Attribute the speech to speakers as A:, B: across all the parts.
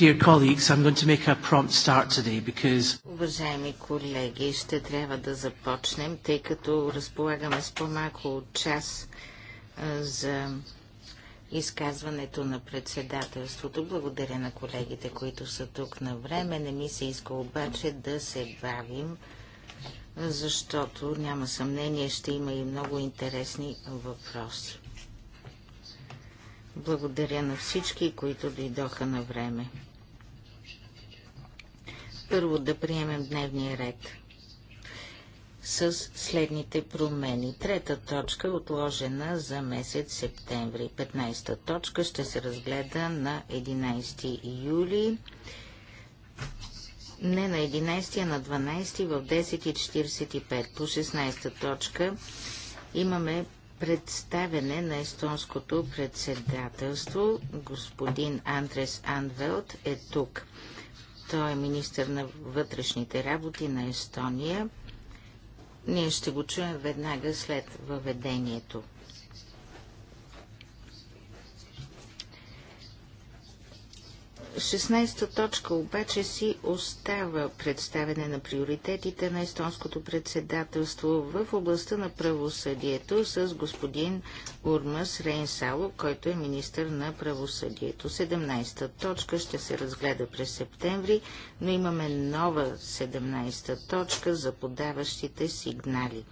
A: Dear colleagues, I'm going to make a prompt start today because...
B: Уважаеми колеги, ще трябва да започнем, тъй като разполагаме с по-малко от час за изказването на председателството. Благодаря на колегите, които са тук на време. Не ми се иска обаче да се бавим, защото няма съмнение ще има и много интересни въпроси. Благодаря на всички, които дойдоха на време. Първо да приемем дневния ред с следните промени. Трета точка, отложена за месец септември. 15-та точка ще се разгледа на 11 юли. Не на 11, а на 12 в 10.45. По 16-та точка имаме представене на естонското председателство. Господин Андрес Анвелт е тук. Той е министър на вътрешните работи на Естония. Ние ще го чуем веднага след въведението. 16-та точка обаче си остава представене на приоритетите на естонското председателство в областта на правосъдието с господин Урмас Рейнсало, който е министър на правосъдието. 17-та точка ще се разгледа през септември, но имаме нова 17-та точка за подаващите сигнали.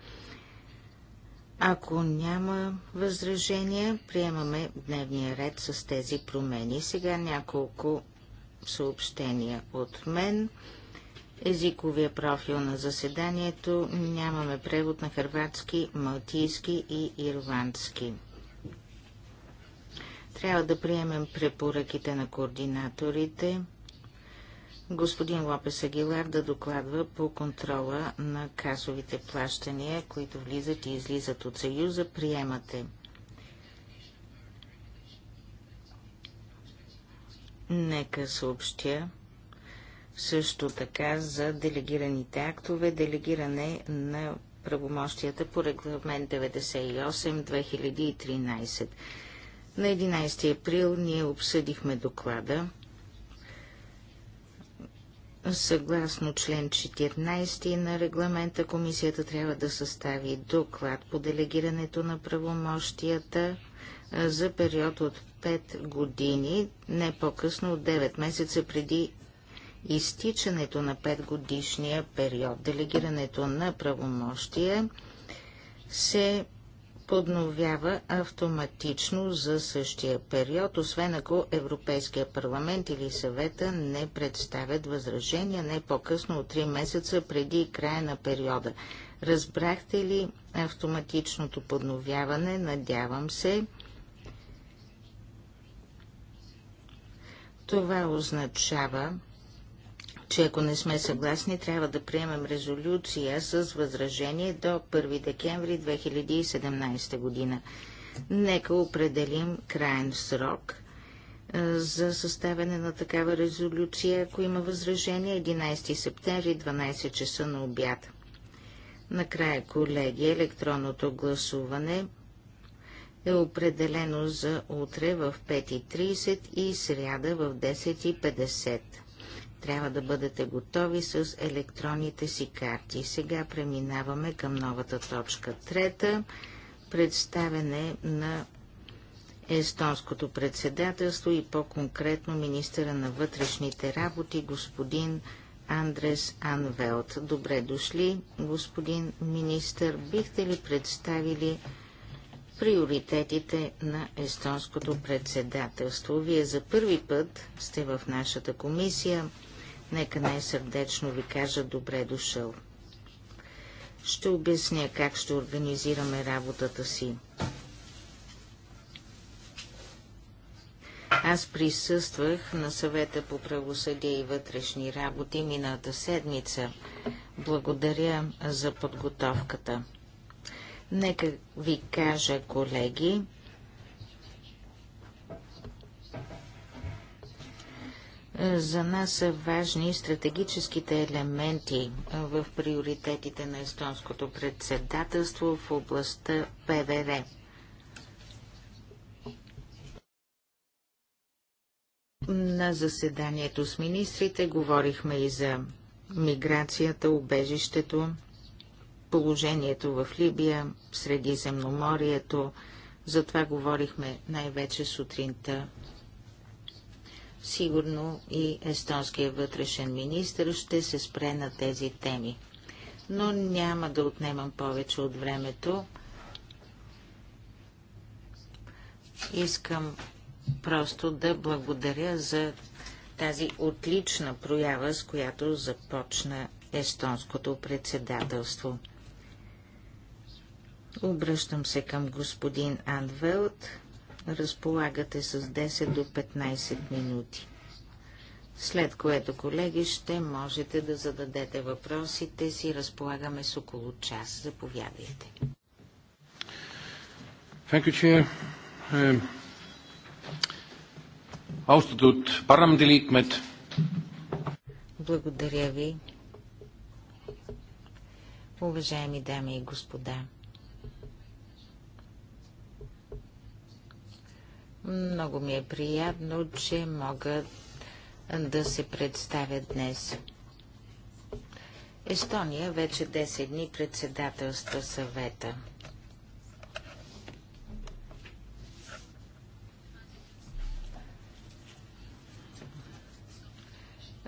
B: Ако няма възражения, приемаме дневния ред с тези промени. Сега няколко съобщения от мен. Езиковия профил на заседанието нямаме превод на хърватски, малтийски и ирландски. Трябва да приемем препоръките на координаторите. Господин Лопес Агилар да докладва по контрола на касовите плащания, които влизат и излизат от Съюза, приемате. Нека съобщя също така за делегираните актове, делегиране на правомощията по регламент 98-2013. На 11 април ние обсъдихме доклада. Съгласно член 14 на регламента, комисията трябва да състави доклад по делегирането на правомощията – за период от 5 години, не по-късно от 9 месеца преди изтичането на 5 годишния период. Делегирането на правомощия се подновява автоматично за същия период, освен ако Европейския парламент или съвета не представят възражения не по-късно от 3 месеца преди края на периода. Разбрахте ли автоматичното подновяване? Надявам се. Това означава, че ако не сме съгласни, трябва да приемем резолюция с възражение до 1 декември 2017 година. Нека определим крайен срок за съставяне на такава резолюция, ако има възражение 11 септември 12 часа на обяд. Накрая, колеги, електронното гласуване е определено за утре в 5.30 и сряда в 10.50. Трябва да бъдете готови с електронните си карти. Сега преминаваме към новата точка. Трета – представене на естонското председателство и по-конкретно министъра на вътрешните работи господин Андрес Анвелт. Добре дошли, господин министър. Бихте ли представили приоритетите на естонското председателство. Вие за първи път сте в нашата комисия. Нека най-сърдечно ви кажа добре дошъл. Ще обясня как ще организираме работата си. Аз присъствах на съвета по правосъдие и вътрешни работи миналата седмица. Благодаря за подготовката. Нека ви кажа, колеги, За нас са важни стратегическите елементи в приоритетите на естонското председателство в областта ПВР. На заседанието с министрите говорихме и за миграцията, убежището, положението в Либия, Средиземноморието. За това говорихме най-вече сутринта. Сигурно и естонския вътрешен министр ще се спре на тези теми. Но няма да отнемам повече от времето. Искам просто да благодаря за тази отлична проява, с която започна естонското председателство. Обръщам се към господин Анвелт. Разполагате с 10 до 15 минути. След което, колеги, ще можете да зададете въпросите си. Разполагаме с около час. Заповядайте.
C: Austatud parlamendiliikmed.
B: Благодаря ви. Уважаеми дами и господа. Много ми е приятно, че мога да се представя днес. Естония вече 10 дни председателства съвета.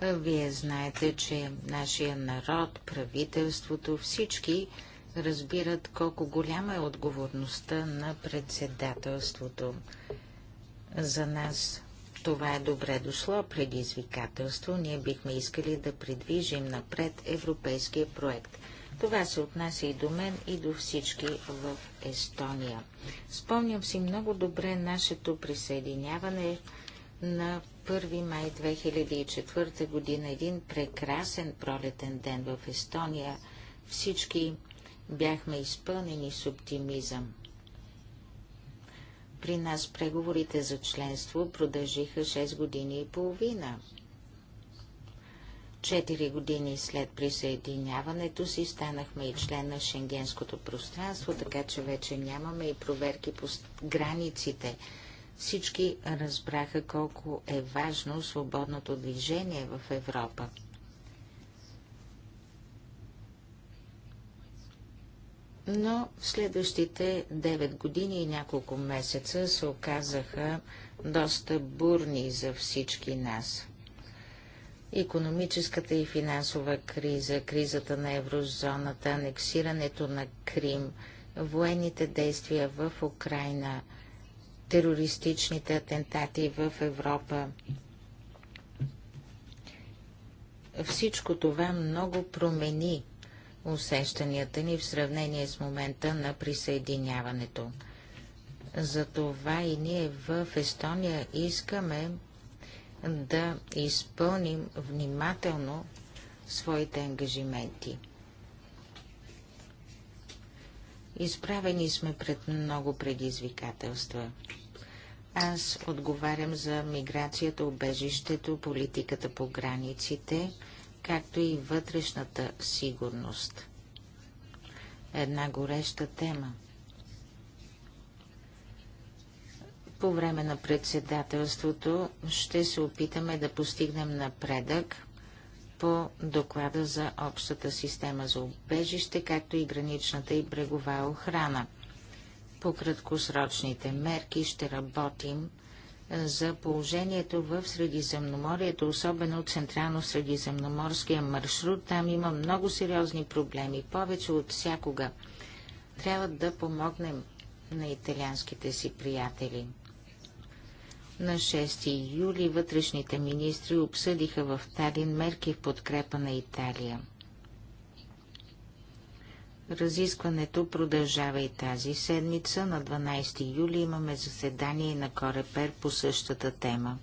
B: Вие знаете, че нашия народ, правителството, всички разбират колко голяма е отговорността на председателството. За нас това е добре дошло предизвикателство. Ние бихме искали да придвижим напред европейския проект. Това се отнася и до мен, и до всички в Естония. Спомням си много добре нашето присъединяване на 1 май 2004 година, един прекрасен пролетен ден в Естония. Всички бяхме изпълнени с оптимизъм. При нас преговорите за членство продължиха 6 години и половина. Четири години след присъединяването си станахме и член на Шенгенското пространство, така че вече нямаме и проверки по границите. Всички разбраха колко е важно свободното движение в Европа. но в следващите 9 години и няколко месеца се оказаха доста бурни за всички нас. Економическата и финансова криза, кризата на еврозоната, анексирането на Крим, военните действия в Украина, терористичните атентати в Европа. Всичко това много промени усещанията ни в сравнение с момента на присъединяването. Затова и ние в Естония искаме да изпълним внимателно своите ангажименти. Изправени сме пред много предизвикателства. Аз отговарям за миграцията, убежището, политиката по границите – както и вътрешната сигурност. Една гореща тема. По време на председателството ще се опитаме да постигнем напредък по доклада за общата система за убежище, както и граничната и брегова охрана. По краткосрочните мерки ще работим за положението в Средиземноморието, особено централно средиземноморския маршрут. Там има много сериозни проблеми, повече от всякога. Трябва да помогнем на италианските си приятели. На 6 юли вътрешните министри обсъдиха в Талин мерки в подкрепа на Италия. Разискването продължава и тази седмица. На 12 юли имаме заседание на Корепер по същата тема.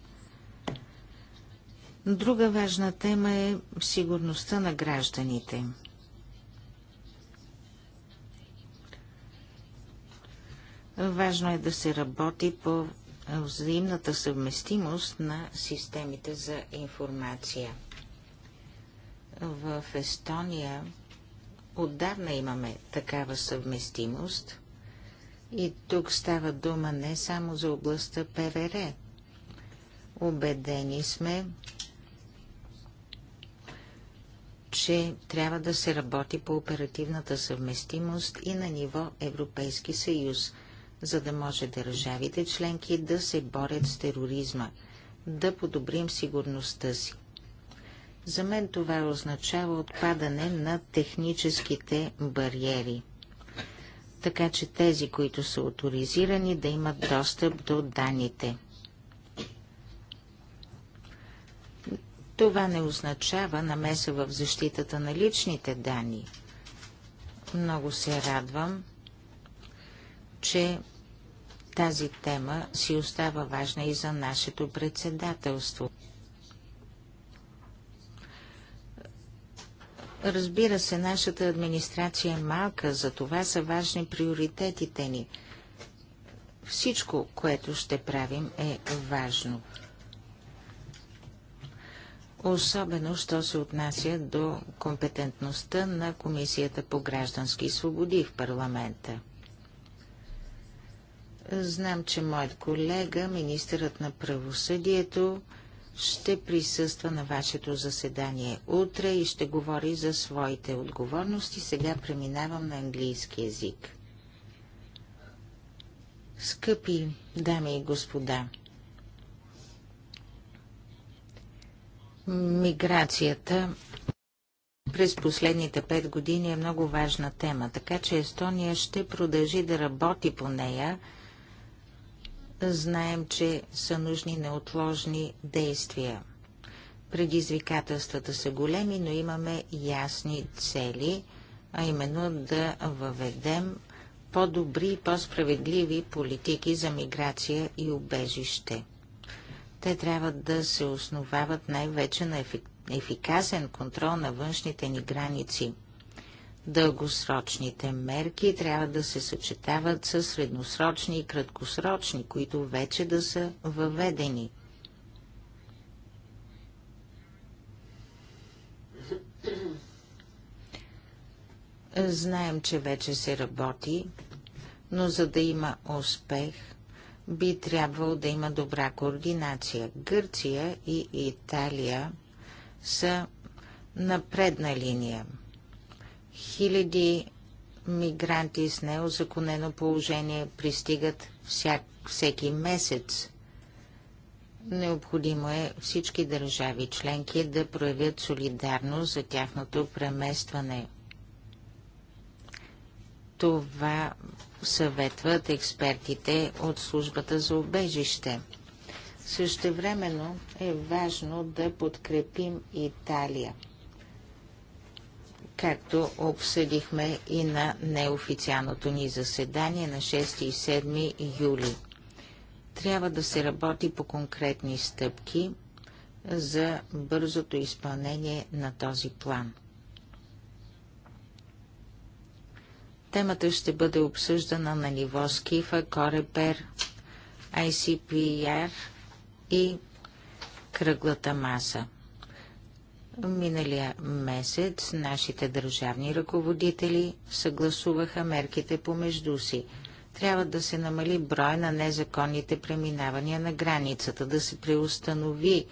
B: Друга важна тема е сигурността на гражданите. Важно е да се работи по взаимната съвместимост на системите за информация. В Естония отдавна имаме такава съвместимост и тук става дума не само за областта ПВР. Обедени сме, че трябва да се работи по оперативната съвместимост и на ниво Европейски съюз, за да може държавите членки да се борят с тероризма, да подобрим сигурността си. За мен това означава отпадане на техническите бариери. Така че тези, които са авторизирани, да имат достъп до данните. Това не означава намеса в защитата на личните данни. Много се радвам, че тази тема си остава важна и за нашето председателство. Разбира се, нашата администрация е малка, за това са важни приоритетите ни. Всичко, което ще правим, е важно. Особено, що се отнася до компетентността на Комисията по граждански свободи в парламента. Знам, че моят колега, министърът на правосъдието, ще присъства на вашето заседание утре и ще говори за своите отговорности. Сега преминавам на английски язик. Скъпи дами и господа, миграцията през последните пет години е много важна тема, така че Естония ще продължи да работи по нея – знаем, че са нужни неотложни действия. Предизвикателствата са големи, но имаме ясни цели, а именно да въведем по-добри и по-справедливи политики за миграция и убежище. Те трябва да се основават най-вече на ефикасен контрол на външните ни граници – Дългосрочните мерки трябва да се съчетават с средносрочни и краткосрочни, които вече да са въведени. Знаем, че вече се работи, но за да има успех, би трябвало да има добра координация. Гърция и Италия са на предна линия. Хиляди мигранти с неозаконено положение пристигат всяк, всеки месец. Необходимо е всички държави членки да проявят солидарност за тяхното преместване. Това съветват експертите от службата за убежище. Същевременно е важно да подкрепим Италия – както обсъдихме и на неофициалното ни заседание на 6 и 7 юли. Трябва да се работи по конкретни стъпки за бързото изпълнение на този план. Темата ще бъде обсъждана на ниво Скифа, Корепер, ICPR e и Кръглата маса. Миналия месец нашите държавни ръководители съгласуваха мерките помежду си. Трябва да се намали брой на незаконните преминавания на границата, да се преустанови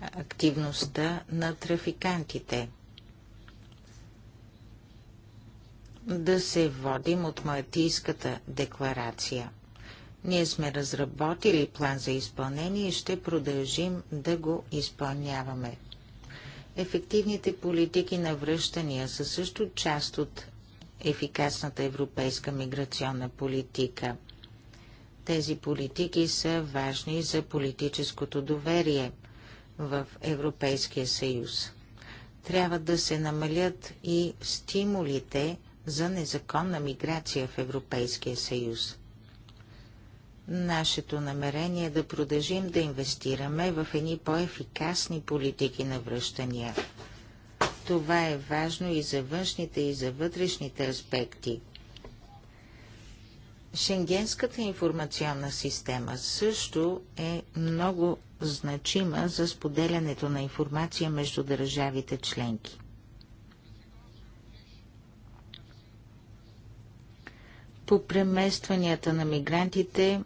B: активността на трафикантите. Да се водим от Малтийската декларация. Ние сме разработили план за изпълнение и ще продължим да го изпълняваме. Ефективните политики на връщания са също част от ефикасната европейска миграционна политика. Тези политики са важни за политическото доверие в Европейския съюз. Трябва да се намалят и стимулите за незаконна миграция в Европейския съюз. Нашето намерение е да продължим да инвестираме в едни по-ефикасни политики на връщания. Това е важно и за външните, и за вътрешните аспекти. Шенгенската информационна система също е много значима за споделянето на информация между държавите членки. По преместванията на мигрантите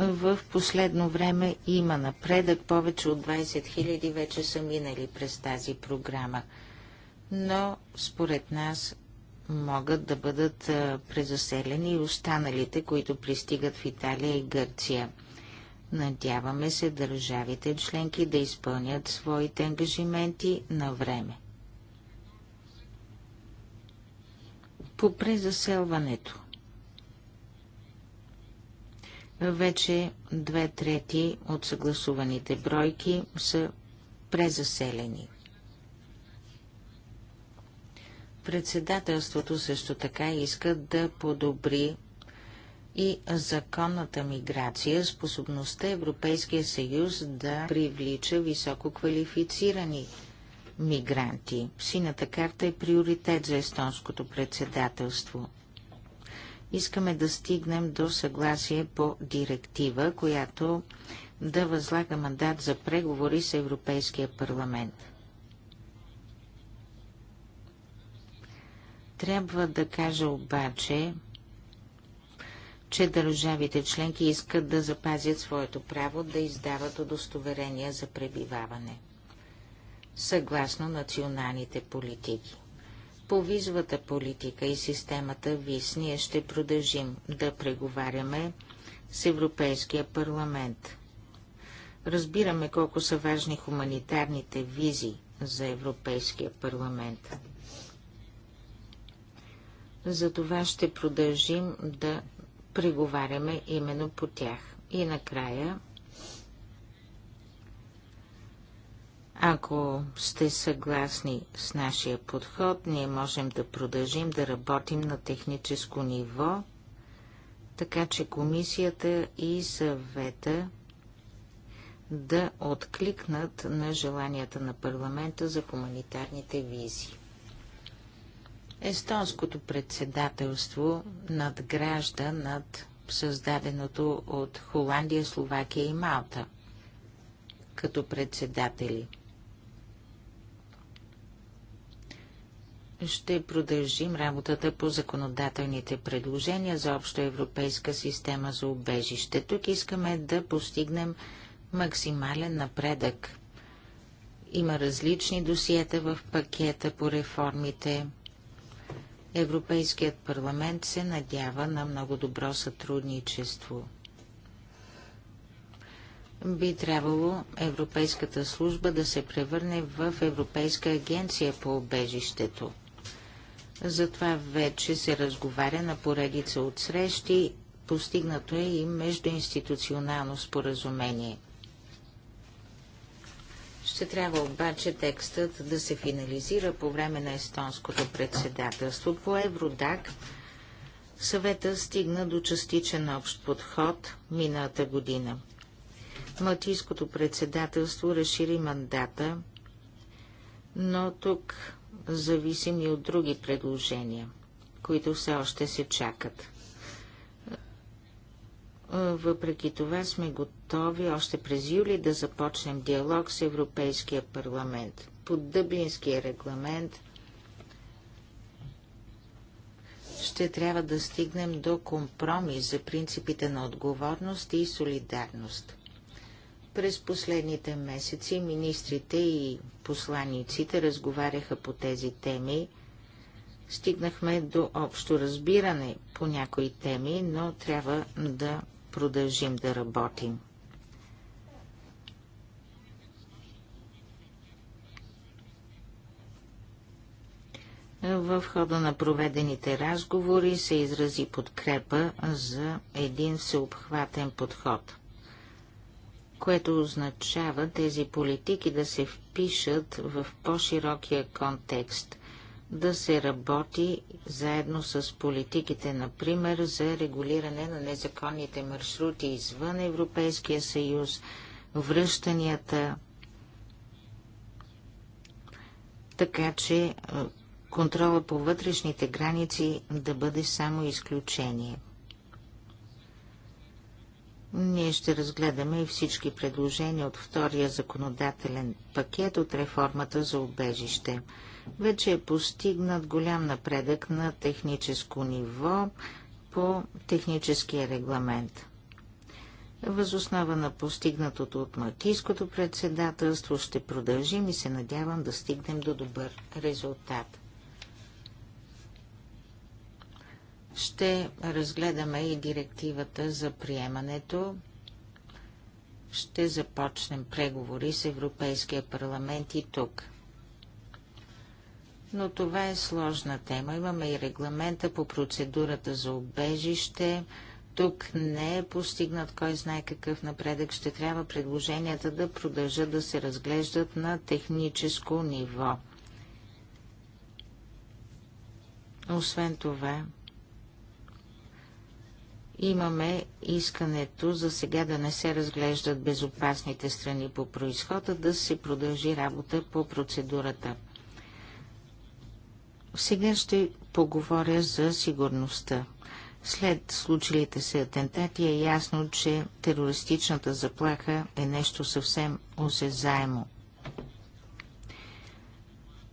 B: в последно време има напредък. Повече от 20 000 вече са минали през тази програма. Но според нас могат да бъдат презаселени и останалите, които пристигат в Италия и Гърция. Надяваме се държавите членки да изпълнят своите ангажименти на време. По презаселването вече две трети от съгласуваните бройки са презаселени. Председателството също така иска да подобри и законната миграция, способността Европейския съюз да привлича високо квалифицирани мигранти. Сината карта е приоритет за естонското председателство искаме да стигнем до съгласие по директива, която да възлага мандат за преговори с Европейския парламент. Трябва да кажа обаче, че държавите членки искат да запазят своето право да издават удостоверения за пребиваване, съгласно националните политики. По визовата политика и системата ВИС ние ще продължим да преговаряме с Европейския парламент. Разбираме колко са важни хуманитарните визи за Европейския парламент. За това ще продължим да преговаряме именно по тях. И накрая Ако сте съгласни с нашия подход, ние можем да продължим да работим на техническо ниво, така че комисията и съвета да откликнат на желанията на парламента за хуманитарните визи. Естонското председателство надгражда над създаденото от Холандия, Словакия и Малта като председатели – Ще продължим работата по законодателните предложения за обща европейска система за убежище. Тук искаме да постигнем максимален напредък. Има различни досиета в пакета по реформите. Европейският парламент се надява на много добро сътрудничество. Би трябвало Европейската служба да се превърне в Европейска агенция по убежището. Затова вече се разговаря на поредица от срещи. Постигнато е и междуинституционално споразумение. Ще трябва обаче текстът да се финализира по време на естонското председателство. По Евродак съвета стигна до частичен общ подход миналата година. Матийското председателство разшири мандата, но тук зависим и от други предложения, които все още се чакат. Въпреки това сме готови още през юли да започнем диалог с Европейския парламент. Под Дъблинския регламент ще трябва да стигнем до компромис за принципите на отговорност и солидарност. През последните месеци министрите и посланиците разговаряха по тези теми. Стигнахме до общо разбиране по някои теми, но трябва да продължим да работим. В хода на проведените разговори се изрази подкрепа за един всеобхватен подход което означава тези политики да се впишат в по-широкия контекст, да се работи заедно с политиките, например, за регулиране на незаконните маршрути извън Европейския съюз, връщанията, така че е, контрола по вътрешните граници да бъде само изключение. Ние ще разгледаме и всички предложения от втория законодателен пакет от реформата за убежище. Вече е постигнат голям напредък на техническо ниво по техническия регламент. Възоснова на постигнатото от матийското председателство ще продължим и се надявам да стигнем до добър резултат. Ще разгледаме и директивата за приемането. Ще започнем преговори с Европейския парламент и тук. Но това е сложна тема. Имаме и регламента по процедурата за обежище. Тук не е постигнат кой знае какъв напредък. Ще трябва предложенията да продължат да се разглеждат на техническо ниво. Освен това, Имаме искането за сега да не се разглеждат безопасните страни по происхода, да се продължи работа по процедурата. Сега ще поговоря за сигурността. След случилите се атентати е ясно, че терористичната заплаха е нещо съвсем осезаемо.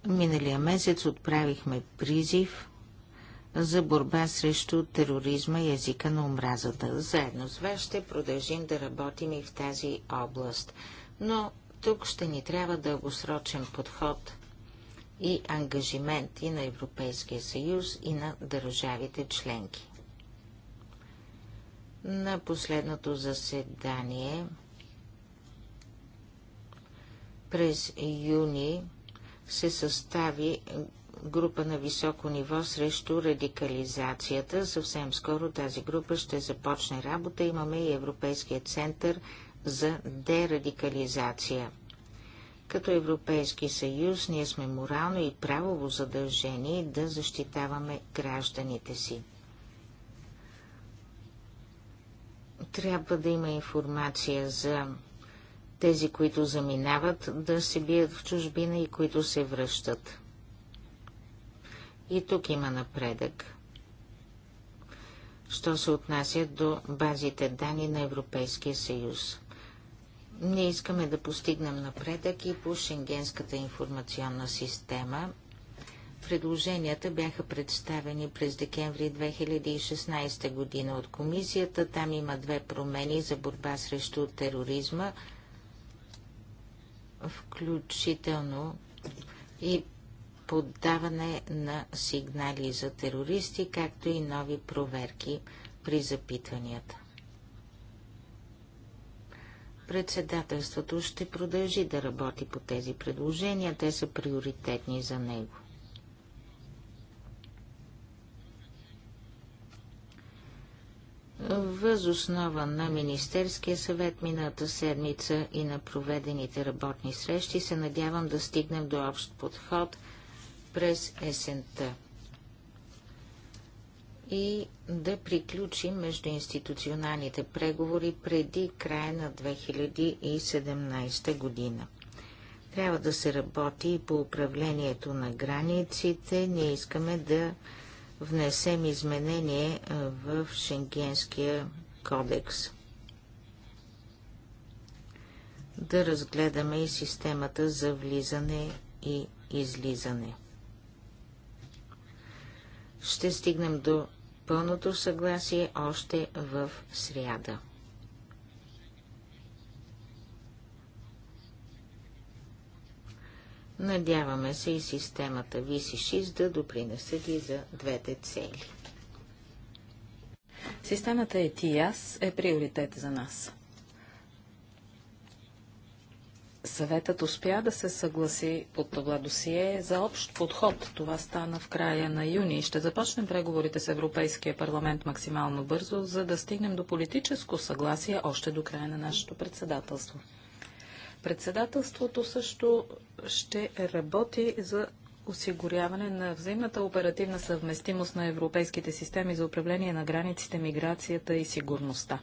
B: Миналия месец отправихме призив за борба срещу тероризма и езика на омразата. Заедно с вас ще продължим да работим и в тази област. Но тук ще ни трябва дългосрочен подход и ангажимент и на Европейския съюз, и на държавите членки. На последното заседание през юни се състави група на високо ниво срещу радикализацията. Съвсем скоро тази група ще започне работа. Имаме и Европейския център за дерадикализация. Като Европейски съюз ние сме морално и правово задължени да защитаваме гражданите си. Трябва да има информация за тези, които заминават да се бият в чужбина и които се връщат. И тук има напредък. Що се отнася до базите данни на Европейския съюз. Ние искаме да постигнем напредък и по Шенгенската информационна система. Предложенията бяха представени през декември 2016 година от комисията. Там има две промени за борба срещу тероризма, включително и поддаване на сигнали за терористи, както и нови проверки при запитванията. Председателството ще продължи да работи по тези предложения, те са приоритетни за него. Въз основа на Министерския съвет миналата седмица и на проведените работни срещи се надявам да стигнем до общ подход – през есента и да приключим междуинституционалните преговори преди края на 2017 година. Трябва да се работи и по управлението на границите. Ние искаме да внесем изменение е, в Шенгенския кодекс. Да разгледаме и системата за влизане и излизане ще стигнем до пълното съгласие още в сряда. Надяваме се и системата VC6 да допринесе ги за двете цели.
D: Системата ЕТИАС е приоритет за нас. Съветът успя да се съгласи по това досие за общ подход. Това стана в края на юни. Ще започнем преговорите с Европейския парламент максимално бързо, за да стигнем до политическо съгласие още до края на нашето председателство. Председателството също ще работи за осигуряване на взаимната оперативна съвместимост на европейските системи за управление на границите, миграцията и сигурността.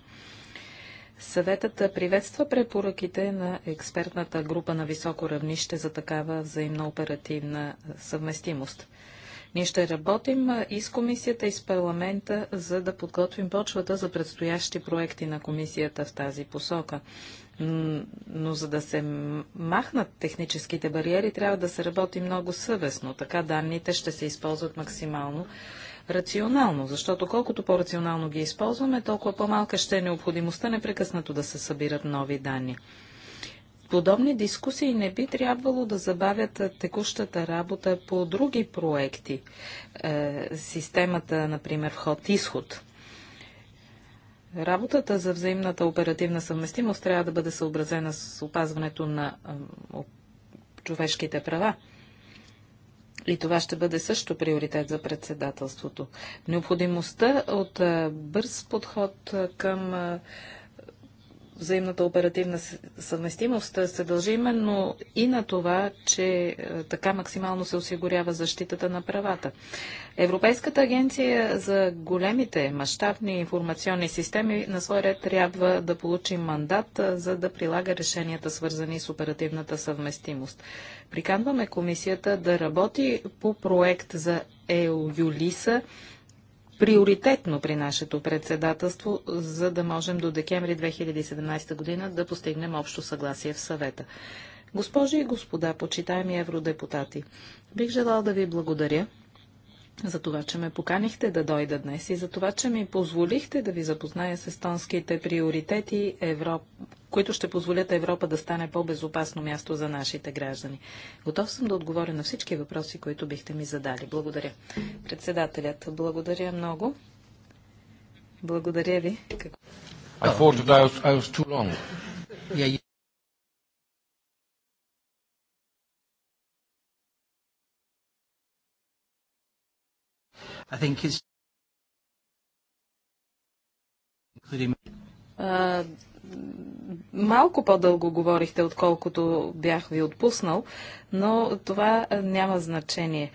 D: Съветът приветства препоръките на експертната група на високо равнище за такава взаимна оперативна съвместимост. Ние ще работим и с комисията, и с парламента, за да подготвим почвата за предстоящи проекти на комисията в тази посока. Но за да се махнат техническите бариери, трябва да се работи много съвестно. Така данните ще се използват максимално рационално, защото колкото по-рационално ги използваме, толкова по-малка ще е необходимостта непрекъснато да се събират нови данни. Подобни дискусии не би трябвало да забавят текущата работа по други проекти. Е, системата, например, вход-изход. Работата за взаимната оперативна съвместимост трябва да бъде съобразена с опазването на е, човешките права. И това ще бъде също приоритет за председателството. Необходимостта от бърз подход към взаимната оперативна съвместимост е, се дължи именно и на това, че е, така максимално се осигурява защитата на правата. Европейската агенция за големите мащабни информационни системи на свой ред трябва да получи мандат, е, за да прилага решенията, свързани с оперативната съвместимост. Приканваме комисията да работи по проект за ЕО Юлиса, приоритетно при нашето председателство, за да можем до декември 2017 година да постигнем общо съгласие в съвета. Госпожи и господа, почитаеми евродепутати, бих желал да ви благодаря за това, че ме поканихте да дойда днес и за това, че ми позволихте да ви запозная с естонските приоритети, Европ... които ще позволят Европа да стане по-безопасно място за нашите граждани. Готов съм да отговоря на всички въпроси, които бихте ми задали. Благодаря. Председателят, благодаря много. Благодаря ви.
E: I thought that I was, I
F: was too long. Yeah,
A: I think his
D: малко по-дълго говорихте, отколкото бях ви отпуснал, но това няма значение.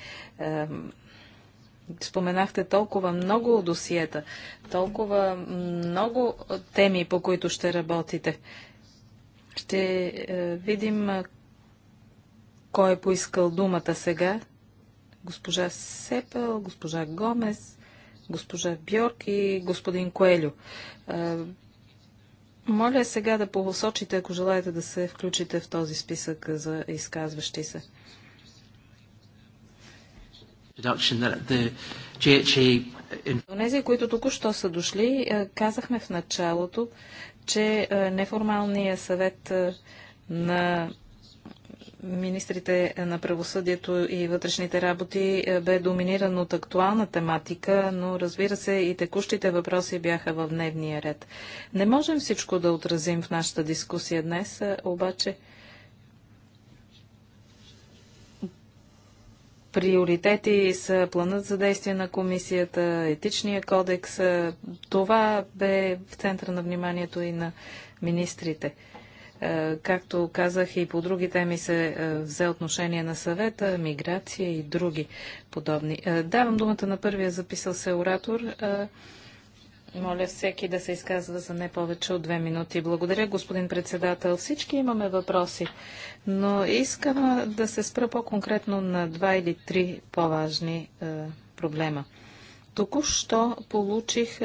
D: споменахте толкова много досиета, толкова много теми, по които ще работите. Ще видим кой е поискал думата сега госпожа Сепел, госпожа Гомес, госпожа Бьорк и господин Коелю. Моля сега да посочите, ако желаете да се включите в този списък за изказващи се.
A: E
D: Онези, които току-що са дошли, казахме в началото, че неформалният съвет на министрите на правосъдието и вътрешните работи е, бе доминиран от актуална тематика, но разбира се и текущите въпроси бяха в дневния ред. Не можем всичко да отразим в нашата дискусия днес, е, обаче приоритети са планът за действие на комисията, етичния кодекс. Е, това бе в центъра на вниманието и на министрите. Е, както казах и по други теми се е, взе отношение на съвета, миграция и други подобни. Е, давам думата на първия записал се оратор. Моля всеки да се изказва за не повече от две минути. Благодаря, господин председател. Всички имаме въпроси, но искам да се спра по-конкретно на два или три по-важни проблема. Току-що получих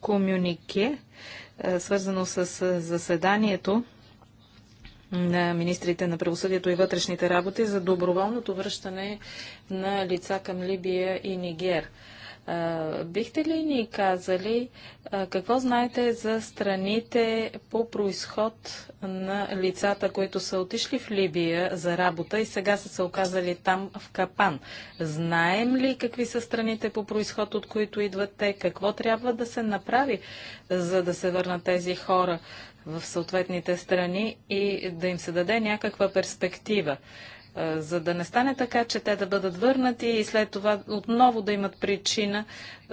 D: комюнике, свързано с заседанието на министрите на правосъдието и вътрешните работи за доброволното връщане на лица към Либия и Нигер. Бихте ли ни казали какво знаете за страните по происход на лицата, които са отишли в Либия за работа и сега са се оказали там в Капан? Знаем ли какви са страните по происход, от които идват те? Какво трябва да се направи, за да се върнат тези хора в съответните страни и да им се даде някаква перспектива, за да не стане така, че те да бъдат върнати и след това отново да имат причина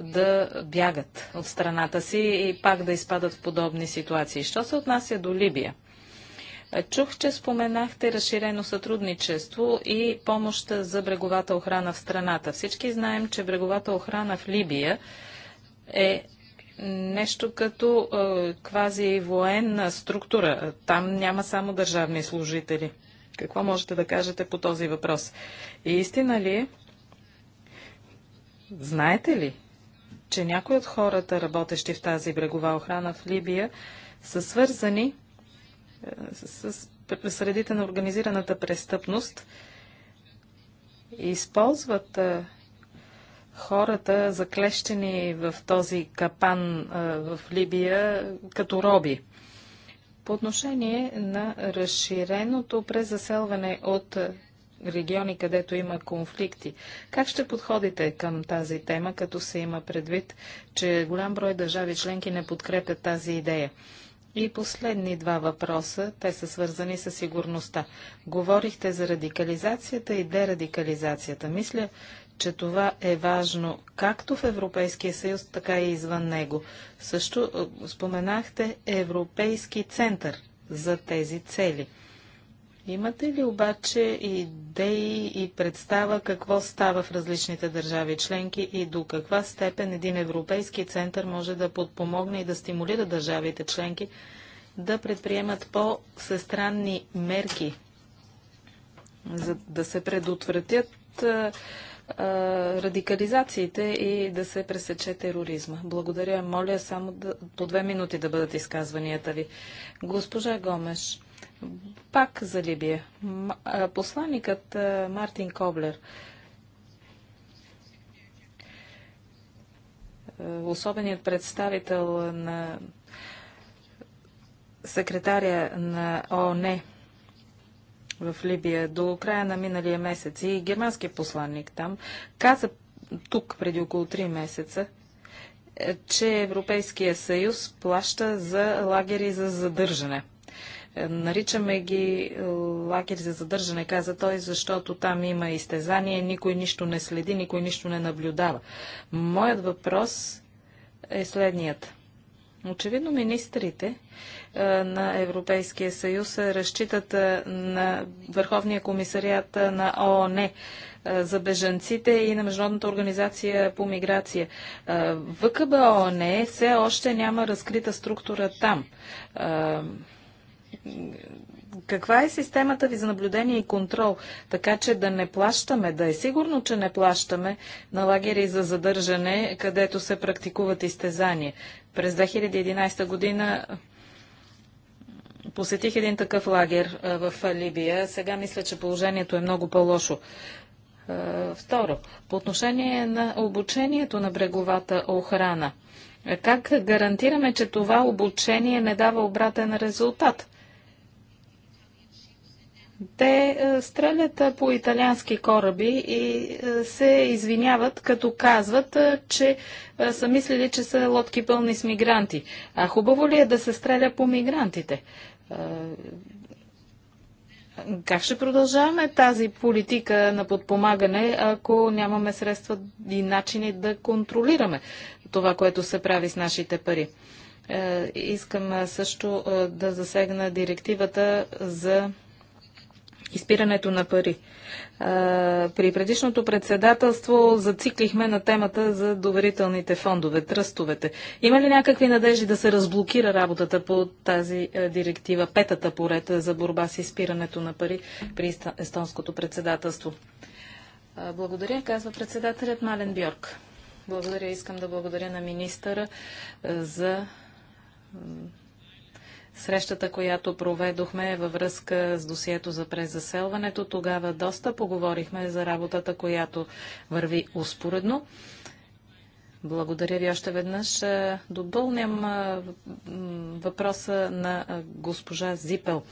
D: да бягат от страната си и пак да изпадат в подобни ситуации. Що се отнася до Либия? Чух, че споменахте разширено сътрудничество и помощ за бреговата охрана в страната. Всички знаем, че бреговата охрана в Либия е нещо като е, квази военна структура. Там няма само държавни служители. Какво можете да кажете по този въпрос? И истина ли е? Знаете ли, че някои от хората, работещи в тази брегова охрана в Либия, са свързани е, с, средите на организираната престъпност и използват е, хората, заклещени в този капан в Либия, като роби. По отношение на разширеното презаселване от региони, където има конфликти. Как ще подходите към тази тема, като се има предвид, че голям брой държави членки не подкрепят тази идея? И последни два въпроса, те са свързани с сигурността. Говорихте за радикализацията и дерадикализацията. Мисля, че това е важно както в Европейския съюз, така и извън него. Също е, споменахте Европейски център за тези цели. Имате ли обаче идеи и представа какво става в различните държави членки и до каква степен един европейски център може да подпомогне и да стимулира държавите членки да предприемат по сестранни мерки, за да се предотвратят е, радикализациите и да се пресече тероризма. Благодаря. Моля само да, по две минути да бъдат изказванията ви. Госпожа Гомеш, пак за Либия. Посланникът Мартин Коблер особеният представител на секретаря на ОНЕ в Либия до края на миналия месец и германският посланник там каза тук преди около 3 месеца, е, че Европейския съюз плаща за лагери за задържане. Е, наричаме ги лагер за задържане, каза той, защото там има изтезание, никой нищо не следи, никой нищо не наблюдава. Моят въпрос е следният. Очевидно министрите е, на Европейския съюз е, разчитат е, на Върховния комисариат на ООН за бежанците и на Международната организация по миграция. ООН все още няма разкрита структура там. Каква е системата ви за наблюдение и контрол, така че да не плащаме, да е сигурно, че не плащаме на лагери за задържане, където се практикуват изтезания? През 2011 година Посетих един такъв лагер в Либия. Сега мисля, че положението е много по-лошо. Второ, по отношение на обучението на бреговата охрана. Как гарантираме, че това обучение не дава обратен резултат? Те стрелят по италиански кораби и се извиняват, като казват, че са мислили, че са лодки пълни с мигранти. А хубаво ли е да се стреля по мигрантите? Е, как ще продължаваме тази политика на подпомагане, ако нямаме средства и начини да контролираме това, което се прави с нашите пари? Е, искам също е, да засегна директивата за изпирането на пари. При предишното председателство зациклихме на темата за доверителните фондове, тръстовете. Има ли някакви надежди да се разблокира работата по тази е, директива, петата порета е, за борба с изпирането на пари при естонското председателство? Благодаря, казва председателят Мален Бьорк. Благодаря, искам да благодаря на министъра е, за Срещата, която проведохме е във връзка с досието за презаселването. Тогава доста поговорихме за работата, която върви успоредно. Благодаря ви още веднъж. Е, допълням е, въпроса на е, госпожа Зипел.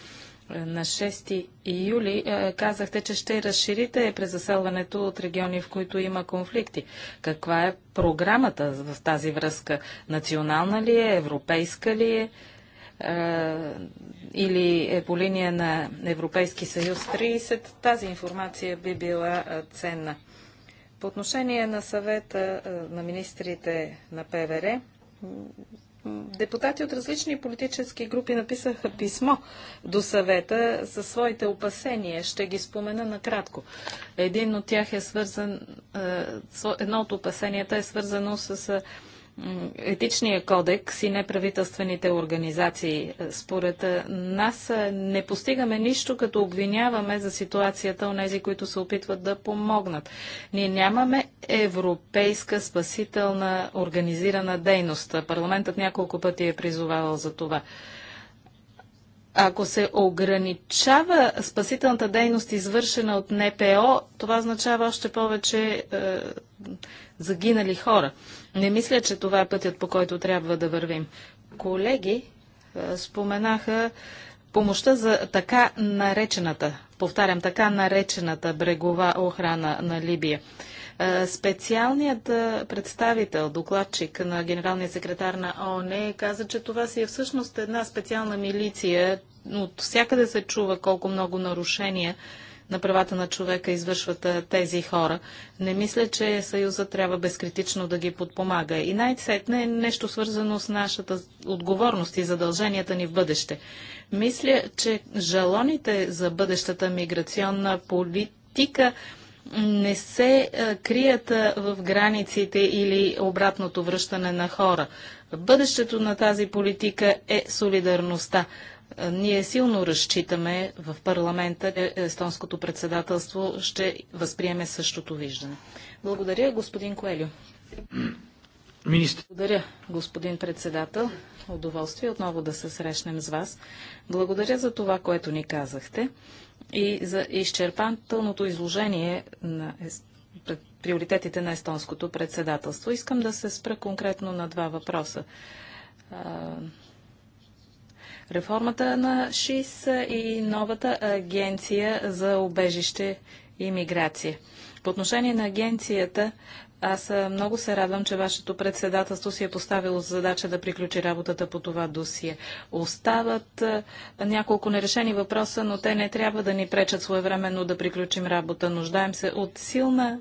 D: На 6 юли казахте, че ще разширите презаселването от региони, в които има конфликти. Каква е програмата в тази връзка? Национална ли е? Европейска ли е? или е по линия на Европейски съюз 30, тази информация би била ценна. По отношение на съвета на министрите на ПВР, депутати от различни политически групи написаха писмо до съвета със своите опасения. Ще ги спомена накратко. Един от тях е свързан, едно от опасенията е свързано с етичния кодекс и неправителствените организации. Според нас не постигаме нищо, като обвиняваме за ситуацията нези, които се опитват да помогнат. Ние нямаме европейска спасителна организирана дейност. Парламентът няколко пъти е призовавал за това. Ако се ограничава спасителната дейност, извършена от НПО, това означава още повече е, загинали хора. Не мисля, че това е пътят, по който трябва да вървим. Колеги е, споменаха помощта за така наречената, повтарям, така наречената брегова охрана на Либия. Е, специалният е, представител, докладчик на генералния секретар на ООН каза, че това си е всъщност една специална милиция. От всякъде се чува колко много нарушения на правата на човека извършват е, тези хора. Не мисля, че Съюза трябва безкритично да ги подпомага. И най-сетне е нещо свързано с нашата отговорност и задълженията ни в бъдеще. Мисля, че жалоните за бъдещата миграционна политика не се е, крият е, в границите или обратното връщане на хора. Бъдещето на тази политика е солидарността. Е, ние силно разчитаме в парламента, че естонското председателство ще възприеме същото виждане. Благодаря, господин Коелю. Министр. Благодаря, господин председател. Удоволствие отново да се срещнем с вас. Благодаря за това, което ни казахте и за изчерпателното изложение на приоритетите на естонското председателство. Искам да се спра конкретно на два въпроса. Реформата на ШИС и новата агенция за обежище и миграция. По отношение на агенцията, аз е, много се радвам, че вашето председателство си е поставило задача да приключи работата по това досие. Остават е, няколко нерешени въпроса, но те не трябва да ни пречат своевременно да приключим работа. Нуждаем се от силна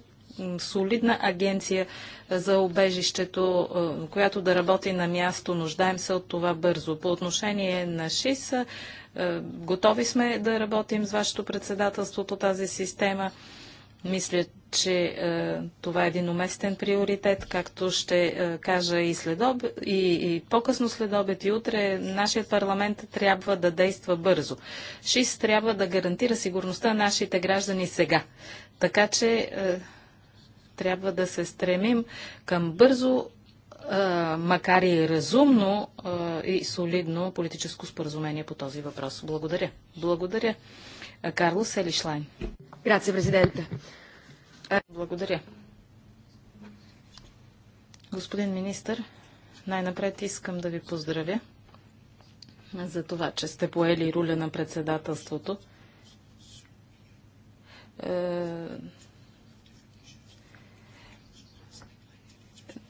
D: солидна агенция е, за обежището, която да работи на място. Нуждаем се от това бързо. По отношение на ШИС, готови сме да работим с вашето председателство по тази система. Мисля, че е, това е един уместен приоритет, както ще е, кажа и, следоб, и, и по-късно след обед и утре, нашият парламент трябва да действа бързо. ШИС трябва да гарантира сигурността на нашите граждани сега. Така че е, трябва да се стремим към бързо, е, макар и разумно е, и солидно политическо споразумение по този въпрос. Благодаря. Благодаря. Карлос Елишлайн. Грация, президента. Благодаря. Господин министр, най-напред искам да ви поздравя за това, че сте поели руля на председателството. Е,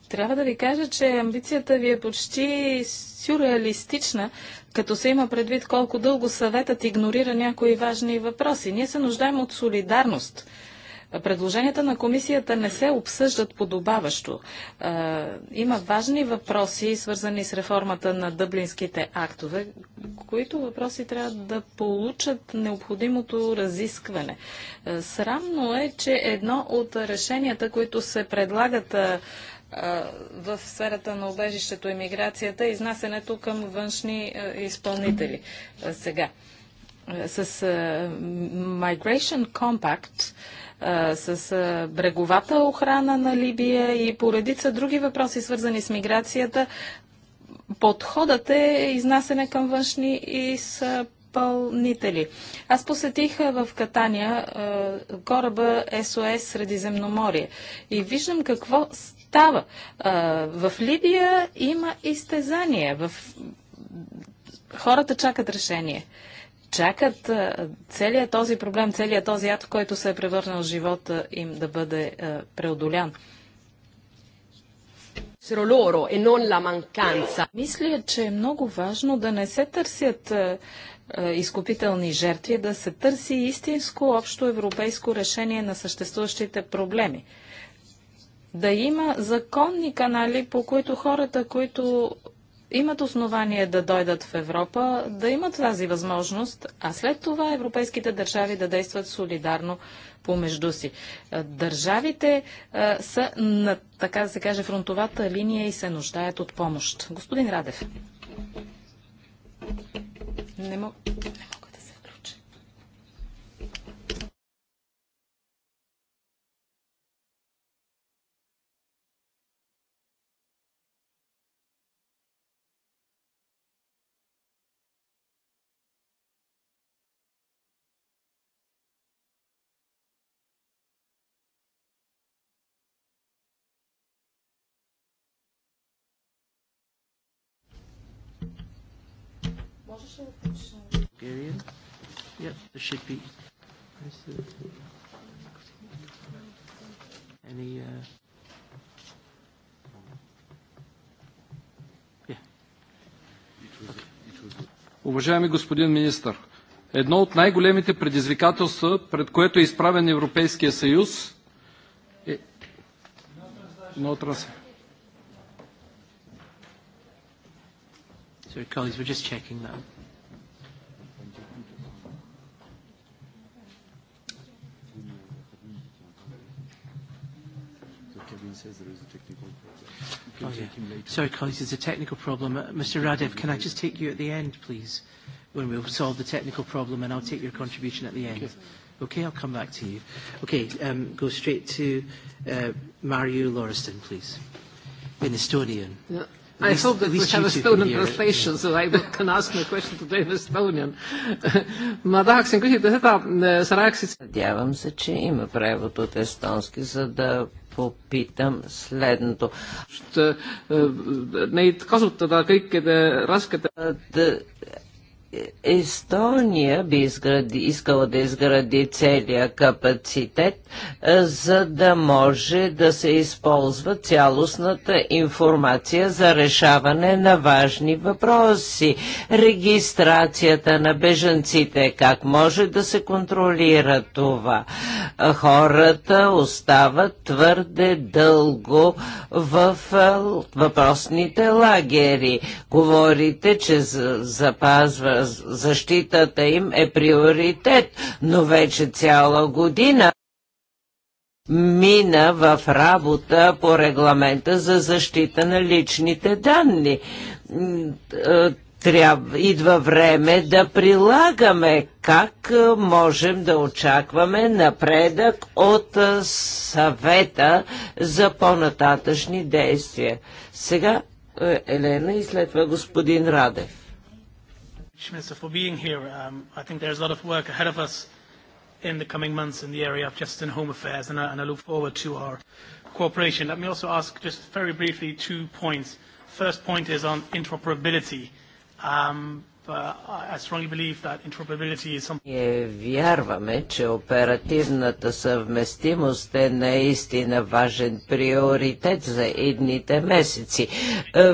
D: трябва да ви кажа, че амбицията ви е почти сюрреалистична, като се има предвид колко дълго съветът игнорира някои важни въпроси. Ние се нуждаем от солидарност. Предложенията на комисията не се обсъждат подобаващо. Е, има важни въпроси, свързани с реформата на дъблинските актове, които въпроси трябва да получат необходимото разискване. Е, срамно е, че едно от решенията, които се предлагат е, в сферата на обежището и миграцията, изнасянето към външни изпълнители сега. С Migration Compact с бреговата охрана на Либия и поредица други въпроси, свързани с миграцията, подходът е изнасяне към външни изпълнители. Аз посетих в Катания кораба СОС Средиземноморие и виждам какво става. В Либия има изтезания. В... Хората чакат решение. Чакат целият този проблем, целият този ад, в който се е превърнал живота им да бъде преодолян. Мисля, че е много важно да не се търсят изкупителни жертви, да се търси истинско общо европейско решение на съществуващите проблеми да има законни канали, по които хората, които имат основание да дойдат в Европа, да имат тази възможност, а след това европейските държави да действат солидарно помежду си. Е, държавите а, е, са на, така да се каже, фронтовата линия и се нуждаят от помощ. Господин Радев. Не мога.
A: period. Yep, there should be.
E: Any. Uh, Уважаеми господин министр, едно от най-големите предизвикателства, пред което е изправен Европейския съюз, е... No translation.
A: So, colleagues, we're just checking that.
E: says there is a technical problem. Oh, yeah. Sorry,
A: colleagues, it's a technical problem. Uh Mr. Radev, can I just take you at the end, please, when we'll solve the technical problem, and I'll take your contribution at the end. Okay, okay I'll come back to you. Okay, um, go straight to uh, Mario Lauriston, please, in Estonian.
E: Yeah. I hope that we have Estonian translation, so I can ask my question today in Estonian.
G: Ma tahaksin küsida seda, sa rääkisid... teavam се, че има превод от естонски, за да попитам следното. Neid kasutada kõikide raskete... Естония би изгради, искала да изгради целият капацитет, е, за да може да се използва цялостната информация за решаване на важни въпроси. Регистрацията на бежанците, как може да се контролира това? Е, хората остават твърде дълго в е, въпросните лагери. Говорите, че запазва защитата им е приоритет, но вече цяла година мина в работа по регламента за защита на личните данни. Трябва, идва време да прилагаме как можем да очакваме напредък от съвета за по-нататъчни действия. Сега е, Елена и след това господин Радев.
H: Schmitzer, for being here. Um, I think there's a lot of work ahead of us in the coming months in the area of justice and home affairs, and I, and I look forward to our cooperation. Let me also ask just very briefly two points. First point is on interoperability. Um,
G: ние вярваме, че оперативната съвместимост е наистина важен приоритет за едните месеци. Е,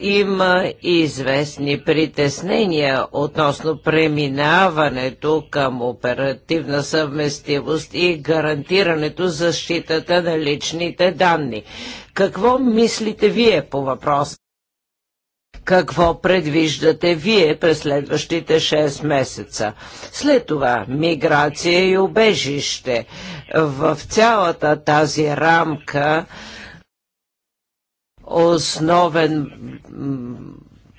G: има известни притеснения относно преминаването към оперативна съвместимост и гарантирането защитата на личните данни. Какво мислите вие по въпроса? какво предвиждате вие през следващите 6 месеца. След това миграция и убежище. В цялата тази рамка основен,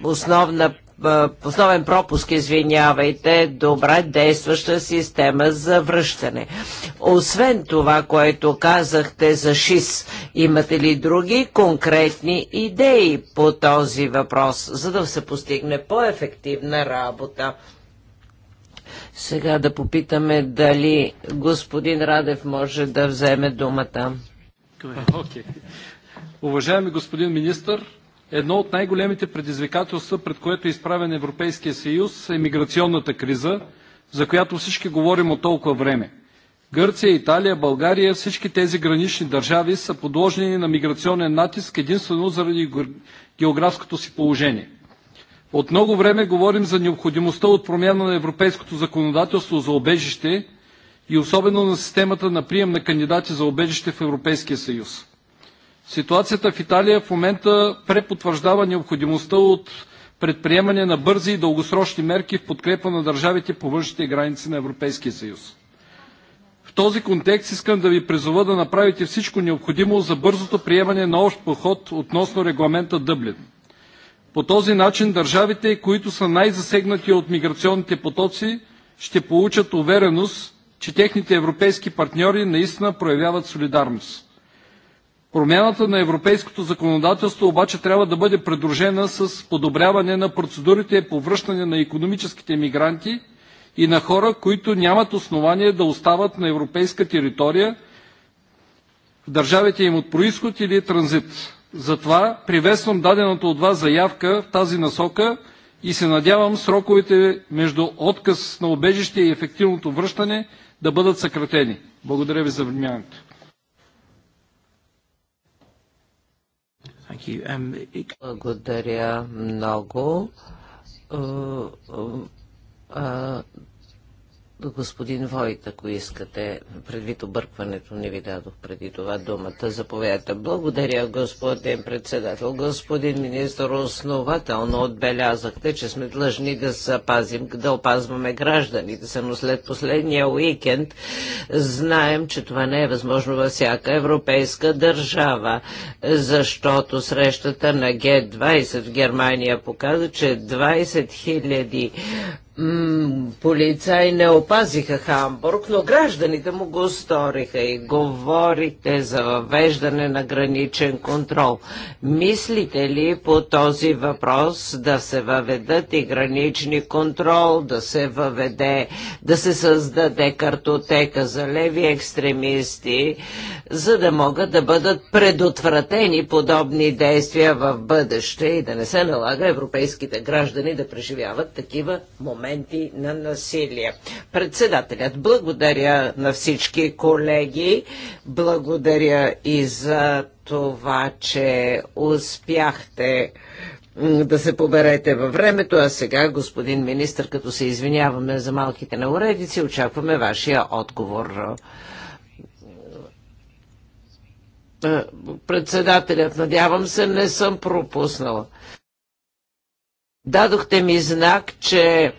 G: основна е, основен пропуск, извинявайте, добра действаща система за връщане. Освен това, което казахте за ШИС, имате ли други конкретни идеи по този въпрос, за да се постигне по-ефективна работа? Сега да попитаме дали господин Радев
E: може да вземе думата. Okay. Уважаеми господин министр, Едно от най-големите предизвикателства, пред което е изправен Европейския съюз, е миграционната криза, за която всички говорим от толкова време. Гърция, Италия, България, всички тези гранични държави са подложени на миграционен натиск единствено заради географското си положение. От много време говорим за необходимостта от промяна на европейското законодателство за обежище и особено на системата на прием на кандидати за обежище в Европейския съюз. Ситуацията в Италия в момента препотвърждава необходимостта от предприемане на бързи и дългосрочни мерки в подкрепа на държавите по външните граници на Европейския съюз. В този контекст искам да ви призова да направите всичко необходимо за бързото приемане на общ подход относно регламента Дъблин. По този начин държавите, които са най-засегнати от миграционните потоци, ще получат увереност, че техните европейски партньори наистина проявяват солидарност. Промяната на европейското законодателство обаче трябва да бъде придружена с подобряване на процедурите по връщане на економическите мигранти и на хора, които нямат основание да остават на европейска територия в държавите им от происход или транзит. Затова приветствам дадената от вас заявка в тази насока и се надявам сроковете между отказ на убежище и ефективното връщане да бъдат съкратени. Благодаря ви за вниманието.
G: Um, it... Благодаря много. Е, е, Господин Войт, ако искате, предвид объркването не ви дадох преди това думата, заповядайте. Благодаря, господин председател. Господин министр, основателно отбелязахте, че сме длъжни да запазим, да опазваме гражданите се, но след последния уикенд знаем, че това не е възможно във всяка европейска държава, защото срещата на Г-20 в Германия показа, че 20 000 полицаи не опазиха Хамбург, но гражданите му го сториха и говорите за въвеждане на граничен контрол. Мислите ли по този въпрос да се въведат и гранични контрол, да се въведе, да се създаде картотека за леви екстремисти, за да могат да бъдат предотвратени подобни действия в бъдеще и да не се налага европейските граждани да преживяват такива моменти? моменти на насилие. Председателят, благодаря на всички колеги, благодаря и за това, че успяхте да се поберете във времето, а сега, господин министр, като се извиняваме за малките науредици, очакваме вашия отговор. Е, председателят, надявам се, не съм пропуснала. Дадохте ми знак, че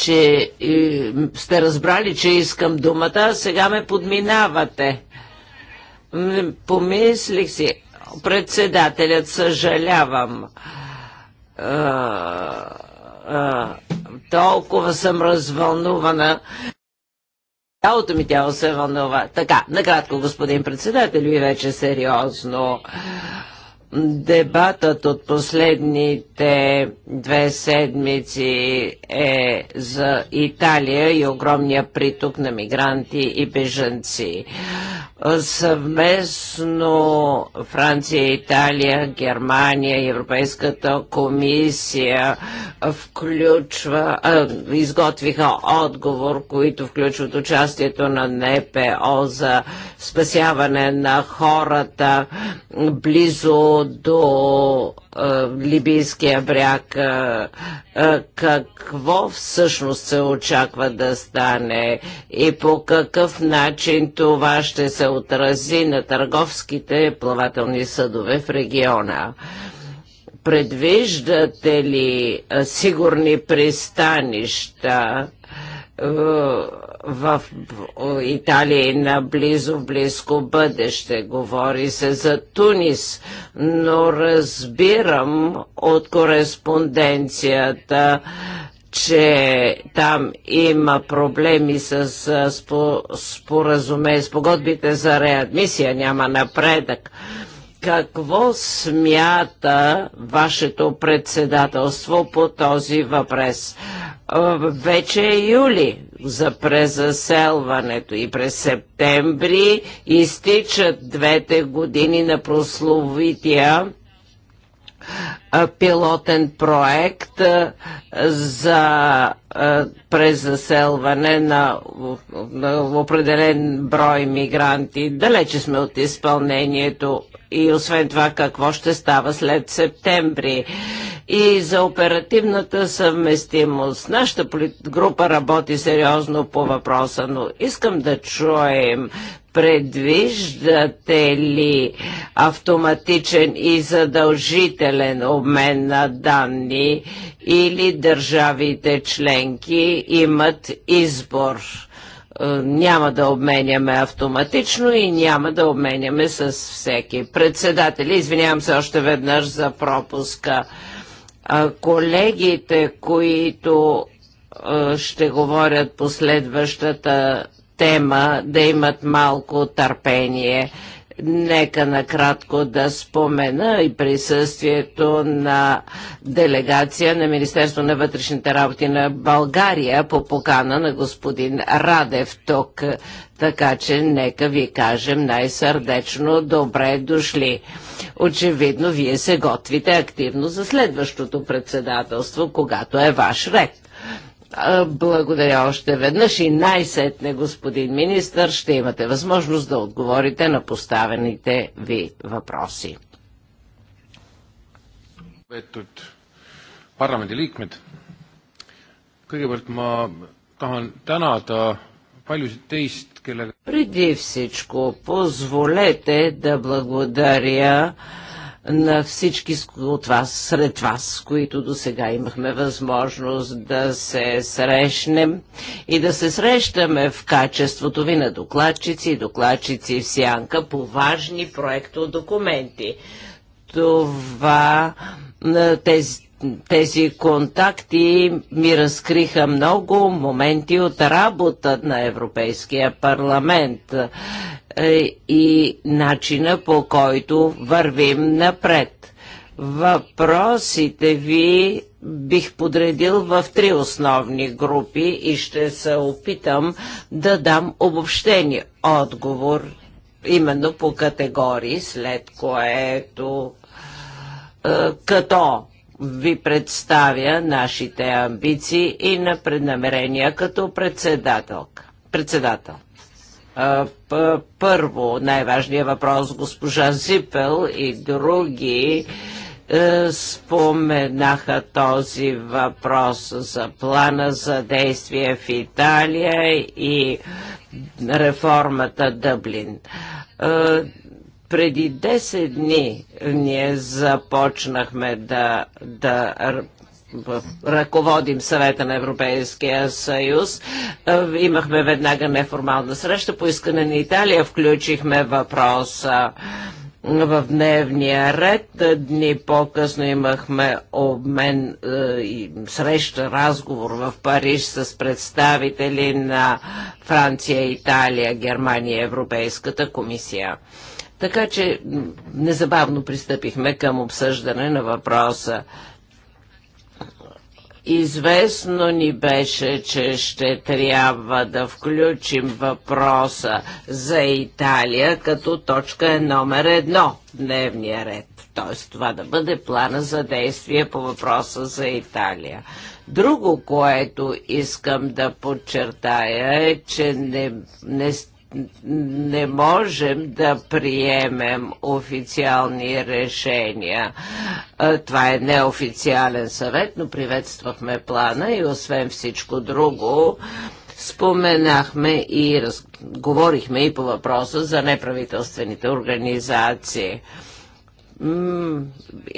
G: че и, сте разбрали, че искам думата, а сега ме подминавате. Помислих си, председателят, съжалявам. А, а, толкова съм развълнувана. Тялото ми тяло се вълнува. Така, накратко, господин председател, и вече сериозно. Дебатът от последните две седмици е за Италия и огромния приток на мигранти и беженци съвместно Франция, Италия, Германия и Европейската комисия включва, а, изготвиха отговор, които включват участието на НПО за спасяване на хората близо до е, либийския бряг, е, е, какво всъщност се очаква да стане и по какъв начин това ще се отрази на търговските плавателни съдове в региона. Предвиждате ли сигурни пристанища? в Италия и близо в близко бъдеще. Говори се за Тунис, но разбирам от кореспонденцията, че там има проблеми с споразумение, с погодбите за реадмисия, няма напредък. Какво смята вашето председателство по този въпрос? Е, вече е юли за презаселването и през септември изтичат двете години на прословития пилотен проект за презаселване на определен брой мигранти. Далече сме от изпълнението и освен това какво ще става след септември. И за оперативната съвместимост. Нашата група работи сериозно по въпроса, но искам да чуем Предвиждате ли автоматичен и задължителен обмен на данни или държавите членки имат избор? Е, няма да обменяме автоматично и няма да обменяме с всеки. Председатели, извинявам се още веднъж за пропуска. Колегите, които е, ще говорят последващата тема да имат малко търпение. Нека накратко да спомена и присъствието на делегация на Министерство на вътрешните работи на България по покана на господин Радев тук. Така че нека ви кажем най-сърдечно добре дошли. Очевидно, вие се готвите активно за следващото председателство, когато е ваш ред. Благодаря още веднъж и най-сетне, господин министър, ще имате възможност да отговорите на поставените ви въпроси.
C: Парламенти liikmed, kõigepealt ма tahan tänada paljusid teist, kellega... Преди
G: всичко, позволете да благодаря на всички от вас, сред вас, с които до сега имахме възможност да се срещнем и да се срещаме в качеството ви на докладчици и докладчици в сянка по важни проекто документи. Това тези, тези контакти ми разкриха много моменти от работа на Европейския парламент е, и начина по който вървим напред. Въпросите ви бих подредил в три основни групи и ще се опитам да дам обобщени отговор именно по категории, след което е, като ви представя нашите амбиции и на преднамерения като председателка. Председател. Първо, най-важният въпрос, госпожа Зипел и други е, споменаха този въпрос за плана за действие в Италия и реформата Дъблин е, преди 10 дни ние започнахме да, да ръководим съвета на Европейския съюз. Имахме веднага неформална среща. По искане на Италия включихме въпроса в дневния ред. Дни по-късно имахме обмен и среща, разговор в Париж с представители на Франция, Италия, Германия, Европейската комисия. Така че незабавно пристъпихме към обсъждане на въпроса. Известно ни беше, че ще трябва да включим въпроса за Италия като точка е номер едно в дневния ред. Т.е. това да бъде плана за действие по въпроса за Италия. Друго, което искам да подчертая е, че не, не не можем да приемем официални решения. Това е неофициален съвет, но приветствахме плана и освен всичко друго, споменахме и говорихме и по въпроса за неправителствените организации.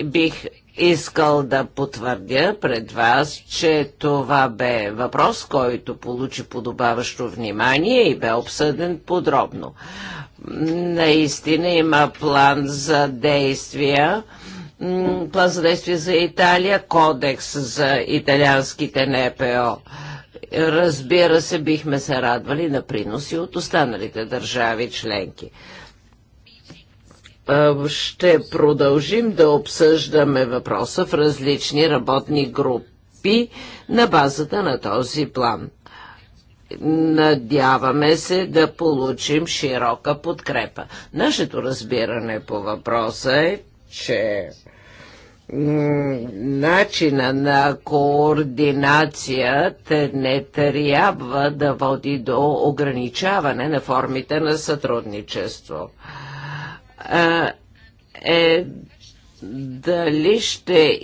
G: бих искал да потвърдя пред вас, че това бе въпрос, който получи подобаващо внимание и бе обсъден подробно. Наистина има план за действия план за действие за Италия, кодекс за италианските НПО. Разбира се, бихме се радвали на приноси от останалите държави членки. Ще продължим да обсъждаме въпроса в различни работни групи на базата на този план. Надяваме се да получим широка подкрепа. Нашето разбиране по въпроса е, че начина на координация не трябва да води до ограничаване на формите на сътрудничество е дали ще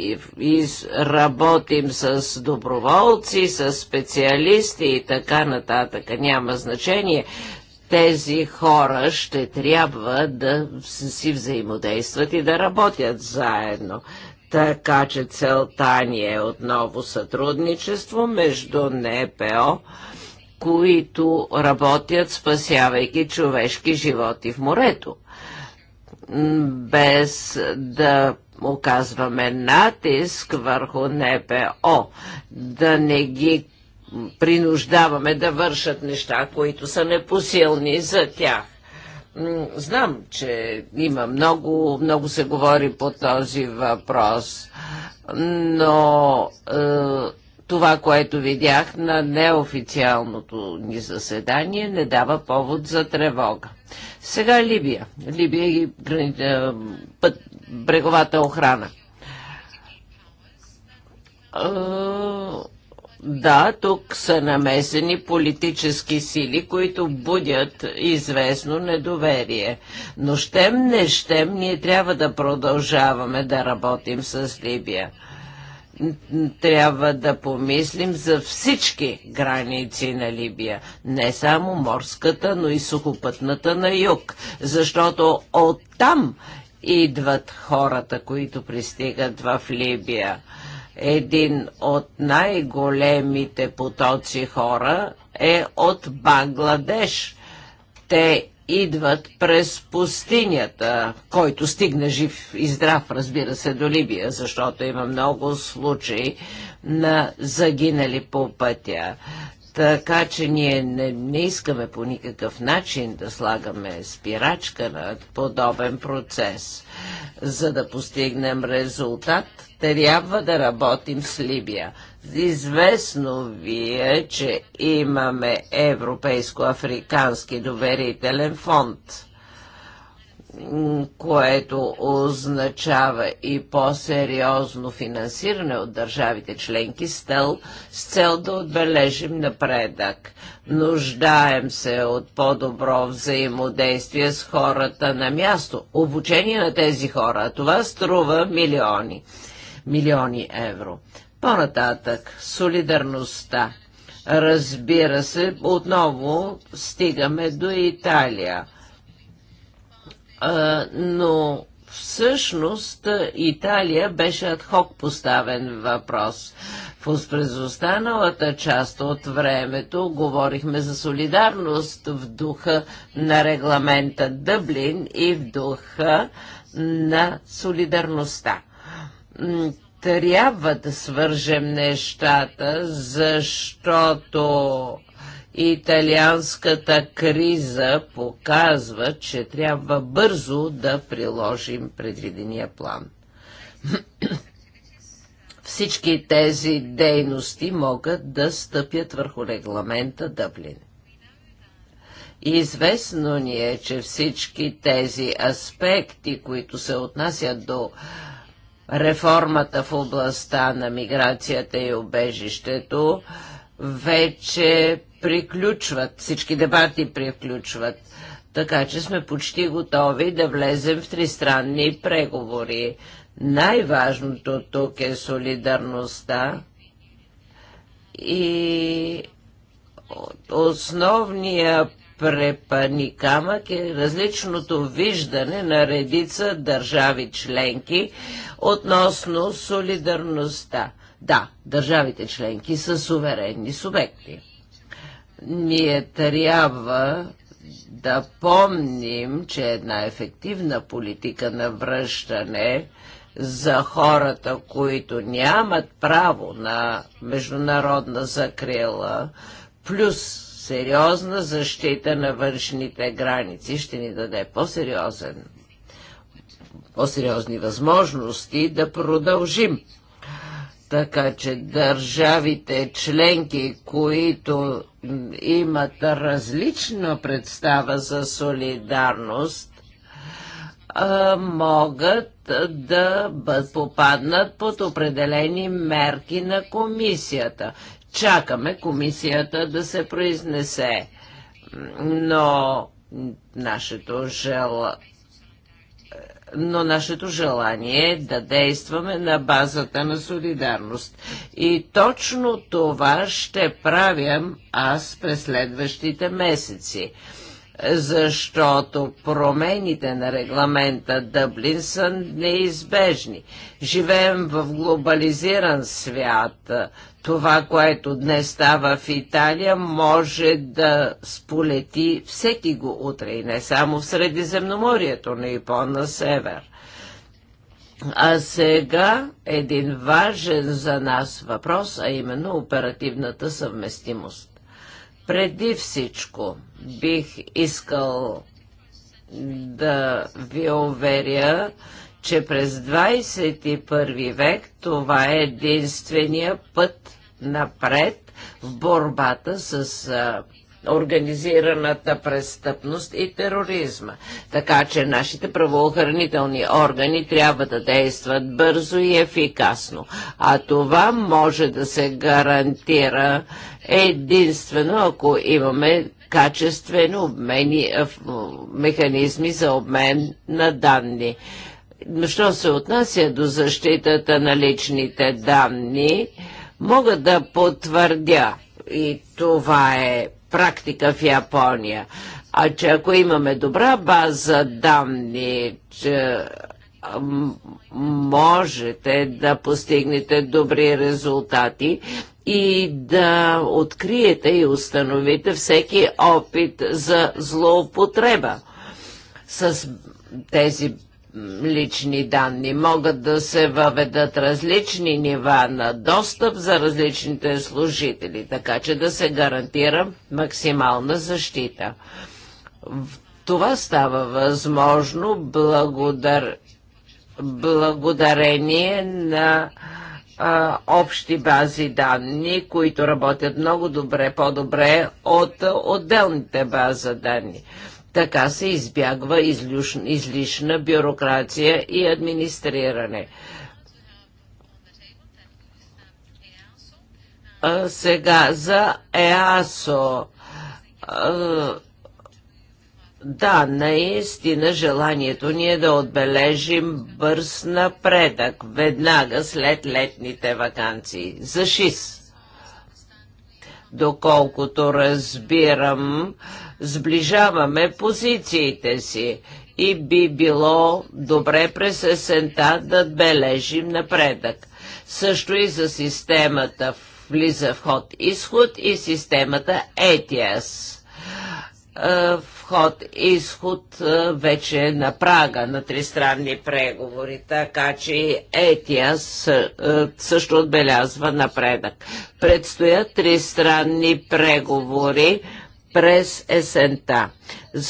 G: работим с доброволци, с специалисти и така нататък. Няма значение. Тези хора ще трябва да си взаимодействат и да работят заедно. Така че целта ни е отново сътрудничество между НПО, които работят спасявайки човешки животи в морето без да оказваме натиск върху НПО, да не ги принуждаваме да вършат неща, които са непосилни за тях. Знам, че има много, много се говори по този въпрос, но е, това, което видях на неофициалното ни заседание, не дава повод за тревога. Сега Либия. Либия и е, път, бреговата охрана. Е, да, тук са намесени политически сили, които будят известно недоверие. Но щем не щем, ние трябва да продължаваме да работим с Либия трябва да помислим за всички граници на Либия. Не само морската, но и сухопътната на юг. Защото оттам идват хората, които пристигат в Либия. Един от най-големите потоци хора е от Бангладеш. Те идват през пустинята, който стигне жив и здрав, разбира се, до Либия, защото има много случаи на загинали по пътя. Така че ние не, не искаме по никакъв начин да слагаме спирачка на подобен процес. За да постигнем резултат, трябва да работим с Либия. Известно ви е, че имаме Европейско-Африкански доверителен фонд, което означава и по-сериозно финансиране от държавите членки с цел, с цел да отбележим напредък. Нуждаем се от по-добро взаимодействие с хората на място, обучение на тези хора. Това струва милиони милиони евро. По-нататък, солидарността. Разбира се, отново стигаме до Италия. но всъщност Италия беше адхок поставен въпрос. В през останалата част от времето говорихме за солидарност в духа на регламента Дъблин и в духа на солидарността трябва да свържем нещата, защото италианската криза показва, че трябва бързо да приложим предвидения план. Всички тези дейности могат да стъпят върху регламента Дъблин. Известно ни е, че всички тези аспекти, които се отнасят до реформата в областта на миграцията и обежището вече приключват, всички дебати приключват, така че сме почти готови да влезем в тристранни преговори. Най-важното тук е солидарността и основния препани камък е различното виждане на редица държави членки относно солидарността. Да, държавите членки са суверенни субекти. Ние трябва да помним, че една ефективна политика на връщане за хората, които нямат право на международна закрила, плюс сериозна защита на външните граници ще ни даде по-сериозен, по-сериозни възможности да продължим. Така че държавите членки, които имат различна представа за солидарност, могат да попаднат под определени мерки на комисията. Чакаме комисията да се произнесе. Но нашето желание но нашето желание е да действаме на базата на солидарност. И точно това ще правям аз през следващите месеци защото промените на регламента Дъблин са неизбежни. Живеем в глобализиран свят. Това, което днес става в Италия, може да сполети всеки го утре и не само в Средиземноморието, но и по-на север. А сега един важен за нас въпрос, а именно оперативната съвместимост. Преди всичко – бих искал да ви уверя, че през 21 век това е единствения път напред в борбата с а, организираната престъпност и тероризма. Така че нашите правоохранителни органи трябва да действат бързо и ефикасно. А това може да се гарантира единствено ако имаме качествено обмени, механизми за обмен на данни. Що се отнася до защитата на личните данни, мога да потвърдя, и това е практика в Япония, а че ако имаме добра база данни, че можете да постигнете добри резултати, и да откриете и установите всеки опит за злоупотреба с тези лични данни. Могат да се въведат различни нива на достъп за различните служители, така че да се гарантира максимална защита. Това става възможно благодар... благодарение на а, общи бази данни, които работят много добре, по-добре от отделните база данни. Така се избягва излюш, излишна бюрокрация и администриране. А, сега за ЕАСО. А, да, наистина желанието ни е да отбележим бърз напредък, веднага след летните вакансии. За ШИС. Доколкото разбирам, сближаваме позициите си и би било добре през есента да отбележим напредък. Също и за системата влиза вход-изход и системата ETS. Е, вход-изход е, вече е на прага на тристранни преговори, така че ЕТИАС е, също отбелязва напредък. Предстоят тристранни преговори през есента.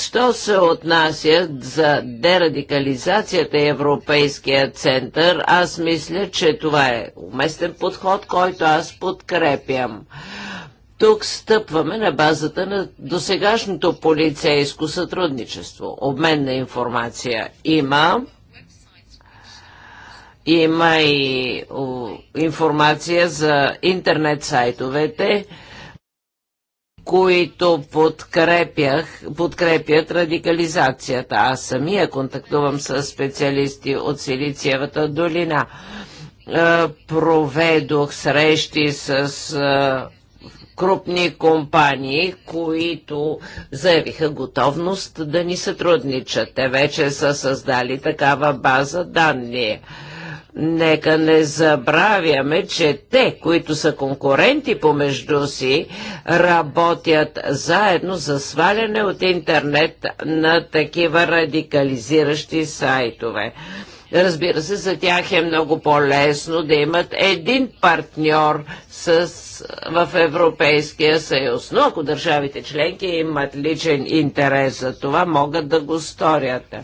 G: Що се отнася за дерадикализацията и Европейския център, аз мисля, че това е уместен подход, който аз подкрепям. Тук стъпваме на базата на досегашното полицейско сътрудничество. Обмен на информация има. Има и информация за интернет сайтовете, които подкрепях, подкрепят радикализацията. Аз самия контактувам с специалисти от Силициевата долина
C: е,
G: проведох срещи с е, крупни компании, които заявиха готовност да ни сътрудничат. Те вече са създали такава база данни. Нека не забравяме, че те, които са конкуренти помежду си, работят заедно за сваляне от интернет на такива радикализиращи сайтове. Разбира се, за тях е много по-лесно да имат един партньор с, в Европейския съюз. Но ако държавите членки имат личен интерес за това, могат да го сторят.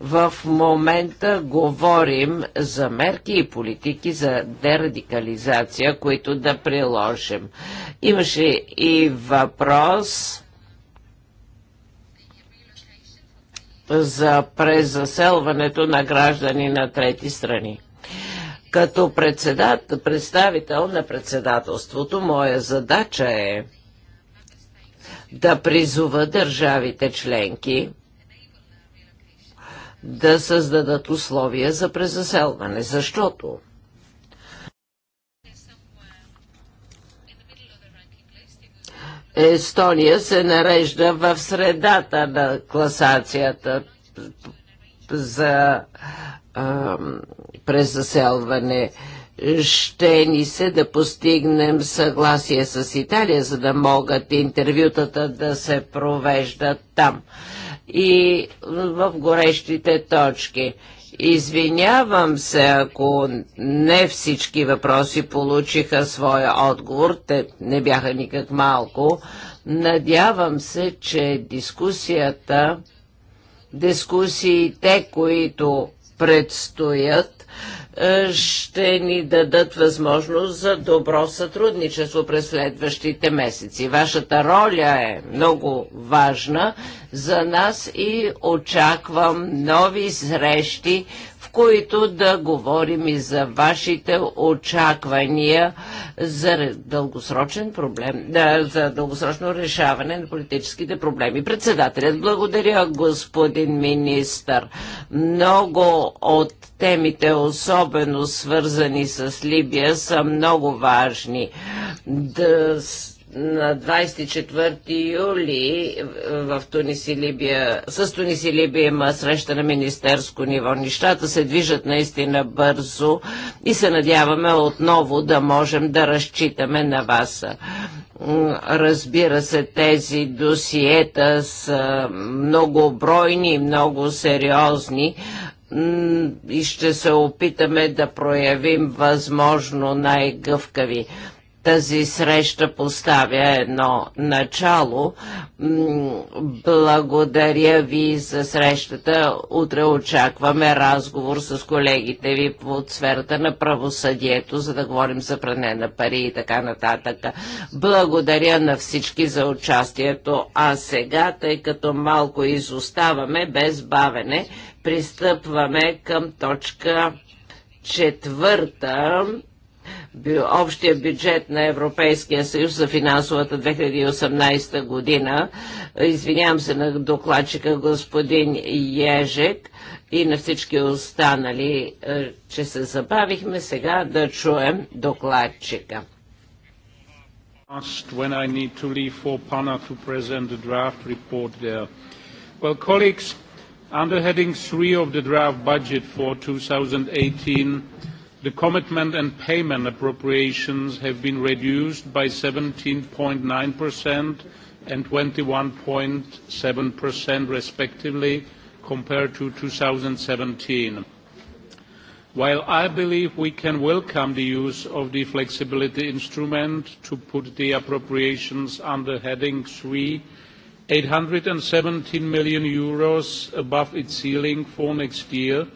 G: В момента говорим за мерки и политики за дерадикализация, които да приложим. Имаше и въпрос за презаселването на граждани на трети страни. Като представител на председателството, моя задача е да призува държавите членки да създадат условия за презаселване, защото Естония се нарежда в средата на класацията за а, презаселване. Ще ни се да постигнем съгласие с Италия, за да могат интервютата да се провеждат там и в горещите точки. Извинявам се, ако не всички въпроси получиха своя отговор, те не бяха никак малко. Надявам се, че дискусията, дискусиите, които предстоят, е, ще ни дадат възможност за добро сътрудничество през следващите месеци. Вашата роля е много важна за нас и очаквам нови срещи, които да говорим и за вашите очаквания за дългосрочен проблем, да, за дългосрочно решаване на политическите проблеми. Председателят, благодаря господин министър. Много от темите, особено свързани с Либия, са много важни. Да, на 24 юли в Тунис и Либия, с Тунис и Либия има среща на министерско ниво. Нещата се движат наистина бързо и се надяваме отново да можем да разчитаме на вас. Разбира се, тези досиета са многобройни и много сериозни и ще се опитаме да проявим възможно най-гъвкави тази среща поставя едно начало. Благодаря ви за срещата. Утре очакваме разговор с колегите ви от сферата на правосъдието, за да говорим за пране на пари и така нататък. Благодаря на всички за участието. А сега, тъй като малко изоставаме, без бавене, пристъпваме към точка четвърта общия бюджет на Европейския съюз за финансовата 2018 година. Извинявам се на докладчика господин Ежек и на всички останали, е, че се забавихме. Сега да чуем докладчика.
I: Well, colleagues, under heading 3 of the draft budget for 2018, the commitment and payment appropriations have been reduced by 17.9% and 21.7% respectively compared to seventeen. While I believe we can welcome the use of the flexibility instrument to put the appropriations under heading three, eight hundred euros seventeen million above its ceiling for next year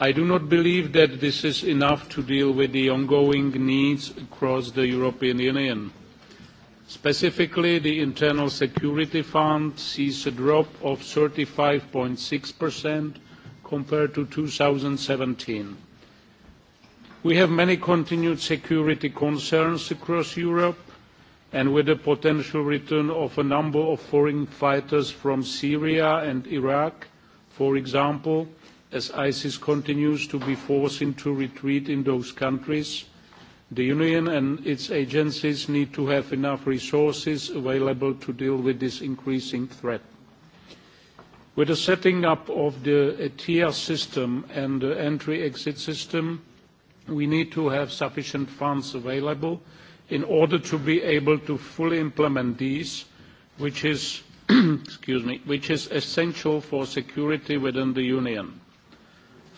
I: I do not believe that this is enough to deal with the ongoing needs across the European Union. Specifically, the Internal Security Fund sees a drop of 35.6% compared to seventeen. We have many continued security concerns across Europe, and with the potential return of a number of foreign fighters from Syria and Iraq, for example, as ISIS continues to be forced into retreat in those countries, the Union and its agencies need to have enough resources available to deal with this increasing threat. With the setting up of the ETIA system and the entry-exit system, we need to have sufficient funds available in order to be able to fully implement these, which is, excuse me, which is essential for security within the Union.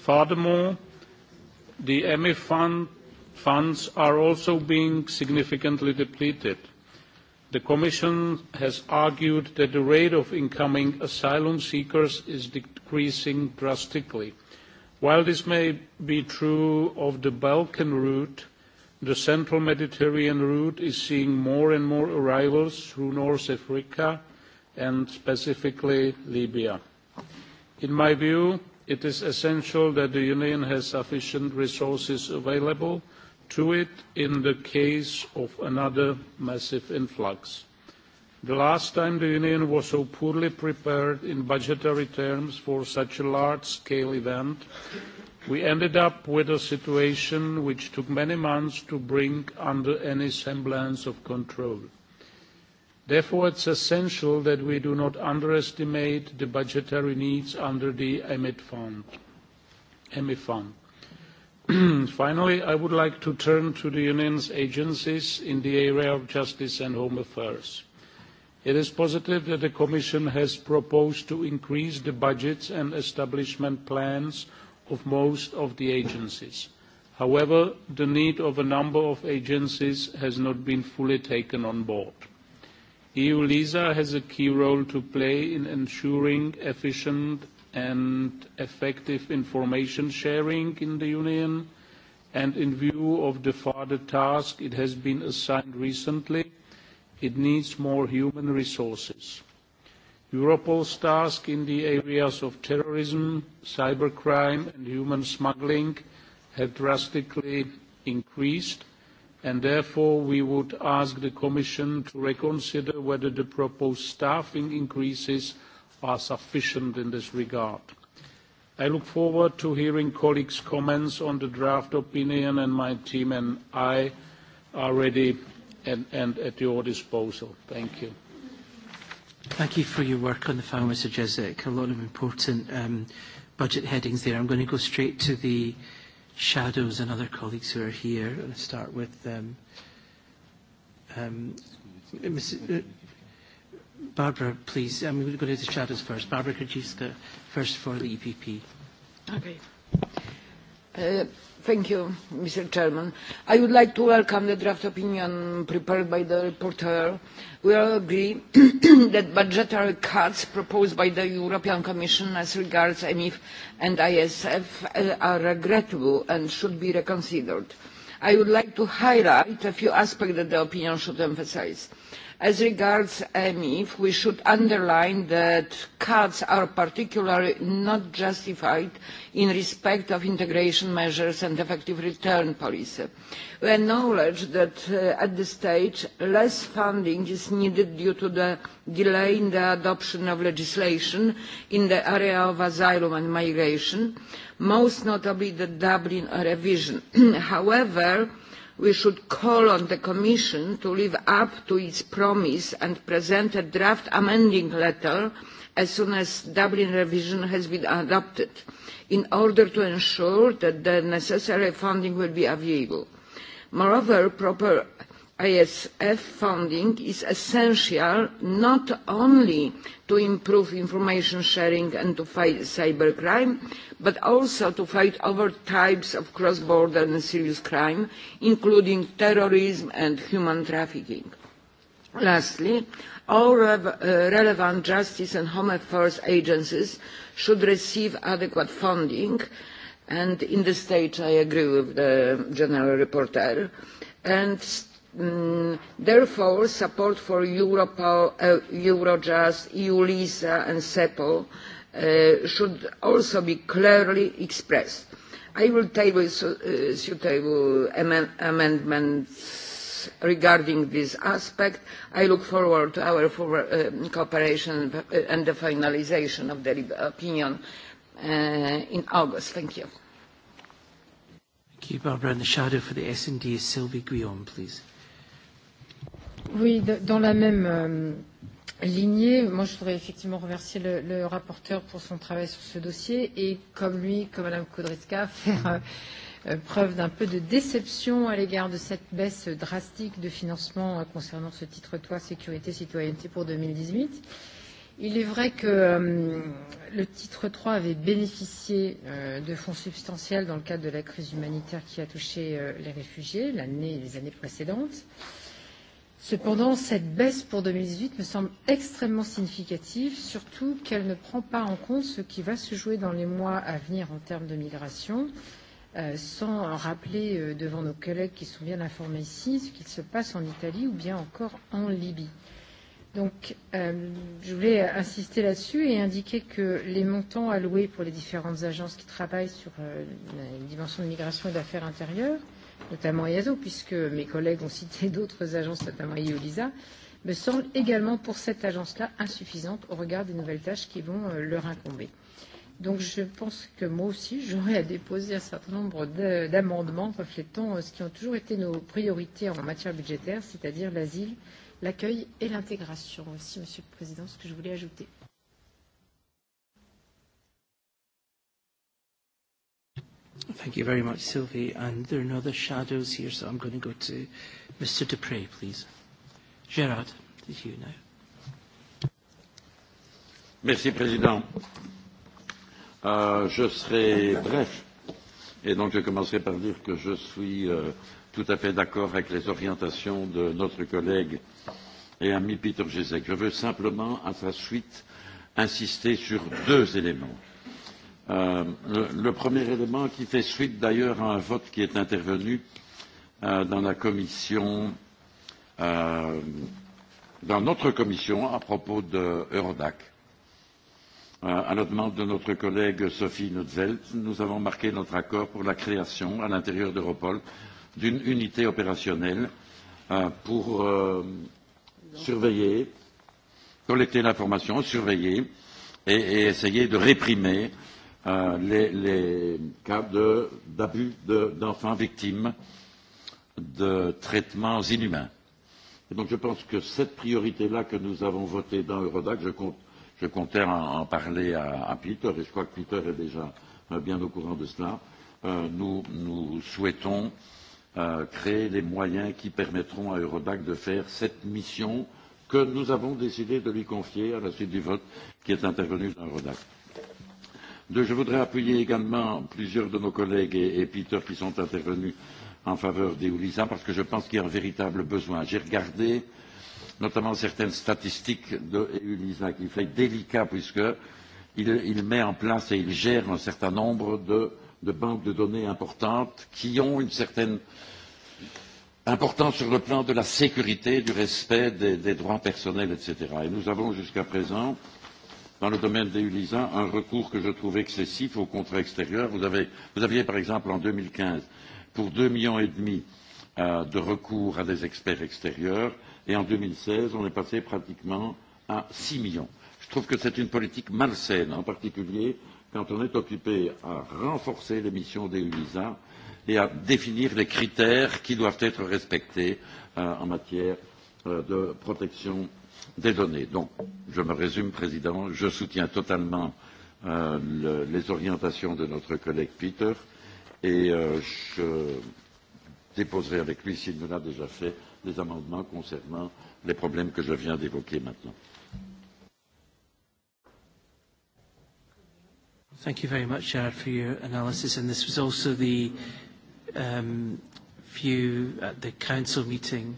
I: Furthermore, the MF funds are also being significantly depleted. The Commission has argued that the rate of incoming asylum seekers is decreasing drastically. While this may be true of the Balkan route, the central Mediterranean route is seeing more and more arrivals through North Africa and specifically Libya. In my view, it is essential that the Union has sufficient resources available to it in the case of another massive influx. The last time the Union was so poorly prepared in budgetary terms for such a large-scale event, we ended up with a situation which took many months to bring under any semblance of control. Therefore, it's essential that we do not underestimate the budgetary needs under the EMIT fund. Finally, I would like to turn to the Union's agencies in the area of justice and home affairs. It is positive that the Commission has proposed to increase the budgets and establishment plans of most of the agencies. However, the need of a number of agencies has not been fully taken on board. EU-LISA has a key role to play in ensuring efficient and effective information sharing in the Union, and in view of the further task it has been assigned recently, it needs more human resources. Europol's task in the areas of terrorism, cybercrime, and human smuggling have drastically increased, and therefore we would ask the Commission to reconsider whether the proposed staffing increases are sufficient in this regard. I look forward to hearing colleagues' comments on the draft opinion, and my team and I are ready and at your disposal. Thank you.
A: Thank you for your work on the file, Mr. A lot of important budget headings there. I'm going to go straight to the shadows and other colleagues who are here. I'm going to start with um, um, Ms. Barbara, please. I'm going to go to the shadows first. Barbara Krajewska, first for the EPP.
J: Okay. Uh, mr president i would like to welcome the draft opinion prepared by the rapporteur. we all agree that budgetary cuts proposed by the european commission as regards emif and isf are regrettable and should be reconsidered. i would like to highlight a few aspects that the opinion should emphasise As regards MIF, we should underline that cuts are particularly not justified in respect of integration measures and effective return policy. We acknowledge that at this stage less funding is needed due to the delay in the adoption of legislation in the area of asylum and migration, most notably the Dublin revision. However, we should call on the Commission to live up to its promise and present a draft amending letter as soon as Dublin revision has been adopted, in order to ensure that the necessary funding will be available. Moreover, proper ISF funding is essential not only to improve information sharing and to fight cybercrime, but also to fight other types of cross-border and serious crime, including terrorism and human trafficking. Lastly, all relevant justice and home affairs agencies should receive adequate funding, and in this stage I agree with the General Rapporteur, and Therefore, support for Europol, Eurojust, EULISA and CEPOL should also be clearly expressed. I will table suitable amendments regarding this aspect. I look forward to our cooperation and the finalisation of the opinion in August. Thank you.
A: Thank you, Barbara. And the shadow for the S&D is Sylvie Guillaume, please.
K: Oui, dans la même euh, lignée, moi je voudrais effectivement remercier le, le rapporteur pour son travail sur ce dossier et comme lui, comme Madame Kodryska, faire euh, preuve d'un peu de déception à l'égard de cette baisse drastique de financement euh, concernant ce titre 3 sécurité citoyenneté pour 2018. Il est vrai que euh, le titre 3 avait bénéficié euh, de fonds substantiels dans le cadre de la crise humanitaire qui a touché euh, les réfugiés l'année les années précédentes. Euh, Cependant, cette baisse pour 2018 me semble extrêmement significative, surtout qu'elle ne prend pas en compte ce qui va se jouer dans les mois à venir en termes de migration, euh, sans rappeler euh, devant nos collègues qui sont bien informés ici ce qu'il se passe en Italie ou bien encore en Libye. Donc, euh, je voulais insister là-dessus et indiquer que les montants alloués pour les différentes agences qui travaillent sur euh, la dimension de migration et d'affaires intérieures – notamment EASO, puisque mes collègues ont cité d'autres agences, notamment IOLISA, me semble également pour cette agence-là insuffisante au regard des nouvelles tâches qui vont leur incomber. Donc je pense que moi aussi, j'aurais à déposer un certain nombre d'amendements reflétant ce qui ont toujours été nos priorités en matière budgétaire, c'est-à-dire l'asile, l'accueil et l'intégration. Voici, Monsieur le Président, ce que je voulais ajouter.
A: Thank you very much, Sylvie. And there are no other shadows here, so I'm going to go to Mr. Dupre, please. Gerard, it's you now.
F: Merci, Président. Euh, je serai bref et donc je commencerai par dire que je suis euh, tout à fait d'accord avec les orientations de notre collègue et ami Peter Gisek. Je veux simplement, à sa suite, insister sur deux éléments le, premier élément qui fait suite d'ailleurs à un vote qui est intervenu dans la commission, dans notre commission à propos de Eurodac. à la demande de notre collègue Sophie Nutzelt, nous avons marqué notre accord pour la création à l'intérieur d'Europol d'une unité opérationnelle pour surveiller, collecter l'information, surveiller et, essayer de réprimer les, les cas d'abus de, d'enfants victimes de traitements inhumains. Et donc je pense que cette priorité-là que nous avons votée dans Eurodac, je, compte, je comptais en, en parler à, à Peter, et je crois que Peter est déjà bien au courant de cela, euh, nous, nous souhaitons euh, créer les moyens qui permettront à Eurodac de faire cette mission que nous avons décidé de lui confier à la suite du vote qui est intervenu dans Eurodac je voudrais appuyer également plusieurs de nos collègues et, et Peter qui sont intervenus en faveur d'Eulisa parce que je pense qu'il y a un véritable besoin. J'ai regardé notamment certaines statistiques d'Eulisa qui fait délicat puisqu'il il, met en place et il gère un certain nombre de, de banques de données importantes qui ont une certaine importance sur le plan de la sécurité, du respect des, des droits personnels, etc. Et nous avons jusqu'à présent dans le domaine des ULISA, un recours que je trouve excessif aux contrats extérieurs. Vous, avez, vous aviez, par exemple, en 2015, pour 2,5 millions et demi de recours à des experts extérieurs, et en 2016, on est passé pratiquement à 6 millions. Je trouve que c'est une politique malsaine, en particulier quand on est occupé à renforcer les missions des ULISA et à définir les critères qui doivent être respectés en matière de protection des données. Donc, je me résume, Président, je soutiens totalement euh, le, les orientations de notre collègue Peter et euh, je déposerai avec lui, s'il ne l'a déjà fait, les amendements concernant les problèmes que je viens d'évoquer maintenant.
A: Thank you very much, Gerard, for your analysis. And this was also the um, view at the council meeting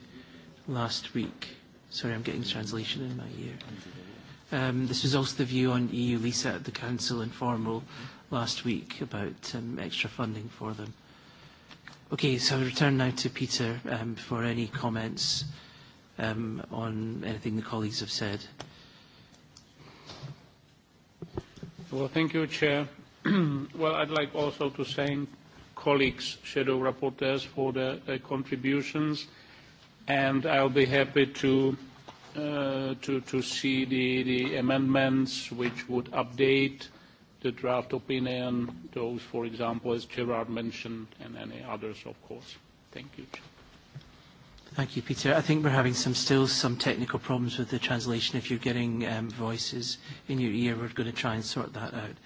A: last week Sorry, I'm getting translation in my ear. Um, this was also the view on EU LISA at the Council informal last week about um, extra funding for them. Okay, so I'll return now to Peter um, for any comments um, on anything the colleagues have said.
I: Well, thank you, Chair. well, I'd like also to thank colleagues, shadow rapporteurs, for their uh, contributions and I'll be happy to uh to to see the the amendments which would update the draft opinion, those, for example, as Gerard mentioned, and any others, of course. Thank you.
A: Thank you, Peter. I think we're having some still some technical problems with the translation. If you're getting um, voices in your ear, we're going to try and sort that out.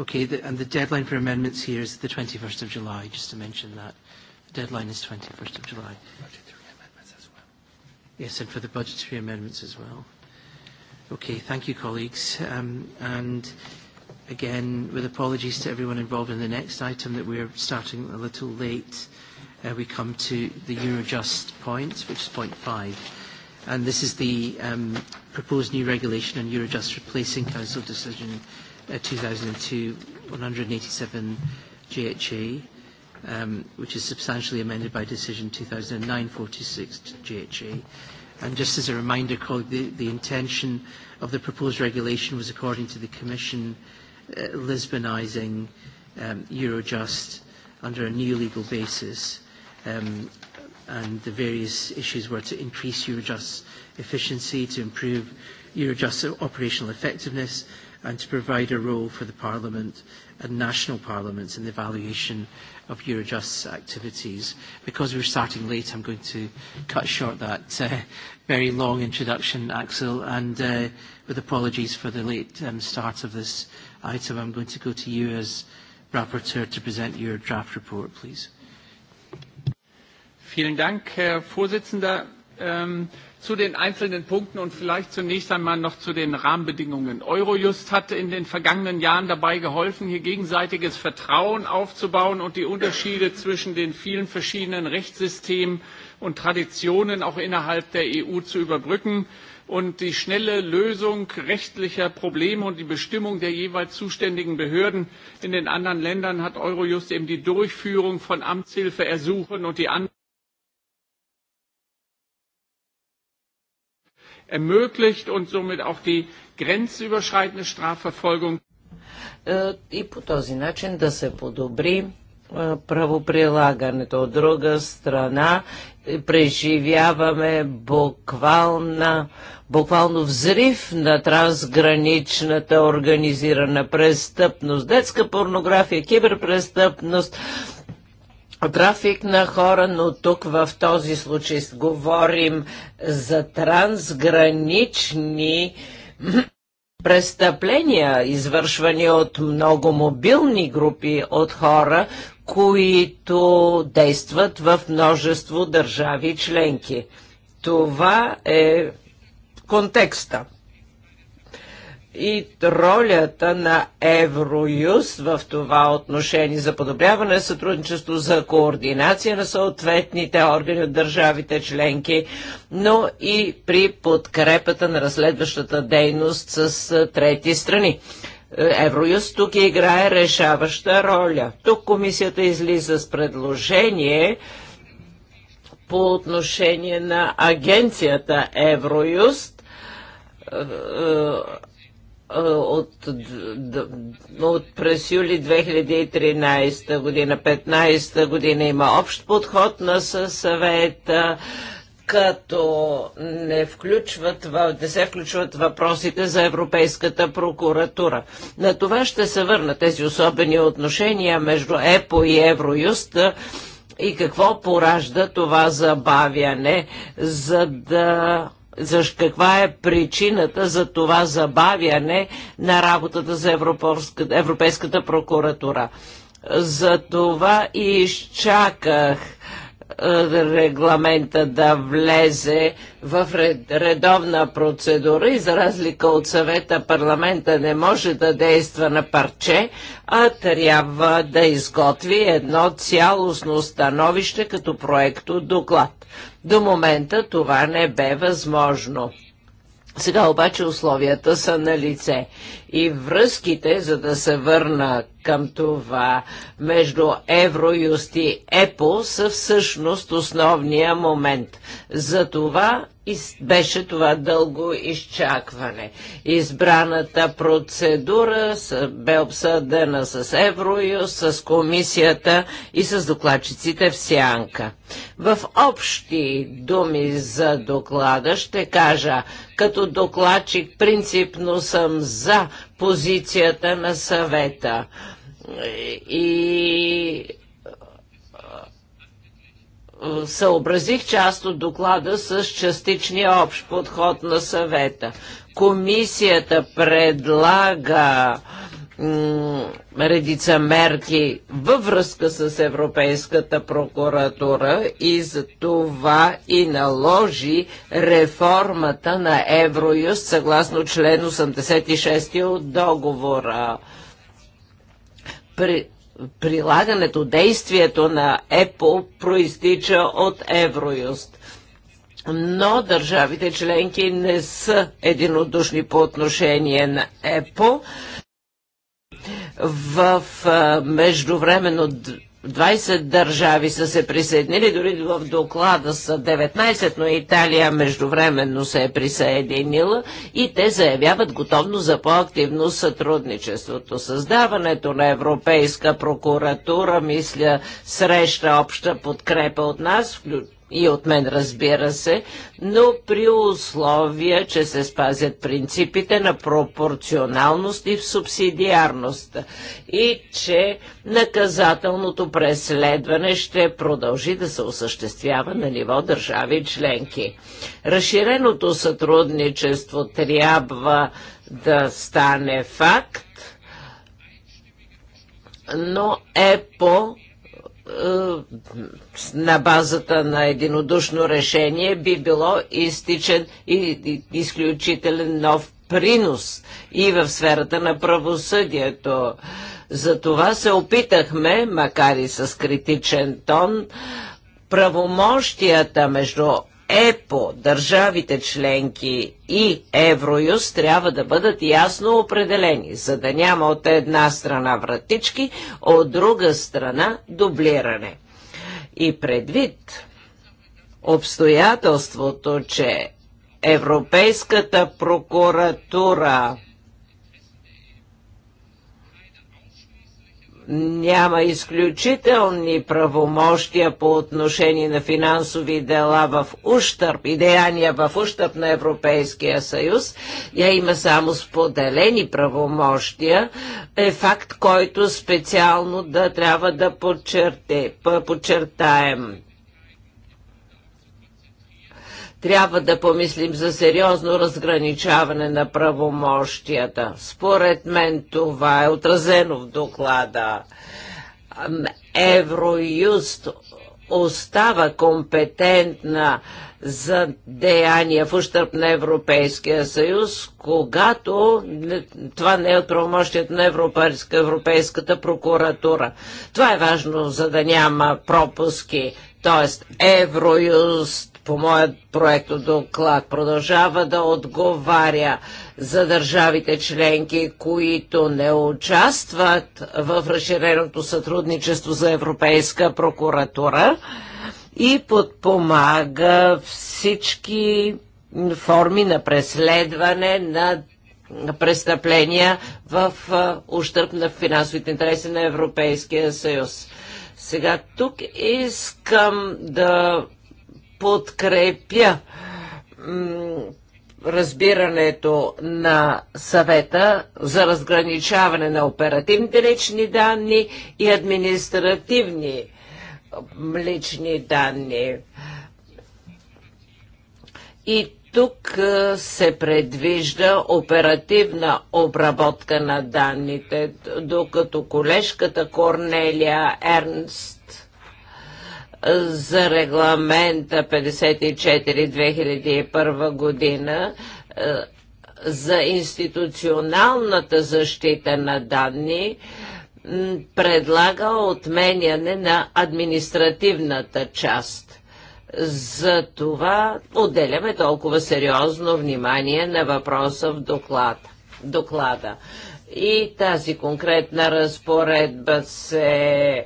A: Okay, the, and the deadline for amendments here is the 21st of July, just to mention that. The deadline is 21st of July. Yes, and for the budgetary amendments as well. Okay, thank you, colleagues. Um, and again, with apologies to everyone involved in the next item that we're starting a little late, uh, we come to the Eurojust point, which is point five. And this is the um, proposed new regulation on Eurojust replacing Council Decision uh, 2002-187 GHA um, which is substantially amended by decision 2009-46 GHA. And just as a reminder, colleague, the, the intention of the proposed regulation was, according to the Commission, uh, Lisbonising um, Eurojust under a new legal basis, um, and the various issues were to increase Eurojust's efficiency, to improve Eurojust's operational effectiveness, and to provide a role for the Parliament and national parliaments in the evaluation of Eurojust's activities. Because we're starting late, I'm going to cut short that uh, very long introduction, Axel, and uh, with apologies for the late um, start of this item, I'm going to go to you as rapporteur to present your draft report, please.
L: Vielen Dank, Herr Vorsitzender. Um, zu den einzelnen Punkten und vielleicht zunächst einmal noch zu den Rahmenbedingungen. Eurojust hat in den vergangenen Jahren dabei geholfen, hier gegenseitiges Vertrauen aufzubauen und die Unterschiede zwischen den vielen verschiedenen Rechtssystemen und Traditionen auch innerhalb der EU zu überbrücken und die schnelle Lösung rechtlicher Probleme und die Bestimmung der jeweils zuständigen Behörden in den anderen Ländern hat Eurojust eben die Durchführung von Amtshilfeersuchen und die ermöglicht und somit auch die grenzüberschreitende Strafverfolgung.
G: Е, и по този начин да се подобри е, правоприлагането. От друга страна е, преживяваме буквална, буквално взрив на трансграничната организирана престъпност, детска порнография, киберпрестъпност, трафик на хора, но тук в този случай говорим за трансгранични престъпления, извършвани от много мобилни групи от хора, които действат в множество държави членки. Това е контекста и ролята на Евроюз в това отношение за подобряване на сътрудничество, за координация на съответните органи от държавите членки, но и при подкрепата на разследващата дейност с трети страни. Е, Евроюз тук играе решаваща роля. Тук комисията излиза с предложение по отношение на агенцията Евроюст, е, е, от, от през юли 2013 година, 15 година има общ подход на съвета, като не, включват, не се включват въпросите за Европейската прокуратура. На това ще се върна тези особени отношения между ЕПО и Евроюст и какво поражда това забавяне, за да защо каква е причината за това забавяне на работата за Европейската прокуратура? За това и изчаках регламента да влезе в редовна процедура и за разлика от съвета парламента не може да действа на парче, а трябва да изготви едно цялостно становище като проекто доклад. До момента това не бе възможно. Сега обаче условията са на лице и връзките, за да се върна към това между Евроюст и ЕПО са всъщност основния момент. За това беше това дълго изчакване. Избраната процедура бе обсъдена с Евроюст, с комисията и с докладчиците в Сянка. В общи думи за доклада ще кажа, като докладчик принципно съм за позицията на съвета. И съобразих част от доклада с частичния общ подход на съвета. Комисията предлага редица мерки във връзка с Европейската прокуратура и за това и наложи реформата на Евроюст съгласно член 86 от договора. При, прилагането, действието на ЕПО проистича от Евроюст но държавите членки не са единодушни по отношение на ЕПО в междувременно 20 държави са се присъединили, дори в доклада са 19, но Италия междувременно се е присъединила и те заявяват готовност за по-активно сътрудничеството. Създаването на Европейска прокуратура, мисля, среща обща подкрепа от нас, и от мен разбира се, но при условие, че се спазят принципите на пропорционалност и в субсидиарност и че наказателното преследване ще продължи да се осъществява на ниво държави членки. Разширеното сътрудничество трябва да стане факт, но е по е, на базата на единодушно решение би било изтичен и изключителен нов принос и в сферата на правосъдието. За това се опитахме, макар и с критичен тон, правомощията между ЕПО, държавите членки и Евроюз трябва да бъдат ясно определени, за да няма от една страна вратички, от друга страна дублиране. И предвид обстоятелството, че Европейската прокуратура няма изключителни правомощия по отношение на финансови дела в ущърп и деяния в ущърп на Европейския съюз, я има само споделени правомощия, е факт, който специално да трябва да подчерте, подчертаем. Трябва да помислим за сериозно разграничаване на правомощията. Според мен това е отразено в доклада. Евроюст остава компетентна за деяния в ущърп на Европейския съюз, когато това не е от правомощието на Европейска, Европейската прокуратура. Това е важно, за да няма пропуски. Тоест, Евроюст по моят проект доклад продължава да отговаря за държавите членки, които не участват в разширеното сътрудничество за Европейска прокуратура и подпомага всички форми на преследване на престъпления в ущърп на финансовите интереси на Европейския съюз. Сега тук искам да подкрепя разбирането на съвета за разграничаване на оперативните лични данни и административни лични данни. И тук се предвижда оперативна обработка на данните, докато колежката Корнелия Ернст за регламента 54-2001 година е, за институционалната защита на данни предлага отменяне на административната част. За това отделяме толкова сериозно внимание на въпроса в доклад, доклада. И тази конкретна разпоредба се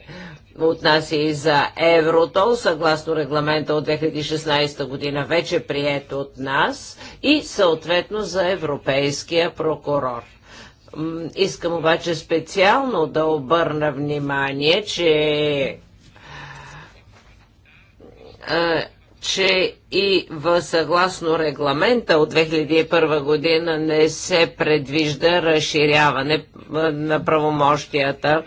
G: отнася и за еврото, съгласно регламента от 2016 година, вече прието от нас и съответно за европейския прокурор. Искам обаче специално да обърна внимание, че е, че и в съгласно регламента от 2001 година не се предвижда разширяване на правомощията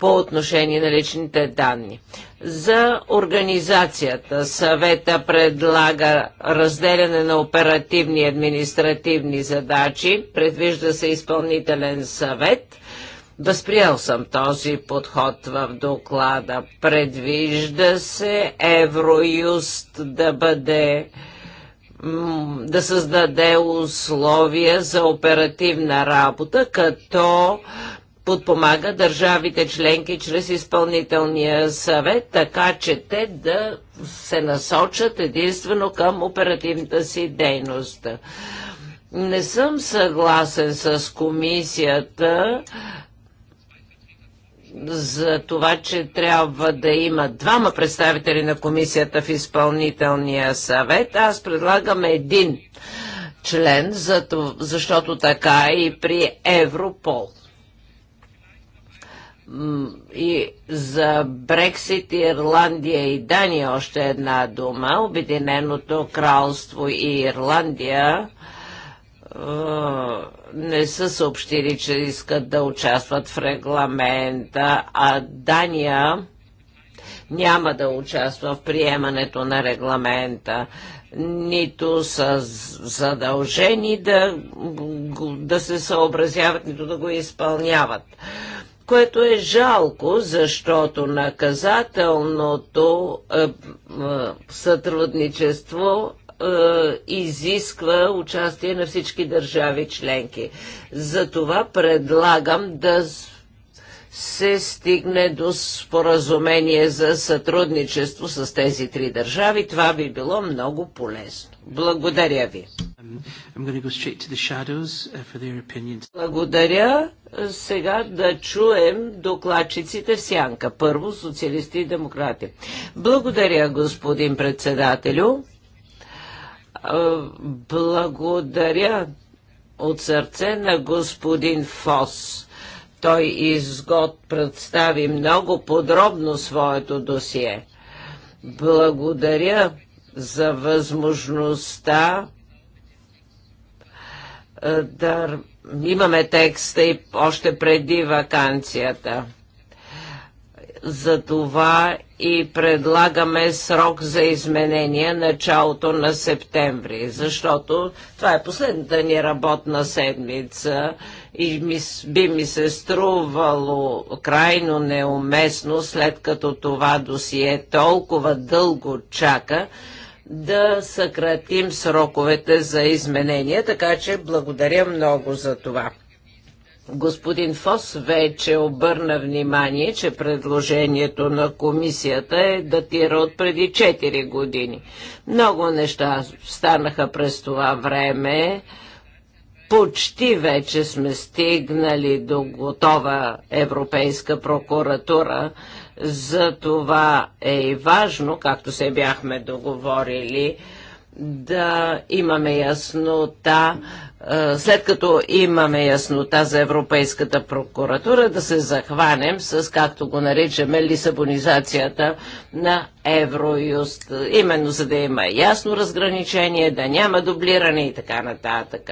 G: по отношение на личните данни. За организацията съвета предлага разделяне на оперативни и административни задачи, предвижда се изпълнителен съвет – Възприел съм този подход в доклада. Предвижда се Евроюст да бъде да създаде условия за оперативна работа, като подпомага държавите членки чрез изпълнителния съвет, така че те да се насочат единствено към оперативната си дейност. Не съм съгласен с комисията за това, че трябва да има двама представители на комисията в изпълнителния съвет. Аз предлагам един член, защото така е и при Европол и за Брексит, Ирландия и Дания още една дума. Обединеното кралство и Ирландия е, не са съобщили, че искат да участват в регламента, а Дания няма да участва в приемането на регламента, нито са задължени да, да се съобразяват, нито да го изпълняват което е жалко, защото наказателното е, е, сътрудничество е, изисква участие на всички държави членки. Затова предлагам да се стигне до споразумение за сътрудничество с тези три държави. Това би било много полезно. Благодаря ви.
A: Um, uh,
G: Благодаря. Сега да чуем докладчиците в сянка. Първо социалисти и демократи. Благодаря, господин председателю. Е, благодаря от сърце на господин Фос. Той изгод представи много подробно своето досие. Благодаря за възможността е, да имаме текста и още преди вакансията. За това и предлагаме срок за изменение началото на септември, защото това е последната ни работна седмица и ми, би ми се струвало крайно неуместно, след като това досие толкова дълго чака, да съкратим сроковете за изменения, така че благодаря много за това. Господин Фос вече обърна внимание, че предложението на комисията е датира от преди 4 години. Много неща станаха през това време. Почти вече сме стигнали до готова Европейска прокуратура. За това е и важно, както се бяхме договорили, да имаме яснота е, след като имаме яснота за Европейската прокуратура, да се захванем с, както го наричаме, лисабонизацията на Евроюст. Именно за да има ясно разграничение, да няма дублиране и така нататък.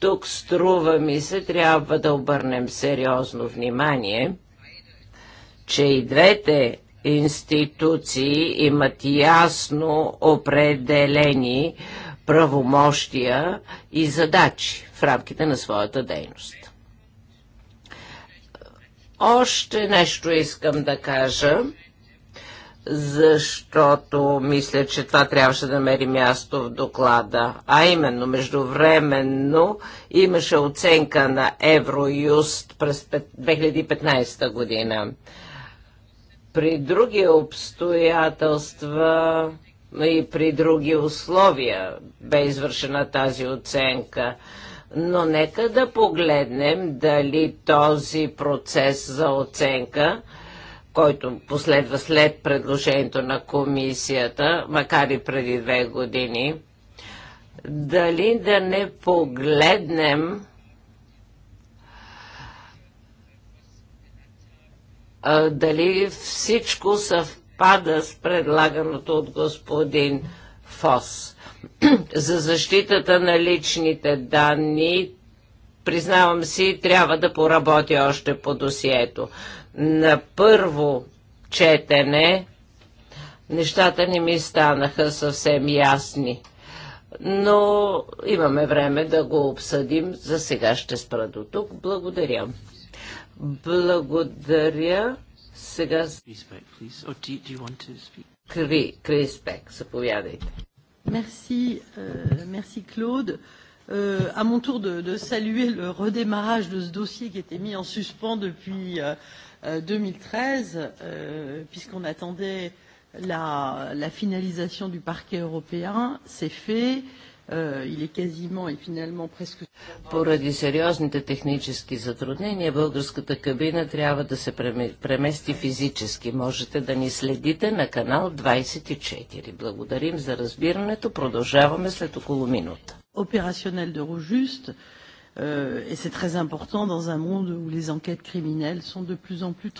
G: Тук струва ми се, трябва да обърнем сериозно внимание, че и двете институции имат ясно определени правомощия и задачи в рамките на своята дейност. Още нещо искам да кажа, защото мисля, че това трябваше да намери място в доклада. А именно, междувременно имаше оценка на Евроюст през 2015 година. При други обстоятелства и при други условия бе извършена тази оценка. Но нека да погледнем дали този процес за оценка който последва след предложението на комисията, макар и преди две години, дали да не погледнем дали всичко съвпада съвпада с предлаганото от господин ФОС. За защитата на личните данни, признавам си, трябва да поработя още по досието. На първо четене нещата не ми станаха съвсем ясни. Но имаме време да го обсъдим. За сега ще спра до тук. Благодаря. Благодаря. Сега... Кри, Криспек, заповядайте.
M: Мерси, мерси Клод. Euh, à mon tour de, de saluer le redémarrage de ce dossier qui était mis en suspens depuis euh, 2013, euh, puisqu'on attendait la, la finalisation du parquet européen. C'est fait. Euh, е, Поради сериозните технически затруднения, българската кабина трябва
G: да се премести физически. Можете да ни следите на канал 24. Благодарим за разбирането. Продължаваме след около минута.
M: Операционел де Rojuste, et c'est très important dans un monde où les enquêtes са sont de plus en plus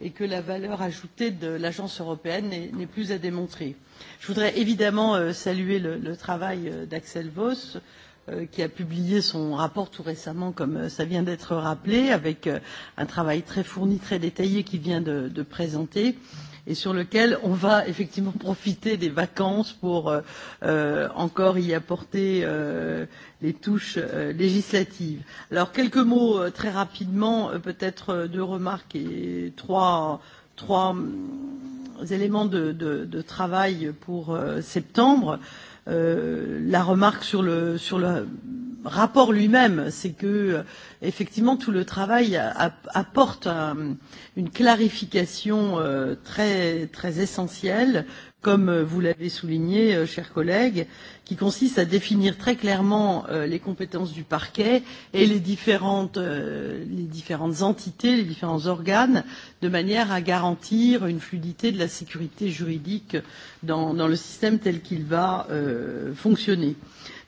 M: et que la valeur ajoutée de l'Agence européenne n'est plus à démontrer. Je voudrais évidemment saluer le, le travail d'Axel Voss, qui a publié son rapport tout récemment, comme ça vient d'être rappelé, avec un travail très fourni, très détaillé qu'il vient de, de présenter. Euh, et sur lequel on va effectivement profiter des vacances pour euh, encore y apporter euh, les touches euh, législatives. Alors quelques mots euh, très rapidement, euh, peut-être euh, deux remarques et trois, trois éléments de, de, de travail pour euh, septembre. Euh, la remarque sur le, sur le rapport lui-même, c'est que effectivement tout le travail apporte un, une clarification euh, très, très essentielle comme vous l'avez souligné, chers collègues, qui consiste à définir très clairement les compétences du parquet et les différentes, les différentes entités, les différents organes, de manière à garantir une fluidité de la sécurité juridique dans, dans le système tel qu'il va euh, fonctionner.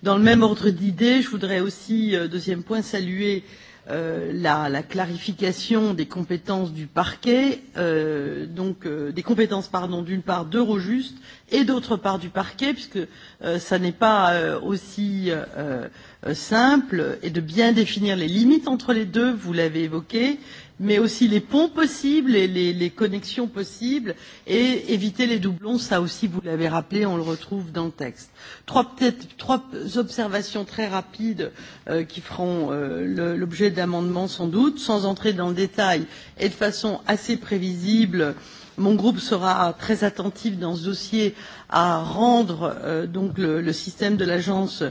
M: Dans le même ordre d'idées, je voudrais aussi, deuxième point, saluer euh, la, la clarification des compétences du parquet, euh, donc euh, des compétences pardon d'une part d'Eurojust et d'autre part du parquet, puisque euh, ça n'est pas euh, aussi euh, simple, et de bien définir les limites entre les deux, vous l'avez évoqué, mais aussi les ponts possibles et les, les connexions possibles et éviter les doublons, ça aussi vous l'avez rappelé, on le retrouve dans le texte. Trois, trois observations très rapides euh, qui feront euh, l'objet d'amendements sans doute, sans entrer dans le détail et de façon assez prévisible mon groupe sera très attentif dans ce dossier à rendre euh, donc le, le système de l'agence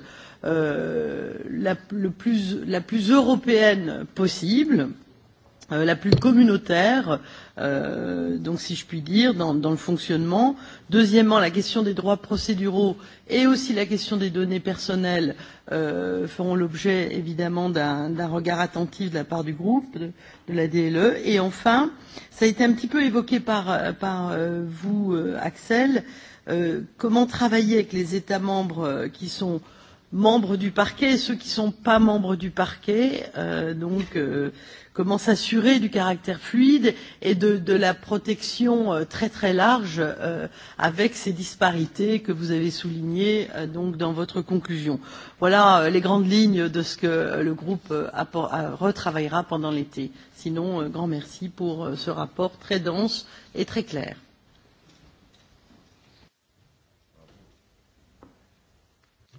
M: euh, la, plus, la plus européenne possible. Euh, la plus communautaire, euh, donc si je puis dire, dans, dans le fonctionnement. Deuxièmement, la question des droits procéduraux et aussi la question des données personnelles euh, feront l'objet évidemment d'un regard attentif de la part du groupe, de, de la DLE. Et enfin, ça a été un petit peu évoqué par, par euh, vous, euh, Axel, euh, comment travailler avec les États membres euh, qui sont membres du parquet et ceux qui ne sont pas membres du parquet. Euh, donc, euh, comment s'assurer du caractère fluide et de, de la protection euh, très très large euh, avec ces disparités que vous avez soulignées euh, donc dans votre conclusion. Voilà euh, les grandes lignes de ce que le groupe euh, a, a, retravaillera pendant l'été. Sinon, euh, grand merci pour euh, ce rapport très dense et très clair.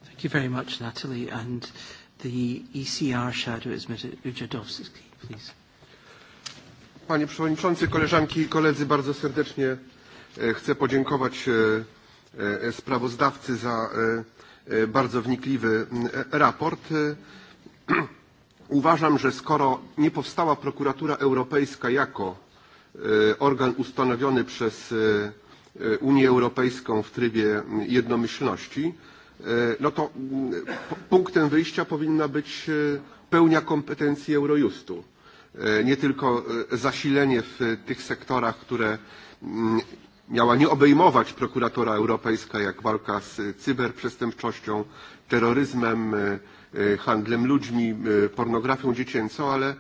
A: Thank you very much, Natalie. And the ECR shadow is Mr. Ujadovsky please.
N: Panie Przewodniczący, koleżanki i koledzy, bardzo serdecznie chcę podziękować sprawozdawcy za bardzo wnikliwy raport. Uważam, że skoro nie powstała prokuratura europejska jako organ ustanowiony przez Unię Europejską w trybie jednomyślności, no to punktem wyjścia powinna być pełnia kompetencji Eurojustu nie tylko zasilenie w tych sektorach, które miała nie obejmować prokuratora europejska, jak walka z cyberprzestępczością, terroryzmem, handlem ludźmi, pornografią dziecięcą, ale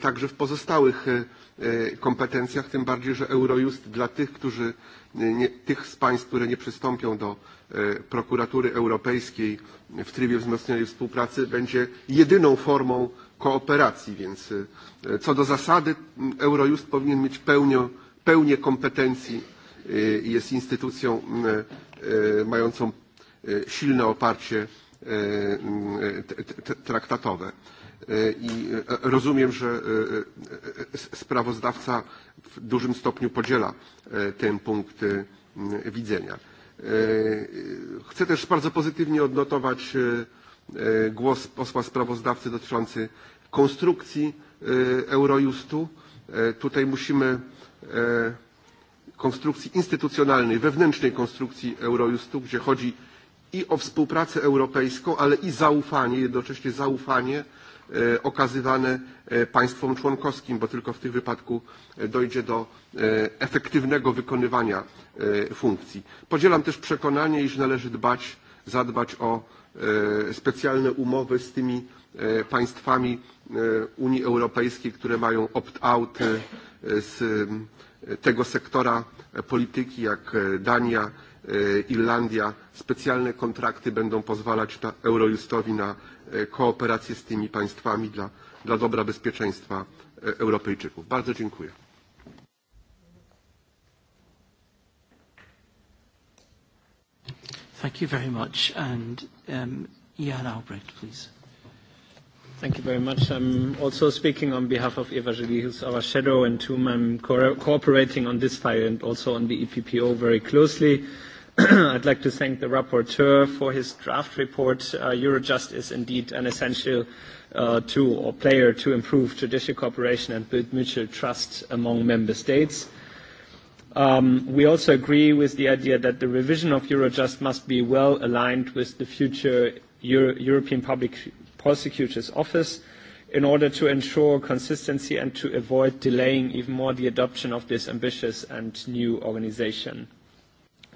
N: także w pozostałych kompetencjach, tym bardziej, że Eurojust dla tych, którzy, nie, tych z państw, które nie przystąpią do prokuratury europejskiej w trybie wzmocnionej współpracy, będzie jedyną formą kooperacji, więc co do zasady Eurojust powinien mieć pełnię, pełnię kompetencji i jest instytucją mającą silne oparcie traktatowe. I rozumiem, że sprawozdawca w dużym stopniu podziela ten punkt widzenia. Chcę też bardzo pozytywnie odnotować głos posła sprawozdawcy dotyczący konstrukcji Eurojustu. Tutaj musimy konstrukcji instytucjonalnej, wewnętrznej konstrukcji Eurojustu, gdzie chodzi i o współpracę europejską, ale i zaufanie, jednocześnie zaufanie okazywane państwom członkowskim, bo tylko w tym wypadku dojdzie do efektywnego wykonywania funkcji. Podzielam też przekonanie, iż należy dbać, zadbać o specjalne umowy z tymi państwami Unii Europejskiej, które mają opt-out z tego sektora polityki, jak Dania, Irlandia. Specjalne kontrakty będą pozwalać Eurojustowi na kooperację z tymi państwami dla, dla dobra bezpieczeństwa Europejczyków. Bardzo dziękuję.
O: Thank you very
A: much. And Um, Jan Albrecht, please.
O: Thank you very much. I'm also speaking on behalf of Eva Joly, who's our shadow, and whom I'm co cooperating on this file and also on the EPPO very closely. I'd like to thank the rapporteur for his draft report. Uh, Eurojust is indeed an essential uh, tool or player to improve judicial cooperation and build mutual trust among member states we also agree with the idea that the revision of Eurojust must be well aligned with the future Euro- European Public Prosecutor's Office in order to ensure consistency and to avoid delaying even more the adoption of this ambitious and new organization.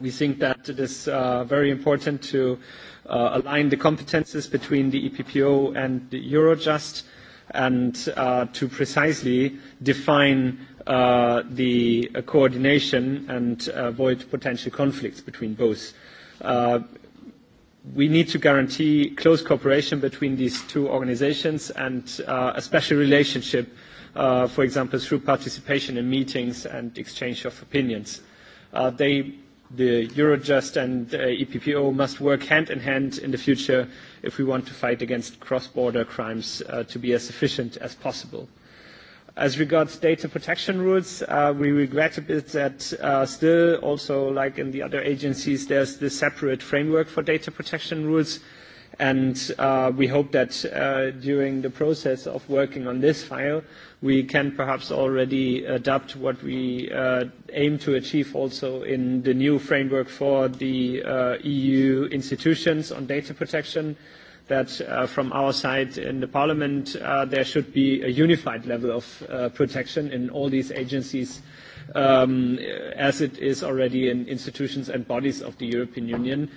O: We think that it is uh, very important to uh, align the competences between the EPPO and the Eurojust – and uh, to precisely define uh, the uh, coordination and avoid potential conflicts between both. Uh, we need to guarantee close cooperation between these two organizations and uh, a special relationship, uh, for example, through participation in meetings and exchange of opinions. Uh, they, the Eurojust and uh, EPPO must work hand in hand in the future if we want to fight against cross-border crimes uh, to be as efficient as possible. As regards data protection rules, uh, we regret a bit that uh, still also, like in the other agencies, there's this separate framework for data protection rules And we hope that during the process of working on this file, we can perhaps already adapt what we aim to achieve also in the new framework for the EU institutions on data protection, that from our side in the Parliament, uh, there should be a unified level of uh, protection in all these agencies as it is already in institutions and bodies of the European Union.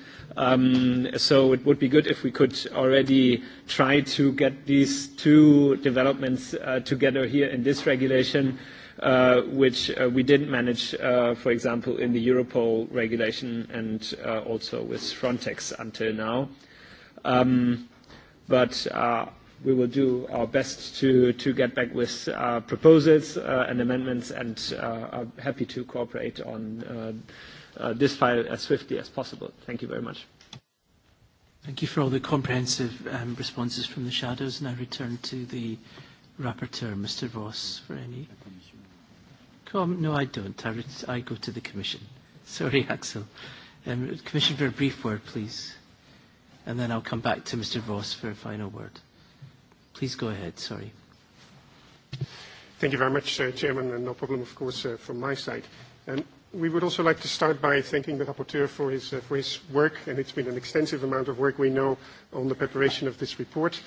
O: So it would be good if we could already try to get these two developments together here in this regulation, which we didn't manage, for example, in the Europol regulation and also with Frontex until now. But we will do our best to, to get back with uh, proposals uh, and amendments and uh, are happy to cooperate on uh, uh, this file as swiftly as possible. Thank you very much.
A: Thank you for all the comprehensive um, responses from the shadows. Now return to the rapporteur, Mr. Voss, for any. Com- no, I don't. I, re- I go to the Commission. Sorry, Axel. Um, commission for a brief word, please. And then I'll come back to Mr. Voss for a final word. Please go ahead. Sorry.
P: Thank you very much, uh, Chairman, and no problem, of course, uh, from my side. And we would also like to start by thanking the rapporteur for his, uh, for his work, and it's been an extensive amount of work, we know, on the preparation of this report.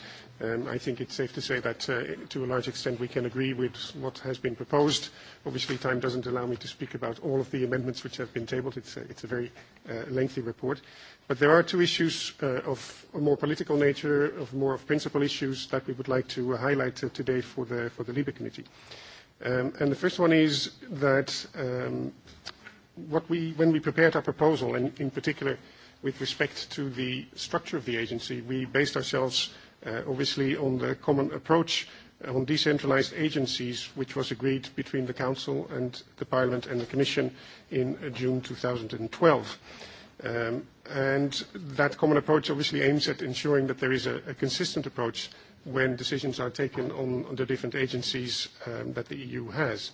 P: I think it's safe to say that to a large extent we can agree with what has been proposed. Obviously, time doesn't allow me to speak about all of the amendments which have been tabled. It's a very uh lengthy report. But there are two issues of a more political nature, of more of principal issues that we would like to highlight today for the Libe Committee. And the first one is that what we when we prepared our proposal, and in particular with respect to the structure of the agency, we based ourselves obviously on the common approach on decentralized agencies, which was agreed between the Council and the Parliament and the Commission in June 2012. that common approach obviously aims at ensuring that there is a consistent approach when decisions are taken on the different agencies that the EU has.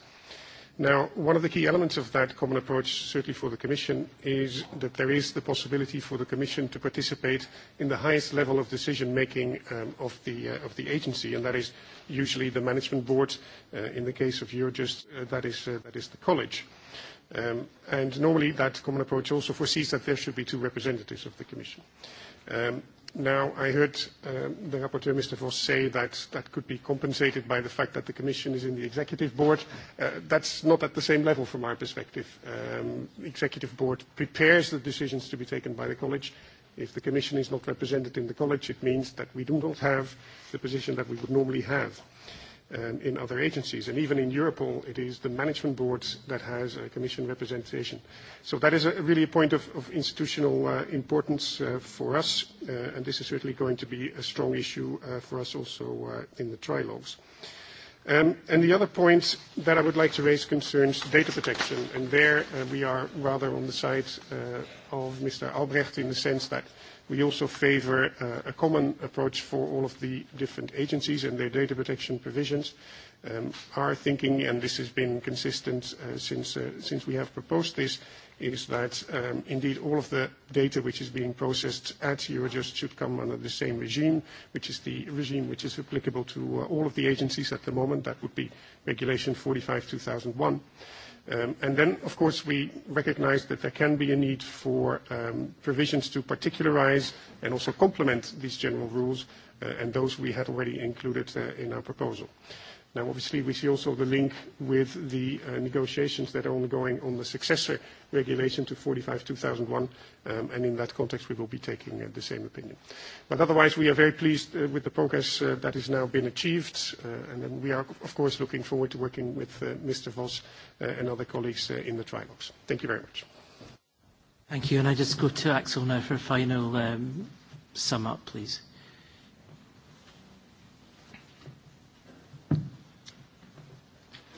P: Now, one of the key elements of that common approach, certainly for the Commission, is that there is the possibility for the Commission to participate in the highest level of decision-making of the agency, and that is usually the management board. In the case of uh, that is the college. And normally, that common approach also foresees that there should be two representatives of the Commission. Um, Now, I heard the rapporteur, Mr. Vos, say that that could be compensated by the fact that the Commission is in the Executive Board. That's not at the same level from our perspective. The Executive Board prepares the decisions to be taken by the College. If the Commission is not represented in the College, it means that we do not have the position that we would normally have in other agencies. And even in Europol, it is the management board that has a commission representation. So that is a, really a point of, of institutional importance for us, and this is certainly going to be a strong issue for us also in the trilogues. and the other point that I would like to raise concerns data protection, and there we are rather on the side of Mr. Albrecht in the sense that We also favour uh, a common approach for all of the different agencies and their data protection provisions. Um, our thinking, and this has been consistent uh, since, uh, since we have proposed this, is that um, indeed all of the data which is being processed at Eurojust should come under the same regime, which is the regime which is applicable to uh, all of the agencies at the moment. That would be Regulation 45-2001. And then, of course, we recognize that there can be a need for provisions to particularize and also complement these general rules, and those we had already included in our proposal. Now, obviously, we see also the link with the negotiations that are ongoing on the successor regulation to 45/2001, and in that context, we will be taking the same opinion. But otherwise, we are very pleased with the progress that has now been achieved, and then we are, of course, looking forward to working with Mr. Vos and other colleagues in the trilogues. Thank you very much.
A: Thank you. And I just go to Axel now for a final sum up, please.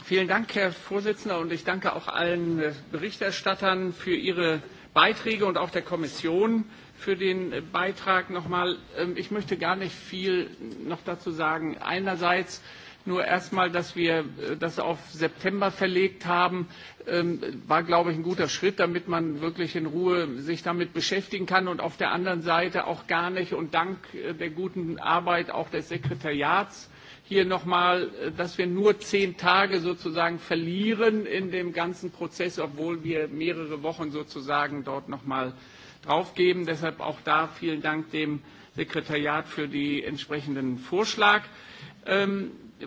L: Vielen Dank, Herr Vorsitzender, und ich danke auch allen Berichterstattern für ihre Beiträge und auch der Kommission für den Beitrag nochmal. Ich möchte gar nicht viel noch dazu sagen. Einerseits nur erstmal, dass wir das auf September verlegt haben, war, glaube ich, ein guter Schritt, damit man wirklich in Ruhe sich damit beschäftigen kann und auf der anderen Seite auch gar nicht und dank der guten Arbeit auch des Sekretariats hier nochmal, dass wir nur zehn Tage sozusagen verlieren in dem ganzen Prozess, obwohl wir mehrere Wochen sozusagen dort nochmal draufgeben. Deshalb auch da vielen Dank dem Sekretariat für den entsprechenden Vorschlag.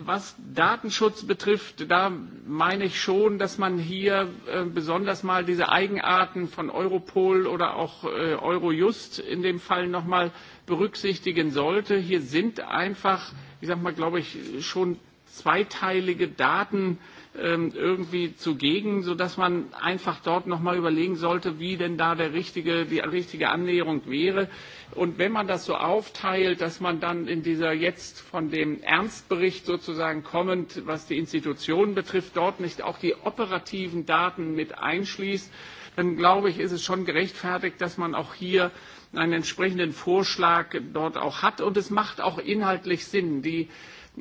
L: Was Datenschutz betrifft, da meine ich schon, dass man hier besonders mal diese Eigenarten von Europol oder auch Eurojust in dem Fall nochmal berücksichtigen sollte. Hier sind einfach ich sag mal, glaube ich, schon zweiteilige Daten irgendwie zugegen, sodass man einfach dort nochmal überlegen sollte, wie denn da der richtige, die richtige Annäherung wäre. Und wenn man das so aufteilt, dass man dann in dieser jetzt von dem Ernstbericht sozusagen kommend, was die Institutionen betrifft, dort nicht auch die operativen Daten mit einschließt, dann glaube ich, ist es schon gerechtfertigt, dass man auch hier äh, einen entsprechenden Vorschlag dort auch hat. Und es macht auch inhaltlich Sinn. Die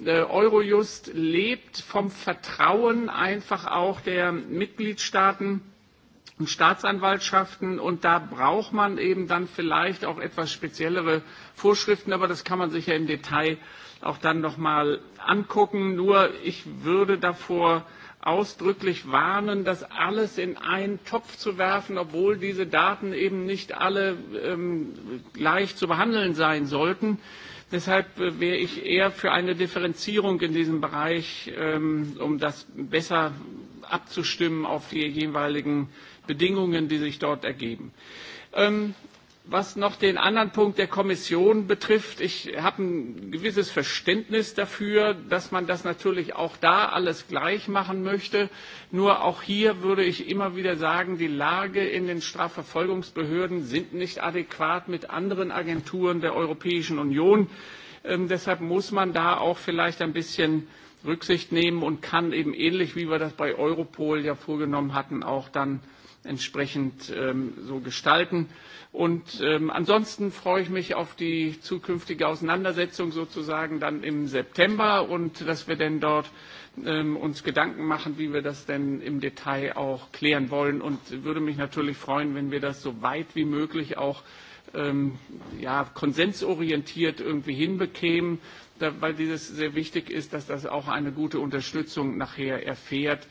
L: Eurojust lebt vom Vertrauen einfach auch der Mitgliedstaaten und Staatsanwaltschaften. Und da braucht man eben dann vielleicht auch etwas speziellere Vorschriften. Aber das kann man sich ja im Detail auch dann nochmal angucken. Nur ich würde davor ausdrücklich warnen, das alles in einen Topf zu werfen, obwohl diese Daten eben nicht alle ähm, gleich zu behandeln sein sollten. Deshalb wäre ich eher für eine Differenzierung in diesem Bereich, ähm, um das besser abzustimmen auf die jeweiligen Bedingungen, die sich dort ergeben. Ähm, Was noch den anderen Punkt der Kommission betrifft, ich habe ein gewisses Verständnis dafür, dass man das natürlich auch da alles gleich machen möchte. Nur auch hier würde ich immer wieder sagen, die Lage in den Strafverfolgungsbehörden sind nicht adäquat mit anderen Agenturen der Europäischen Union. deshalb muss man da auch vielleicht ein bisschen Rücksicht nehmen und kann eben ähnlich wie wir das bei Europol ja vorgenommen hatten, auch dann entsprechend so gestalten. Und ansonsten freue ich mich auf die zukünftige Auseinandersetzung sozusagen dann im September und dass wir denn dort uns Gedanken machen, wie wir das denn im Detail auch klären wollen. Und würde mich natürlich freuen, wenn wir das so weit wie möglich auch ja, konsensorientiert irgendwie hinbekämen, weil dieses sehr wichtig ist, dass das auch eine gute Unterstützung nachher erfährt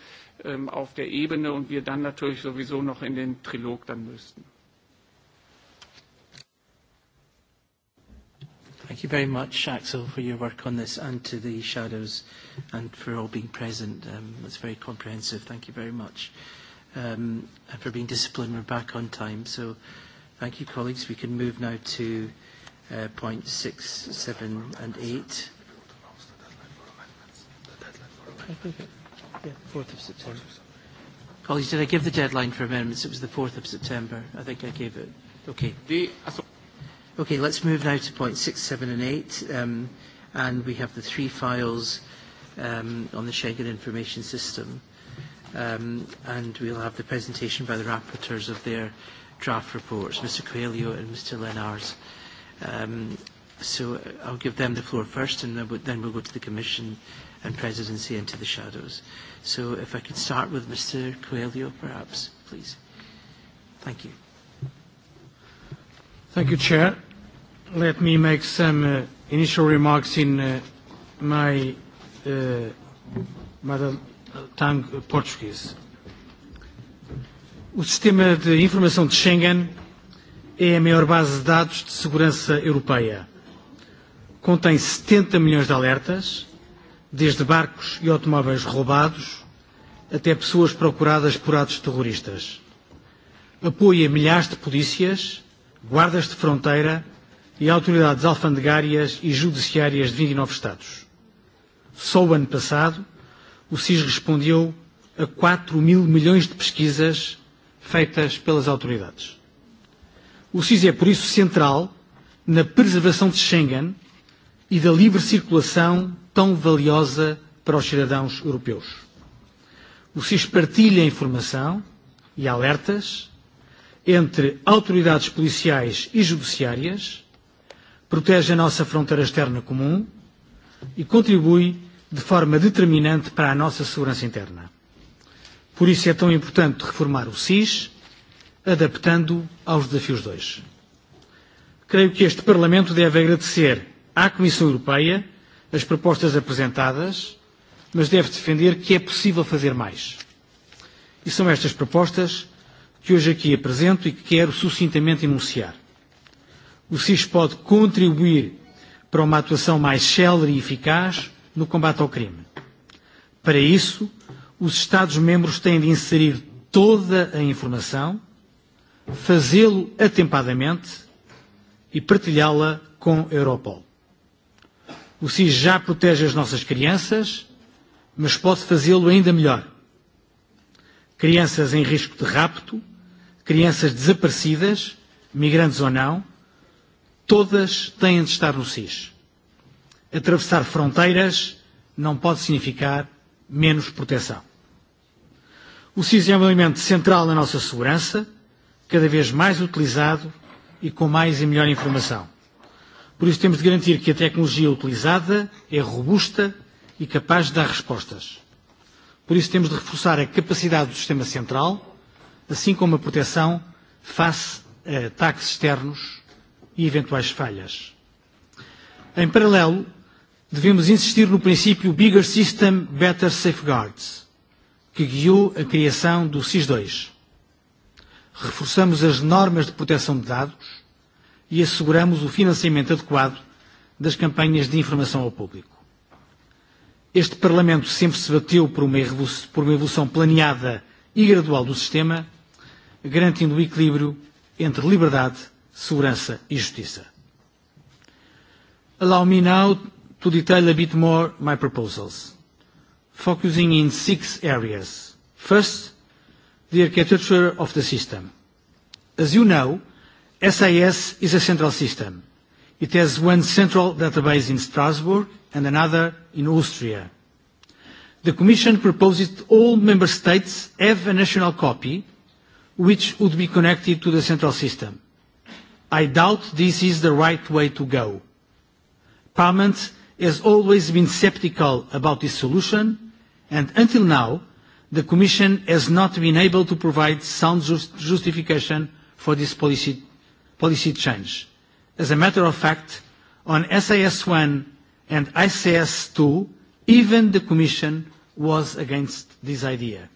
L: auf der Ebene und wir dann natürlich sowieso noch in den Trilog dann müssten.
A: Thank you very much, Axel, for your work on this and to the shadows and for all being present. Um, that's very comprehensive. Thank you very much. Um, and for being disciplined, we're back on time. So thank you, colleagues. We can move now to uh, point six, seven and eight. Yeah, 4th of September. Colleagues, did I give the deadline for amendments? It was the 4th of September. I think I gave it. Okay. Okay, let's move now to point six, seven and eight. Um, and we have the three files um, on the Schengen Information System. Um, and we'll have the presentation by the rapporteurs of their draft reports, Mr Coelho and Mr Lennars. Um, so I'll give them the floor first and then we'll go to the Commission and Presidency and to the shadows. So if I could start with Mr. Coelho, perhaps, please. Thank you.
Q: Thank you, Chair. Let me make some uh, initial remarks in uh, my uh, mother tongue Portuguese. O sistema de informação de Schengen é a maior base de dados de segurança europeia. Contém 70 milhões de alertas, desde barcos e automóveis roubados até pessoas procuradas por atos terroristas. Apoia milhares de polícias, guardas de fronteira e autoridades alfandegárias e judiciárias de 29 Estados. Só o ano passado, o SIS respondeu a 4 mil milhões de pesquisas feitas pelas autoridades. O SIS é, por isso, central na preservação de Schengen e da livre circulação tão valiosa para os cidadãos europeus. O SIS partilha informação e alertas entre autoridades policiais e judiciárias, protege a nossa fronteira externa comum e contribui de forma determinante para a nossa segurança interna. Por isso é tão importante reformar o SIS, adaptando-o aos desafios de hoje. Creio que este Parlamento deve agradecer à Comissão Europeia as propostas apresentadas, mas deve defender que é possível fazer mais. E são estas propostas que hoje aqui apresento e que quero sucintamente enunciar. O SIS pode contribuir para uma atuação mais célere e eficaz no combate ao crime. Para isso, os Estados-membros têm de inserir toda a informação, fazê-lo atempadamente e partilhá-la com a Europol. O SIS já protege as nossas crianças, mas pode fazê-lo ainda melhor. Crianças em risco de rapto, crianças desaparecidas, migrantes ou não, todas têm de estar no SIS. Atravessar fronteiras não pode significar menos proteção. O SIS é um elemento central na nossa segurança, cada vez mais utilizado e com mais e melhor informação. Por isso temos de garantir que a tecnologia utilizada é robusta e capaz de dar respostas. Por isso temos de reforçar a capacidade do sistema central, assim como a proteção face a ataques externos e eventuais falhas. Em paralelo, devemos insistir no princípio Bigger System, Better Safeguards, que guiou a criação do SIS-2. Reforçamos as normas de proteção de dados, e asseguramos o financiamento adequado das campanhas de informação ao público. Este Parlamento sempre se bateu por uma evolução planeada e gradual do sistema, garantindo o equilíbrio entre liberdade, segurança e justiça. Allow me now to detail a bit more my proposals, focusing in six areas. First, the architecture of the system. As you know, SAS is a central system. It has one central database in Strasbourg and another in Austria. The Commission proposes all Member States have a national copy which would be connected to the central system. I doubt this is the right way to go. Parliament has always been sceptical about this solution and until now the Commission has not been able to provide sound justification for this policy policy change. As a matter of fact, on SAS1 and ICS2, even the Commission was against this idea.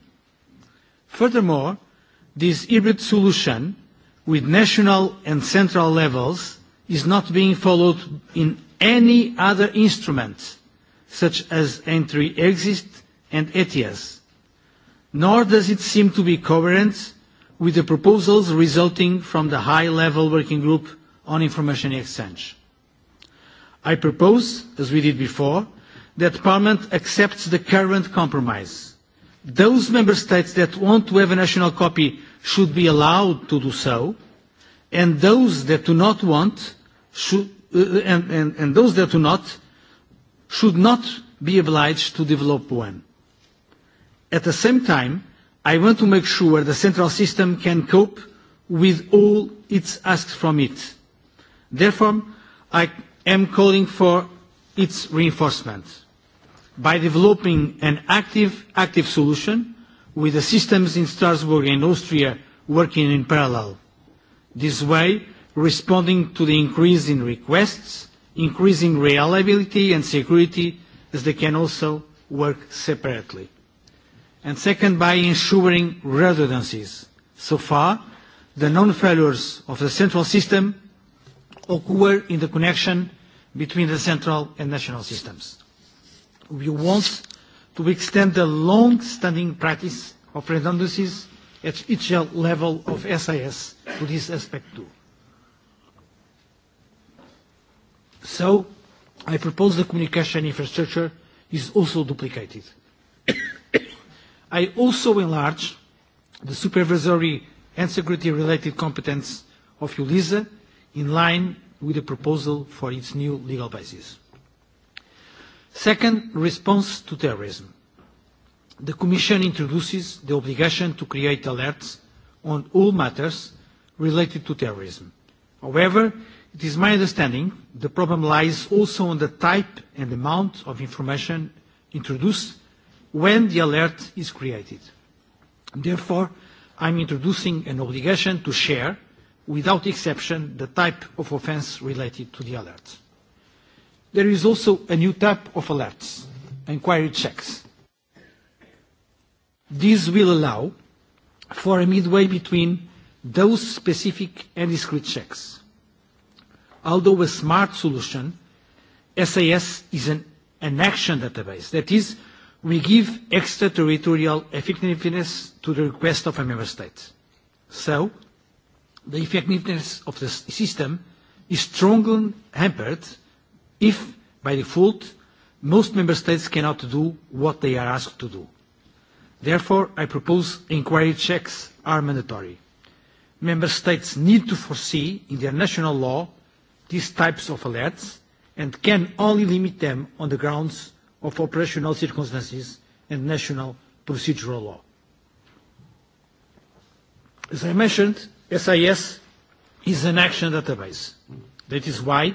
Q: Furthermore, this hybrid solution with national and central levels is not being followed in any other instruments, such as entry exit and ETIAS, nor does it seem to be coherent with the proposals resulting from the high-level working group on information exchange. I propose, as we did before, that Parliament accepts the current compromise. Those member states that want to have a national copy should be allowed to do so, and those that do not want should, uh, and, and, and those that do not should not be obliged to develop one. At the same time, I want to make sure the central system can cope with all it's asked from it. Therefore, I am calling for its reinforcement by developing an active, active solution with the systems in Strasbourg and Austria working in parallel. This way, responding to the increase in requests, increasing reliability and security, as they can also work separately and second by ensuring redundancies. So far, the known failures of the central system occur in the connection between the central and national systems. We want to extend the long-standing practice of redundancies at each level of SIS to this aspect too. So, I propose the communication infrastructure is also duplicated. I also enlarge the supervisory and security-related competence of EULISA in line with the proposal for its new legal basis. Second, response to terrorism. The Commission introduces the obligation to create alerts on all matters related to terrorism. However, it is my understanding the problem lies also on the type and amount of information introduced when the alert is created. Therefore, I'm introducing an obligation to share, without exception, the type of offence related to the alert. There is also a new type of alerts, inquiry checks. This will allow for a midway between those specific and discrete checks. Although a smart solution, SAS is an, an action database. That is, we give extraterritorial effectiveness to the request of a member state. So, the effectiveness of the system is strongly hampered if, by default, most member states cannot do what they are asked to do. Therefore, I propose inquiry checks are mandatory. Member states need to foresee in their national law these types of alerts and can only limit them on the grounds of operational circumstances and national procedural law. As I mentioned, SIS is an action database. That is why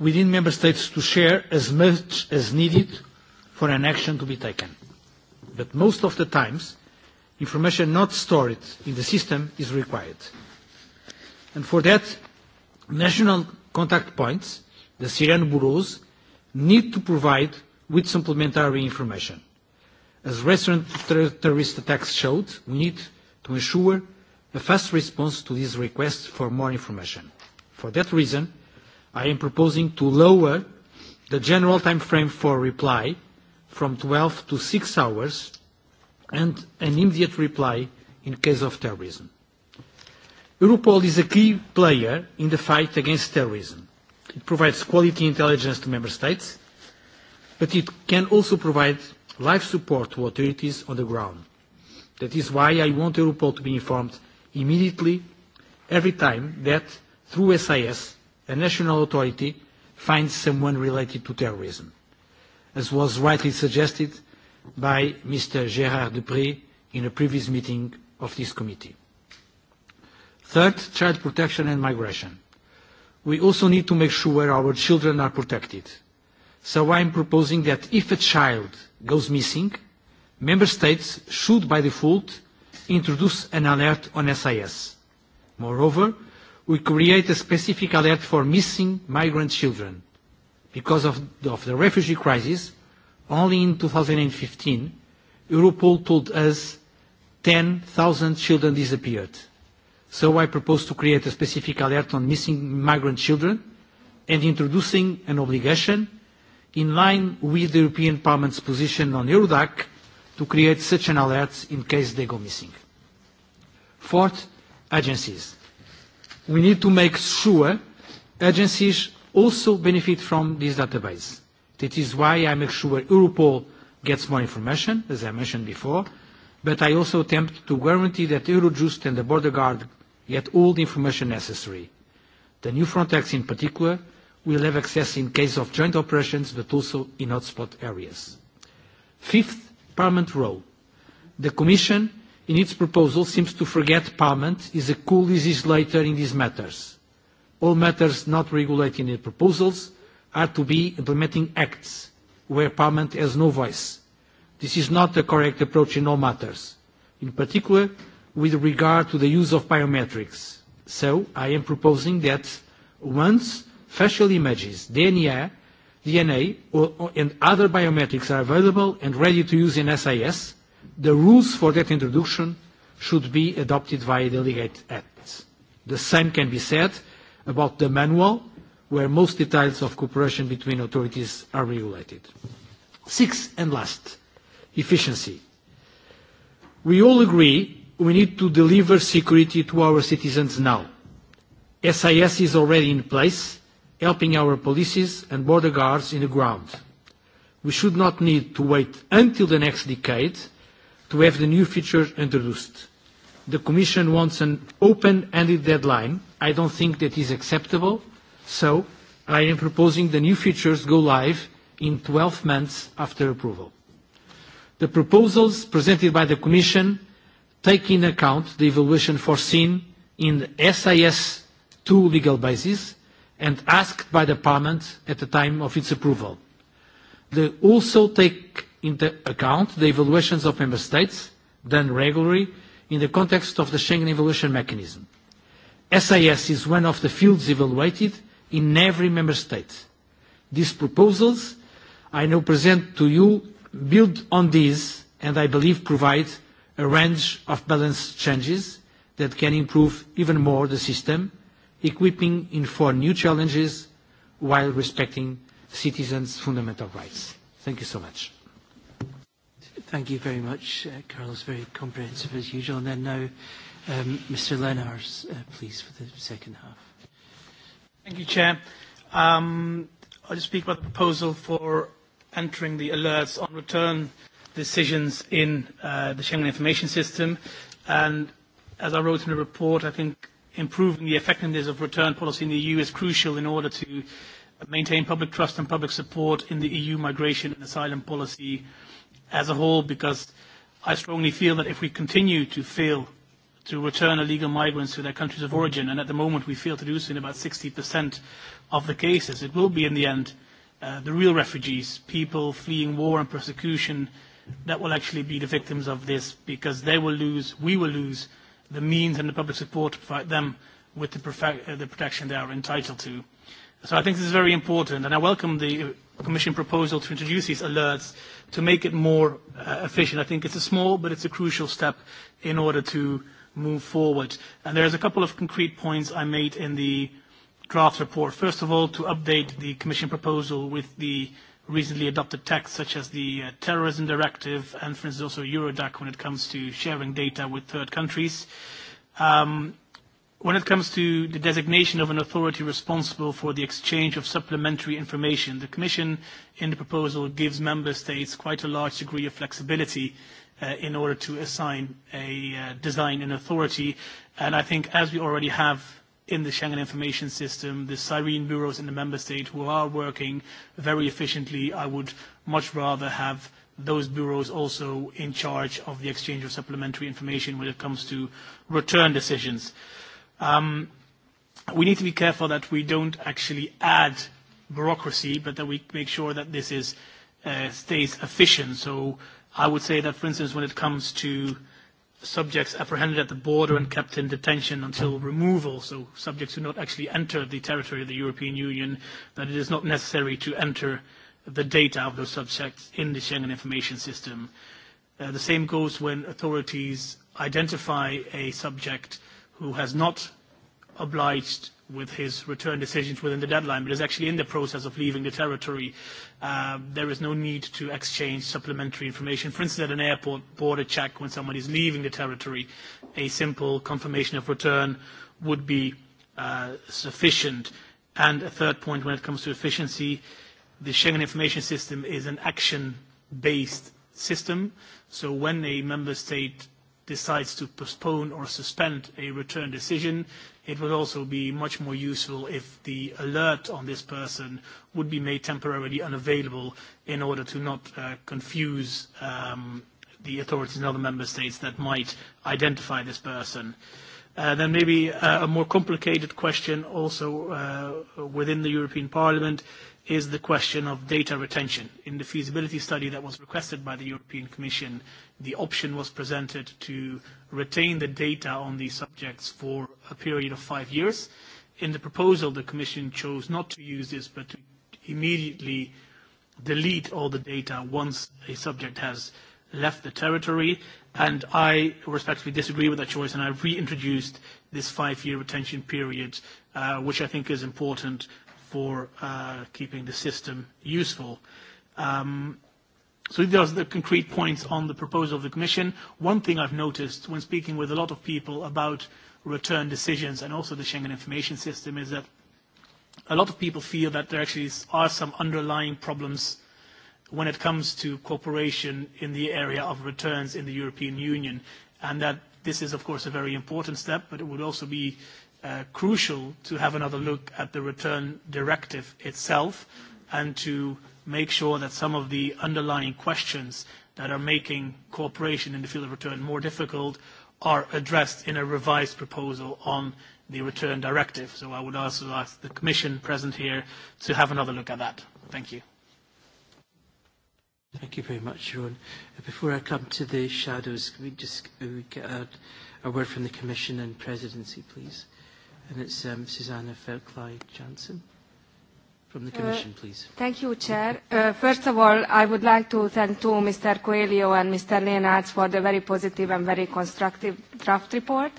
Q: we need member states to share as much as needed for an action to be taken. But most of the times, information not stored in the system is required. And for that, national contact points, the Syrian bureaus, need to provide with supplementary information. As recent ter- terrorist attacks showed, we need to ensure a fast response to these requests for more information. For that reason, I am proposing to lower the general time frame for reply from 12 to 6 hours and an immediate reply in case of terrorism. Europol is a key player in the fight against terrorism. It provides quality intelligence to member states but it can also provide life support to authorities on the ground. That is why I want Europol to be informed immediately every time that, through SIS, a national authority finds someone related to terrorism, as was rightly suggested by Mr. Gérard Dupré in a previous meeting of this committee. Third, child protection and migration. We also need to make sure our children are protected – So I'm proposing that if a child goes missing, member states should, by default, introduce an alert on SIS. Moreover, we create a specific alert for missing migrant children. Because of, of the refugee crisis, only in 2015, Europol told us 10,000 children disappeared. So I propose to create a specific alert on missing migrant children and introducing an obligation in line with the European Parliament's position on Eurodac to create such an alert in case they go missing. Fourth, agencies. We need to make sure agencies also benefit from this database. That is why I make sure Europol gets more information, as I mentioned before, but I also attempt to guarantee that Eurojust and the Border Guard get all the information necessary. The new Frontex in particular will have access in case of joint operations, but also in hotspot areas. Fifth, Parliament role. The Commission, in its proposal, seems to forget Parliament is a co-legislator in these matters. All matters not regulated in the proposals are to be implementing acts where Parliament has no voice. This is not the correct approach in all matters, in particular with regard to the use of biometrics. So I am proposing that once facial images, DNA, DNA or, and other biometrics are available and ready to use in SIS, the rules for that introduction should be adopted via delegate acts. The same can be said about the manual, where most details of cooperation between authorities are regulated. Sixth and last, efficiency. We all agree we need to deliver security to our citizens now. SIS is already in place helping our policies and border guards in the ground. We should not need to wait until the next decade to have the new features introduced. The Commission wants an open-ended deadline. I don't think that is acceptable, so I am proposing the new features go live in 12 months after approval. The proposals presented by the Commission take into account the evaluation foreseen in the SIS2 legal basis and asked by the Parliament at the time of its approval. They also take into account the evaluations of Member States done regularly in the context of the Schengen Evaluation Mechanism. SIS is one of the fields evaluated in every Member State. These proposals I now present to you build on these and I believe provide a range of balanced changes that can improve even more the system equipping in for new challenges while respecting citizens' fundamental rights. Thank you so much.
A: Thank you very much, uh, Carlos. Very comprehensive as usual. And then now, um, Mr. Lenars, uh, please, for the second half.
H: Thank you, Chair. Um, I'll just speak about the proposal for entering the alerts on return decisions in uh, the Schengen Information System. And as I wrote in the report, I think improving the effectiveness of return policy in the EU is crucial in order to maintain public trust and public support in the EU migration and asylum policy as a whole because I strongly feel that if we continue to fail to return illegal migrants to their countries of origin, and at the moment we fail to do so in about 60% of the cases, it will be in the end uh, the real refugees, people fleeing war and persecution, that will actually be the victims of this because they will lose, we will lose the means and the public support to provide them with the, perfect, uh, the protection they are entitled to. So I think this is very important, and I welcome the Commission proposal to introduce these alerts to make it more uh, efficient. I think it's a small, but it's a crucial step in order to move forward. And there's a couple of concrete points I made in the draft report. First of all, to update the Commission proposal with the uh, recently adopted texts such as the uh, Terrorism Directive and, for instance, also Eurodac when it comes to sharing data with third countries. Um, when it comes to the designation of an authority responsible for the exchange of supplementary information, the Commission in the proposal gives Member States quite a large degree of flexibility uh, in order to assign a uh, design an authority. And I think as we already have in the Schengen Information System, the Cyrene bureaus in the member state who are working very efficiently. I would much rather have those bureaus also in charge of the exchange of supplementary information when it comes to return decisions. Um, we need to be careful that we don't actually add bureaucracy, but that we make sure that this is, uh, stays efficient. So I would say that, for instance, when it comes to uh, subjects apprehended at the border and kept in detention until removal, so subjects who not actually enter the territory of the European Union, that it is not necessary to enter the data of those subjects in the Schengen information system. Uh, the same goes when authorities identify a subject who has not obliged with his return decisions within the deadline, but is actually in the process of leaving the territory, uh, there is no need to exchange supplementary information. For instance, at an airport border check, when somebody is leaving the territory, a simple confirmation of return would be uh, sufficient. And a third point, when it comes to efficiency, the Schengen Information System is an action-based system. So when a member state decides to postpone or suspend a return decision, It would also be much more useful if the alert on this person would be made temporarily unavailable in order to not uh, confuse um, the authorities in other member states that might identify this person. Uh, then maybe uh, a more complicated question also uh, within the European Parliament is the question of data retention. In the feasibility study that was requested by the European Commission, the option was presented to retain the data on these subjects for a period of five years. In the proposal, the Commission chose not to use this, but to immediately delete all the data once a subject has left the territory. And I respectfully disagree with that choice, and I reintroduced this five-year retention period, uh, which I think is important for uh, keeping the system useful. Um, so these are the concrete points on the proposal of the Commission. One thing I've noticed when speaking with a lot of people about return decisions and also the Schengen information system is that a lot of people feel that there actually are some underlying problems when it comes to cooperation in the area of returns in the European Union, and that this is, of course, a very important step, but it would also be crucial to have another look at the return directive itself and to make sure that some of the underlying questions that are making cooperation in the field of return more difficult are addressed in a revised proposal on the return directive. So I would also ask the Commission present here to have another look at that. Thank you. Thank you very much, Ron. Before I come to the shadows, can we just
A: get a, a word from the Commission and Presidency, please? And it's um, Susanna Felclay-Jansen from the Commission, please.
R: Thank you, Chair. Uh, first of all, I would like to thank to Mr. Coelho and Mr. Lennartz for the very positive and very constructive draft report.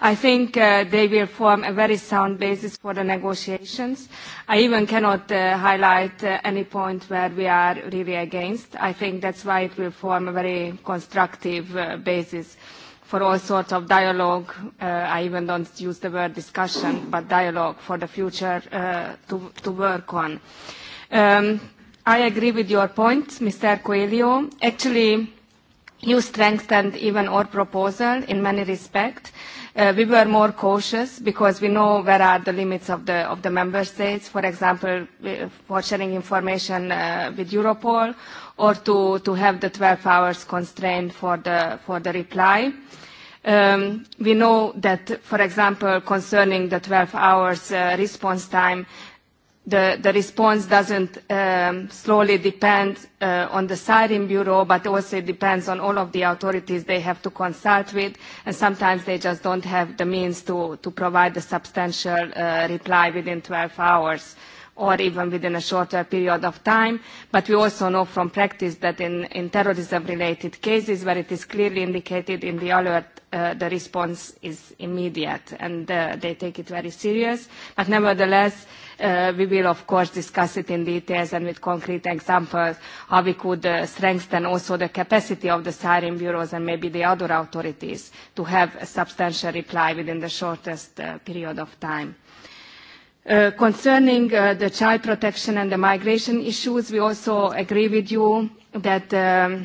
R: I think uh, they will form a very sound basis for the negotiations. I even cannot uh, highlight uh, any point where we are really against. I think that's why it will form a very constructive uh, basis. Uh, for all sorts of dialogue. Uh, I even don't use the word discussion, but dialogue for the future uh, to, to work on. Um, I agree with your point, Mr. Coelho. Actually, You strengthened even our proposal in many respects. We were more cautious because we know where are the limits of the of the member states, for example, for sharing information with Europol or to to have the 12 hours constraint for the for the reply. We know that, for example, concerning the 12 hours response time, the, the response doesn't um, slowly depend uh, on the siren bureau, but also it depends on all of the authorities they have to consult with, and sometimes they just don't have the means to, to provide a substantial uh, reply within 12 hours or even within a shorter period of time. But we also know from practice that in, in terrorism-related cases where it is clearly indicated in the alert, uh, the response is immediate and uh, they take it very serious. But nevertheless, uh, we will of course discuss it in details and with concrete examples how we could uh, strengthen also the capacity of the siren bureaus and maybe the other authorities to have a substantial reply within the shortest uh, period of time. Concerning the child protection and the migration issues, we also agree with you that the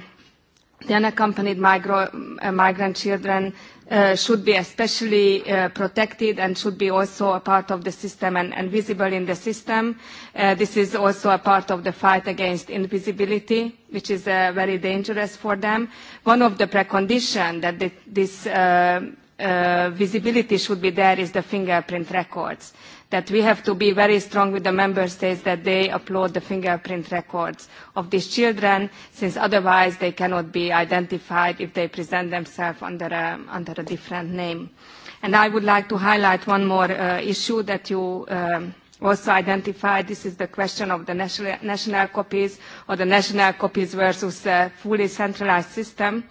R: unaccompanied migrant children should be especially protected and should be also a part of the system and visible in the system. This is also a part of the fight against invisibility, which is very dangerous for them. One of the preconditions that this visibility should be there is the fingerprint records that we have to be very strong with the member states that they upload the fingerprint records of these children, since otherwise they cannot be identified if they present themselves under a, under a different name. And I would like to highlight one more uh, issue that you um, also identified. This is the question of the national, national copies or the national copies versus a fully centralized system.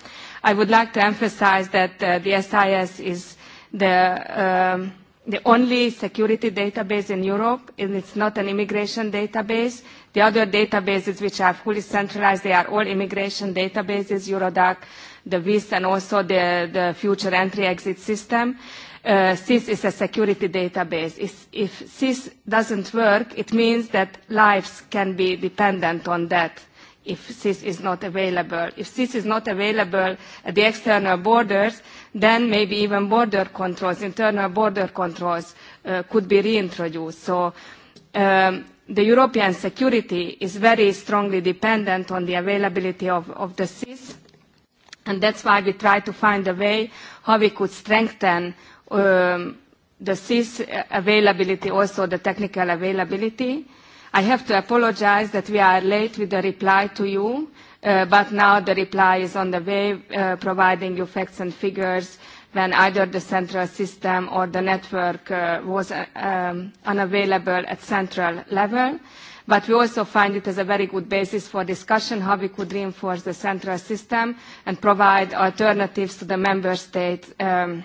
R: I would like to emphasize that uh, the SIS is the um, the only security database in Europe, and it's not an immigration database. The other databases which are fully centralized, they are all immigration databases, Eurodac, the VIS, and also the, the future entry-exit system. Uh, SIS is a security database. If if SIS doesn't work, it means that lives can be dependent on that if SIS is not available. If SIS is not available at the external borders, then maybe even border controls, internal border controls uh, could be reintroduced. So um, the European security is very strongly dependent on the availability of, of the SIS, and that's why we try to find a way how we could strengthen um, the SIS availability, also the technical availability. I have to apologize that we are late with the reply to you uh, but now the reply is on the way, uh, providing you facts and figures when either the central system or the network uh, was uh, um, unavailable at central level. But we also find it as a very good basis for discussion how we could reinforce the central system and provide alternatives to the member States um,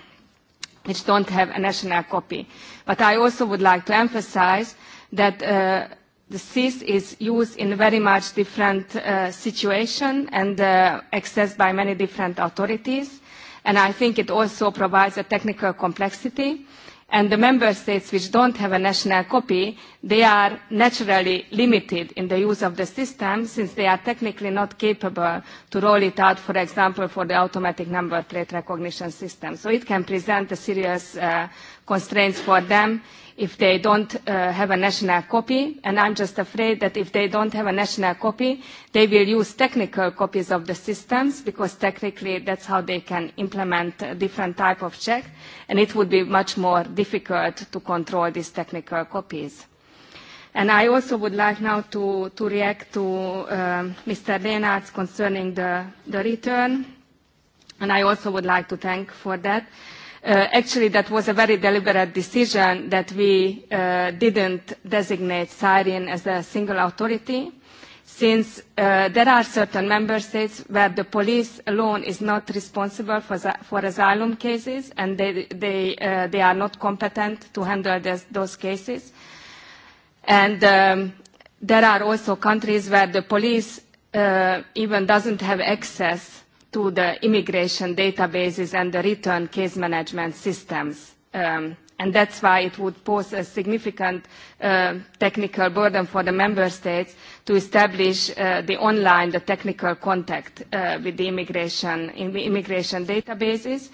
R: which don't have a national copy. But I also would like to emphasize that uh, the CIS is used in very much different uh, situation and uh, accessed by many different authorities. And I think it also provides a technical complexity. And the member states which don't have a national copy, they are naturally limited in the use of the system since they are technically not capable to roll it out, for example, for the automatic number plate recognition system. So it can present a serious uh, constraints for them if they don't uh, have a national copy, and I'm just afraid that if they don't have a national copy, they will use technical copies of the systems because technically that's how they can implement a different type of check, and it would be much more difficult to control these technical copies. And I also would like now to, to react to uh, Mr. Lennart's concerning the, the return, and I also would like to thank for that actually, that was a very deliberate decision that we uh, didn't designate Syrian as a single authority, since uh, there are certain member states where the police alone is not responsible for, for asylum cases, and they, they, uh, they are not competent to handle this, those cases. And um, there are also countries where the police uh, even doesn't have access to the immigration databases and the return case management systems. Um, and that's why it would pose a significant uh, technical burden for the member states to establish uh, the online, the technical contact uh, with the immigration, in the immigration databases.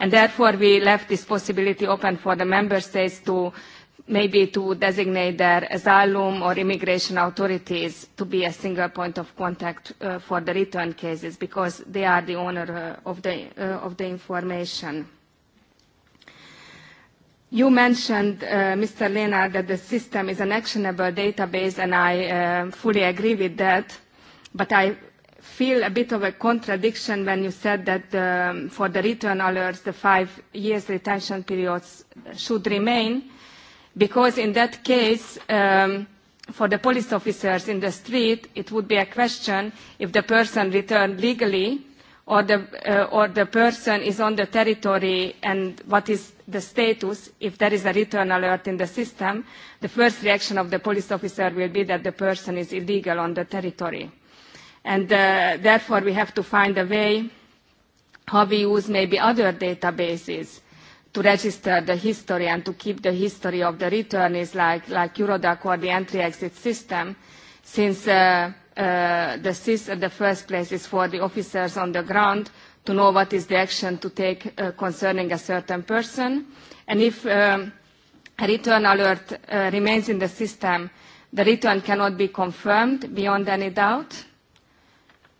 R: And therefore, we left this possibility open for the member states to uh, maybe to designate their asylum or immigration authorities to be a single point of contact uh, for the return cases because they are the owner uh, of, the, uh, of the information. You mentioned, uh, Mr. Lena, that the system is an actionable database, and I uh, fully agree with that. But I feel a bit of a contradiction when you said that um, for the return alerts, the five years retention periods should remain because in that case, um, for the police officers in the street, it would be a question if the person returned legally or the, uh, or the person is on the territory and what is the status, if there is a return alert in the system, the first reaction of the police officer will be that the person is illegal on the territory. And uh, therefore, we have to find a way how we use maybe other databases to register the history and to keep the history of the is like, like Eurodac or the entry-exit system, since uh, uh, the SIS at the first place is for the officers on the ground to know what is the action to take uh, concerning a certain person. And if um, a return alert uh, remains in the system, the return cannot be confirmed beyond any doubt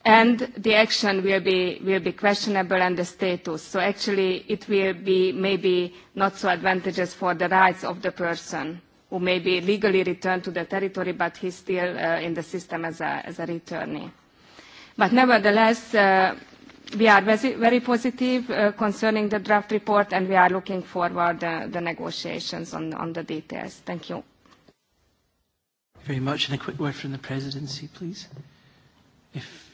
R: and the action will be will be questionable and the status. So actually, it will be maybe not so advantageous for the rights of the person who may be legally returned to the territory, but he's still uh, in the system as a as a returnee. But nevertheless. Uh, we are very positive uh, concerning the draft report and we are looking forward to uh, the negotiations on, on the details. Thank you.
A: Very much. And a quick word from the presidency, please.
C: If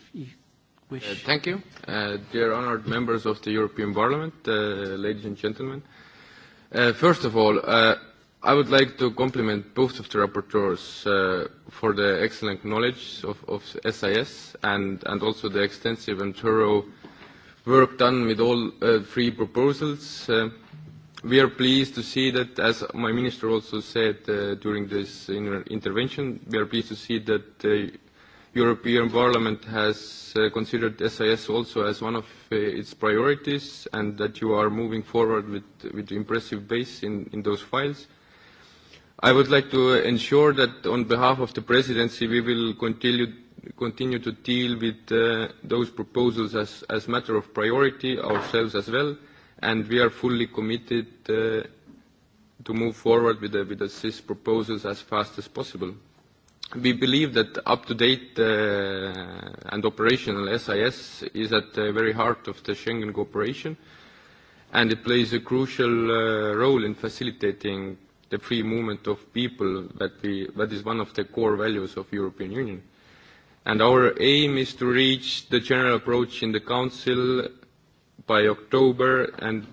C: wish. Uh, thank you. Uh, dear honored members of the European Parliament, uh, ladies and gentlemen. Uh, first of all, uh, I would like to compliment both of the rapporteurs uh, for the excellent knowledge of, of SIS and, and also the extensive and thorough work done with all uh, three proposals. Uh, we are pleased to see that, as my minister also said uh, during this inter intervention, we are pleased to see that the European Parliament has uh, considered SIS also as one of uh, its priorities and that you are moving forward with, with impressive base in, in those files. I would like to ensure that on behalf of the Presidency we will continue, continue to deal with uh, those proposals as, as matter of priority ourselves as well and we are fully committed uh, to move forward with the, with the CIS proposals as fast as possible. We believe that up-to-date uh and operational SIS is at the very heart of the Schengen cooperation, and it plays a crucial uh role in facilitating the free movement of people that we that is one of the core values of European Union. And Our aim is to reach the general approach in the Council by October and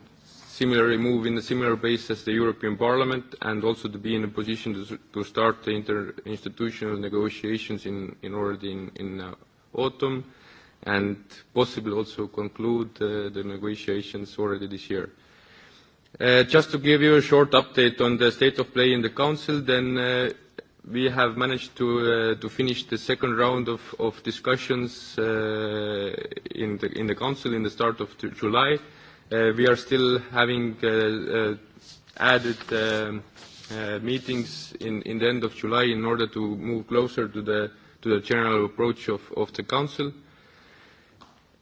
C: similarly move in a similar pace as the European Parliament and also to be in a position to, to start the inter-institutional negotiations in, in already in, in uh, autumn and possibly also conclude uh, the negotiations already this year. Uh, just to give you a short update on the state of play in the Council, then uh, we have managed to, uh, to finish the second round of, of discussions uh, in, the, in the Council in the start of July. Uh, we are still having uh, uh, added uh, uh, meetings in, in the end of July in order to move closer to the, to the general approach of, of the Council.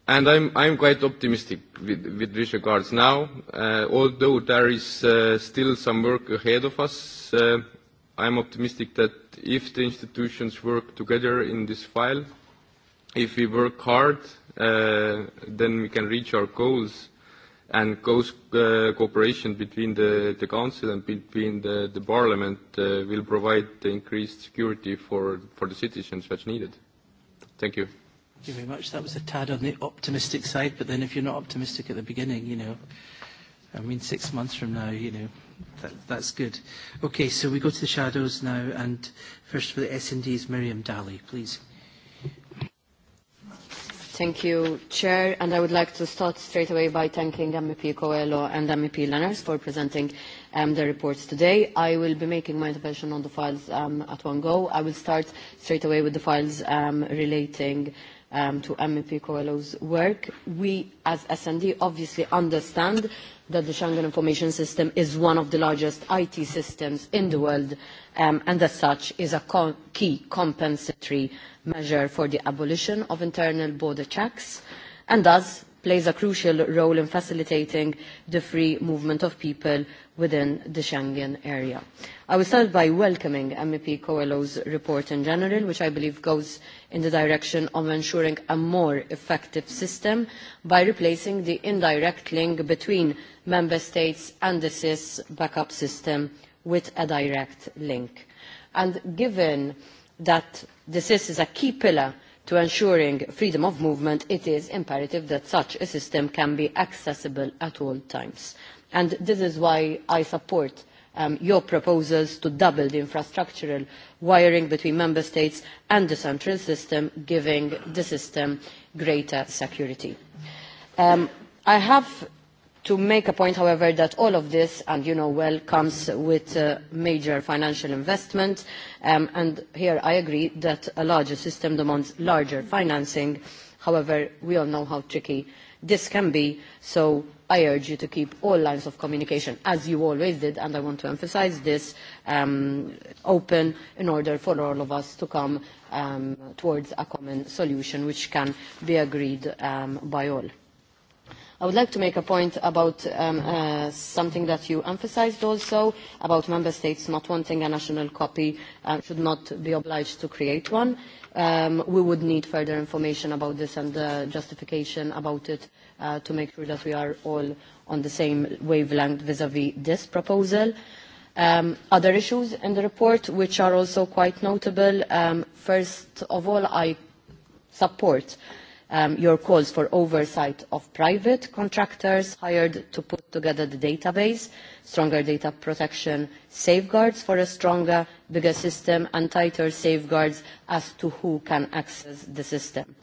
C: And I'm, I'm quite optimistic with, with these regards now, uh, although there is uh, still some work ahead of us. Uh, I'm optimistic that if the institutions work together in this file, if we work hard, uh, then we can reach our goals and close uh, cooperation between the, the Council and between the, the Parliament uh, will provide the increased security for, for the citizens that's needed. Thank you.
A: Thank you very much. That was a tad on the optimistic side, but then if you're not optimistic at the beginning, you know, I mean, six months from now, you know, that, that's good. Okay, so we go to the shadows now, and first for the SNDs, is Miriam Daly, please.
S: Thank you, Chair. And I would like to start straight away by thanking MEP Coelho and MEP Lenners for presenting um, reports today. I will be making my intervention on the files um, at one go. I will start straight away with the files um, relating um, to MEP Coelho's work. We, as SND, obviously understand that the Schengen Information System is one of the largest IT systems in the world and as such is a key compensatory measure for the abolition of internal border checks and thus plays a crucial role in facilitating the free movement of people within the Schengen area. I will start by welcoming MEP Coelho's report in general, which I believe goes in the direction of ensuring a more effective system by replacing the indirect link between member states and the SIS backup system with a direct link. And given that the SIS is a key pillar to ensuring freedom of movement, it is imperative that such a system can be accessible at all times. And this is why I support your proposals to double the infrastructural wiring between member states and the central system, giving the system greater security. I have to make a point, however, that all of this, and you know well, comes with major financial investment. and here I agree that a larger system demands larger financing. However, we all know how tricky this can be, so I urge you to keep all lines of communication, as you always did, and I want to emphasise this, um, open in order for all of us to come um, towards a common solution which can be agreed um, by all. I would like to make a point about um, uh, something that you emphasized also, about member states not wanting a national copy and should not be obliged to create one. Um, we would need further information about this and uh, justification about it uh, to make sure that we are all on the same wavelength vis-à-vis this proposal. Um, other issues in the report, which are also quite notable, um, first of all, I support uh, your calls for oversight of private contractors hired to put together the database, stronger data protection safeguards for a stronger, bigger system, and tighter safeguards as to who can access the system.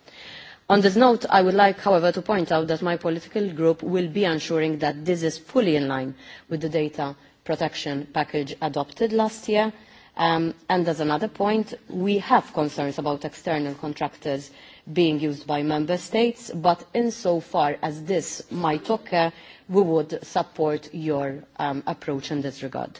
S: On this note, I would like, however, to point out that my political group will be ensuring that this is fully in line with the data protection package adopted last year. and as another point, we have concerns about external contractors' being used by member states, but insofar as this might occur, we would support your um, approach in this regard.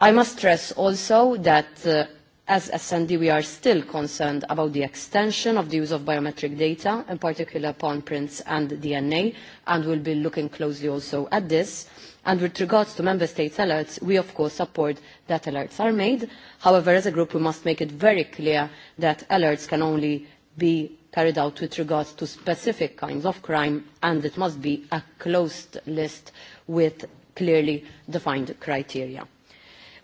S: I must stress also that uh, as D we are still concerned about the extension of the use of biometric data, in particular palm prints and DNA, and we'll be looking closely also at this And with regard to member states' alerts, we of course support that alerts are made. However, as a group, we must make it very clear that alerts can only be carried out with regard to specific kinds of crime, and it must be a closed list with clearly defined criteria.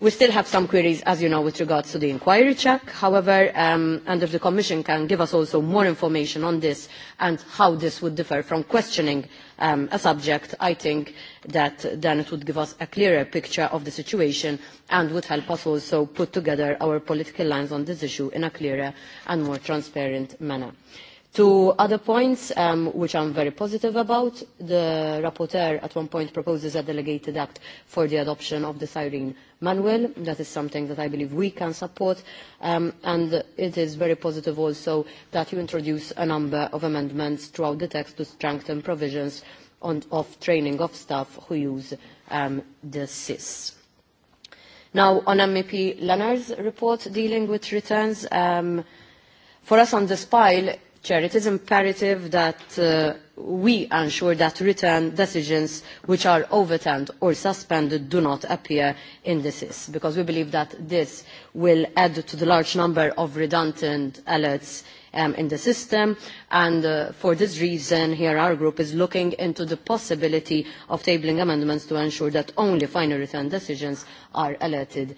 S: We still have some queries, as you know, with regards to the inquiry check. However, um, and if the Commission can give us also more information on this and how this would differ from questioning um, a subject, I think that then it would give us a clearer picture of the situation and would help us also put together our political lines on this issue in a clearer and more transparent manner. To other points, um, which I'm very positive about, the rapporteur at one point proposes a delegated act for the adoption of the Cyrene Manuel. That is something that I believe we can support. Um, and it is very positive also that you introduce a number of amendments throughout the text to strengthen provisions on, of training of staff who use um, the SIS. Now, on MEP Leonard's report dealing with returns, um, for us on this file, Chair, it is imperative that uh, we ensure that written decisions which are overturned or suspended do not appear in the SIS, because we believe that this will add to the large number of redundant alerts in the system. And for this reason, here our group is looking into the possibility of tabling amendments to ensure that only final return decisions are alerted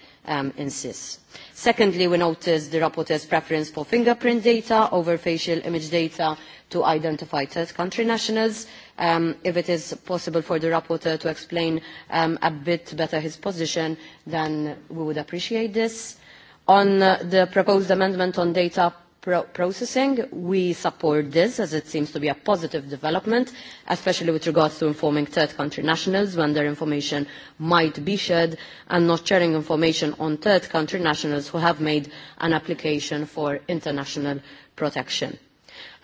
S: in CIS. Secondly, we noticed the rapporteur's preference for fingerprint data over facial image data to identify third country nationals. if it is possible for the rapporteur to explain a bit better his position, then we would appreciate this. On the proposed amendment on data processing. We support this as it seems to be a positive development, especially with regards to informing third country nationals when their information might be shared and not sharing information on third country nationals who have made an application for international protection.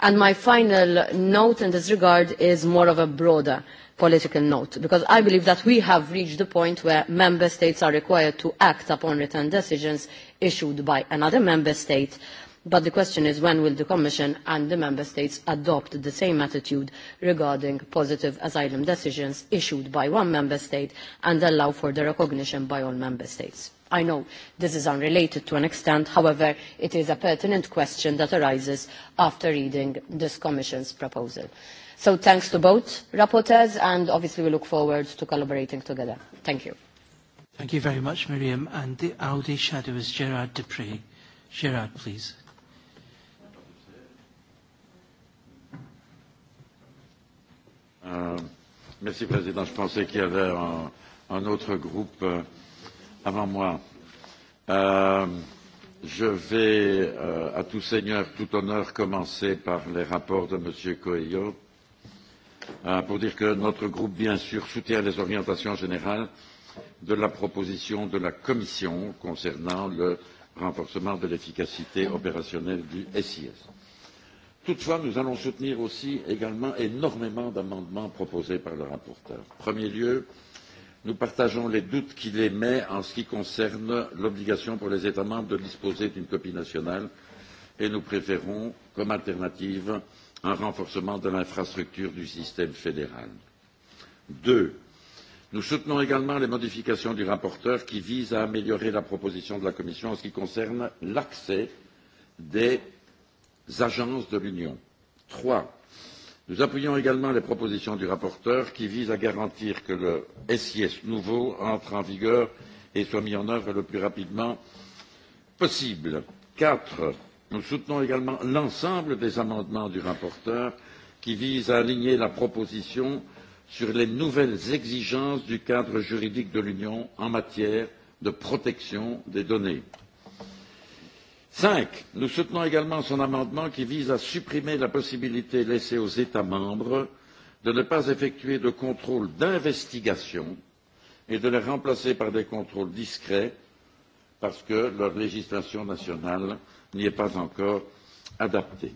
S: And my final note in this regard is more of a broader political note, because I believe that we have reached the point where member states are required to act upon written decisions issued by another member state But the question is when will the Commission and the Member States adopt the same attitude regarding positive asylum decisions issued by one Member State and allow for the recognition by all Member States? I know this is unrelated to an extent, however, it is a pertinent question that arises after reading this Commission's proposal. So thanks to both rapporteurs and obviously we look forward to collaborating together. Thank you.
A: Thank you very much, Miriam. And the Audi shadow is Gerard Dupree. Gerard, please.
F: Euh, merci, Président. Je pensais qu'il y avait un, un autre groupe euh, avant moi. Euh, je vais, euh, à tout seigneur, tout honneur, commencer par les rapports de M. Coelho euh, pour dire que notre groupe, bien sûr, soutient les orientations générales de la proposition de la Commission concernant le renforcement de l'efficacité opérationnelle du SIS Toutefois, nous allons soutenir aussi également énormément d'amendements proposés par le rapporteur. En premier lieu, nous partageons les doutes qu'il émet en ce qui concerne l'obligation pour les États membres de disposer d'une copie nationale et nous préférons, comme alternative, un renforcement de l'infrastructure du système fédéral. Deux, nous soutenons également les modifications du rapporteur qui visent à améliorer la proposition de la Commission en ce qui concerne l'accès des agences de l'Union. Trois, nous appuyons également les propositions du rapporteur qui visent à garantir que le SIS nouveau entre en vigueur et soit mis en œuvre le plus rapidement possible. Quatre, nous soutenons également l'ensemble des amendements du rapporteur qui visent à aligner la proposition sur les nouvelles exigences du cadre juridique de l'Union en matière de protection des données. Cinquièmement, nous soutenons également son amendement qui vise à supprimer la possibilité laissée aux États membres de ne pas effectuer de contrôle d'investigation et de les remplacer par des contrôles discrets parce que leur législation nationale n'y est pas encore adaptée.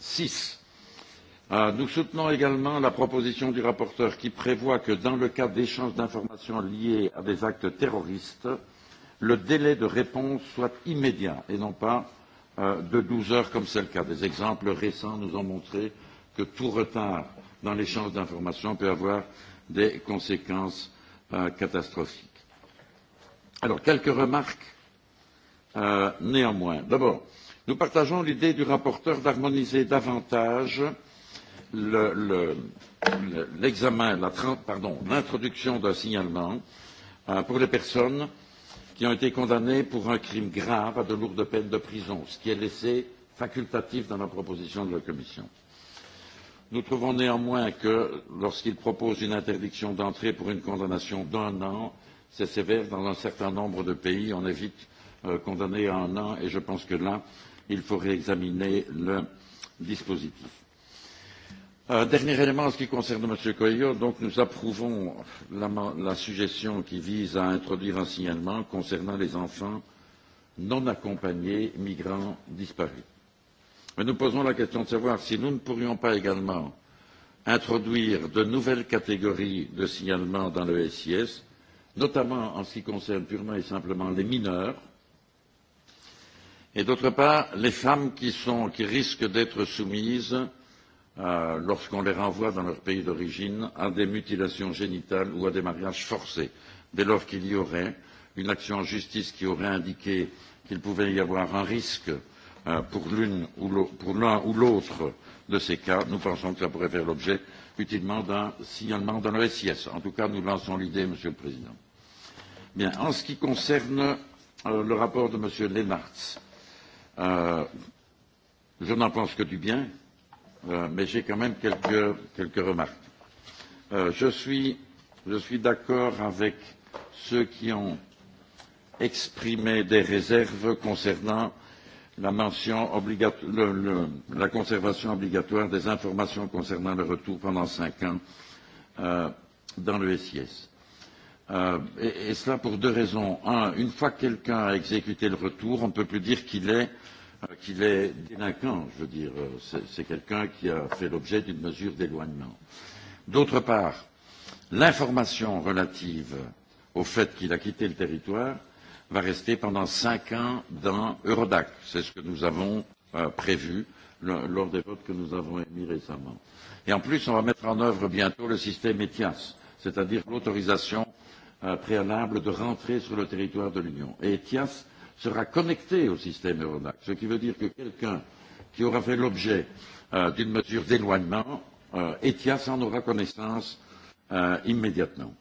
F: Sixièmement, nous soutenons également la proposition du rapporteur qui prévoit que dans le cas d'échanges d'informations liés à des actes terroristes, le délai de réponse soit immédiat et non pas euh, de 12 heures comme c'est le cas. Des exemples récents nous ont montré que tout retard dans l'échange d'informations peut avoir des conséquences euh, catastrophiques. Alors, quelques remarques euh, néanmoins. D'abord, nous partageons l'idée du rapporteur d'harmoniser davantage l'examen, l'introduction d'un signalement pour les personnes qui ont été condamnés pour un crime grave à de lourdes peines de prison, ce qui est laissé facultatif dans la proposition de la Commission. Nous trouvons néanmoins que lorsqu'il propose une interdiction d'entrée pour une condamnation d'un an, c'est sévère dans un certain nombre de pays. On est vite condamné à un an et je pense que là, il faut réexaminer le dispositif dernier élément en ce qui concerne M. Coelho, donc nous approuvons la, suggestion qui vise à introduire un signalement concernant les enfants non accompagnés migrants disparus. Mais nous posons la question de savoir si nous ne pourrions pas également introduire de nouvelles catégories de signalements dans le SIS, notamment en ce qui concerne purement et simplement les mineurs, et d'autre part les femmes qui, sont, qui risquent d'être soumises lorsqu'on les renvoie dans leur pays d'origine à des mutilations génitales ou à des mariages forcés. Dès lors qu'il y aurait une action en justice qui aurait indiqué qu'il pouvait y avoir un risque pour l'un ou l'autre de ces cas, nous pensons que cela pourrait faire l'objet utilement d'un signalement dans le SIS. En tout cas, nous lançons l'idée, Monsieur le Président. Bien, en ce qui concerne le rapport de M. Lennartz, je n'en pense que du bien mais j'ai quand même quelques, quelques remarques. je suis, je suis d'accord avec ceux qui ont exprimé des réserves concernant la, mention obligato- le, le, la conservation obligatoire des informations concernant le retour pendant cinq ans euh, dans le SIS. Euh, et, et cela pour deux raisons. Un, une fois que quelqu'un a exécuté le retour, on ne peut plus dire qu'il est qu'il est délinquant, je veux dire, c'est quelqu'un qui a fait l'objet d'une mesure d'éloignement. D'autre part, l'information relative au fait qu'il a quitté le territoire va rester pendant cinq ans dans Eurodac. C'est ce que nous avons euh, prévu lors des votes que nous avons émis récemment. Et en plus, on va mettre en œuvre bientôt le système ETIAS, c'est-à-dire l'autorisation euh, préalable de rentrer sur le territoire de l'Union. Et ETIAS, sera connecté au système Eurodac, ce qui veut dire que quelqu'un qui aura fait l'objet euh, d'une mesure d'éloignement, euh, ETIAS en aura connaissance euh, immédiatement.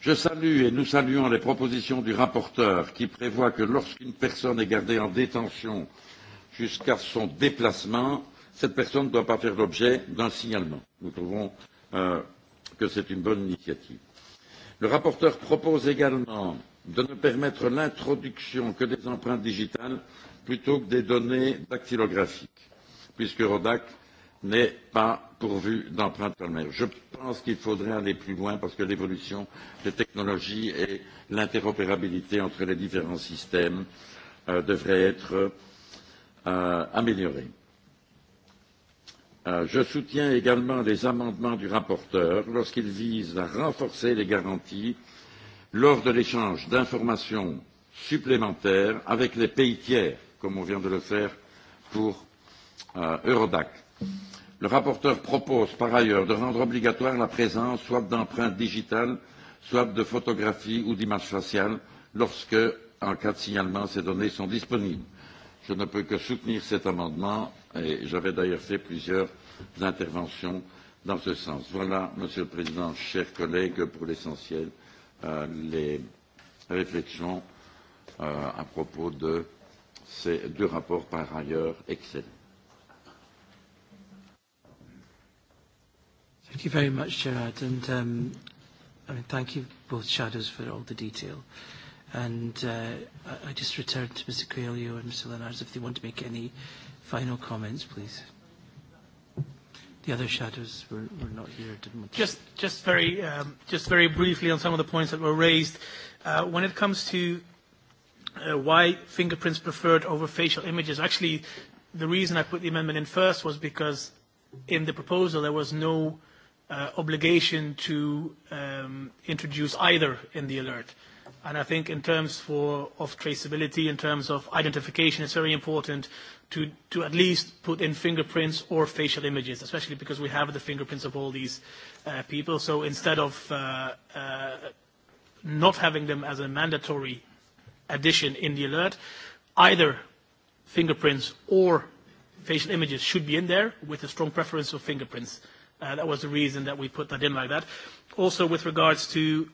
F: Je salue et nous saluons les propositions du rapporteur qui prévoit que lorsqu'une personne est gardée en détention jusqu'à son déplacement, cette personne ne doit pas faire l'objet d'un signalement. Nous trouvons euh, que c'est une bonne initiative. Le rapporteur propose également de ne permettre l'introduction que des empreintes digitales plutôt que des données dactylographiques, puisque Rodac n'est pas pourvu d'empreintes palmaires. Je pense qu'il faudrait aller plus loin parce que l'évolution des technologies et l'interopérabilité entre les différents systèmes euh, devraient être euh, améliorées. Euh, je soutiens également les amendements du rapporteur lorsqu'ils visent à renforcer les garanties lors de l'échange d'informations supplémentaires avec les pays tiers, comme on vient de le faire pour Eurodac. Le rapporteur propose par ailleurs de rendre obligatoire la présence soit d'empreintes digitales, soit de photographies ou d'images faciales lorsque, en cas de signalement, ces données sont disponibles. Je ne peux que soutenir cet amendement et j'avais d'ailleurs fait plusieurs interventions dans ce sens. Voilà, Monsieur le Président, chers collègues, pour l'essentiel les réflexions à propos de ces deux rapports par ailleurs excellents.
A: Thank you very much, Gerard, and um, I mean, thank you both shadows for all the detail. And uh, I, I just return to Mr. Coelho and Mr. Leonards if they want to make any
H: final comments, please. The other shadows were, not here, didn't want to... Just, very, just very briefly on some of the points that were raised. when it comes to why fingerprints preferred over facial images, actually the reason I put the amendment in first was because in the proposal there was no obligation to introduce either in the alert. And I think in terms for, of traceability, in terms of identification, it's very important to, to at least put in fingerprints or facial images, especially because we have the fingerprints of all these uh, people. So instead of uh, uh, not having them as a mandatory addition in the alert, either fingerprints or facial images should be in there with a strong preference of fingerprints. Uh, that was the reason that we put that in like that. Also with regards to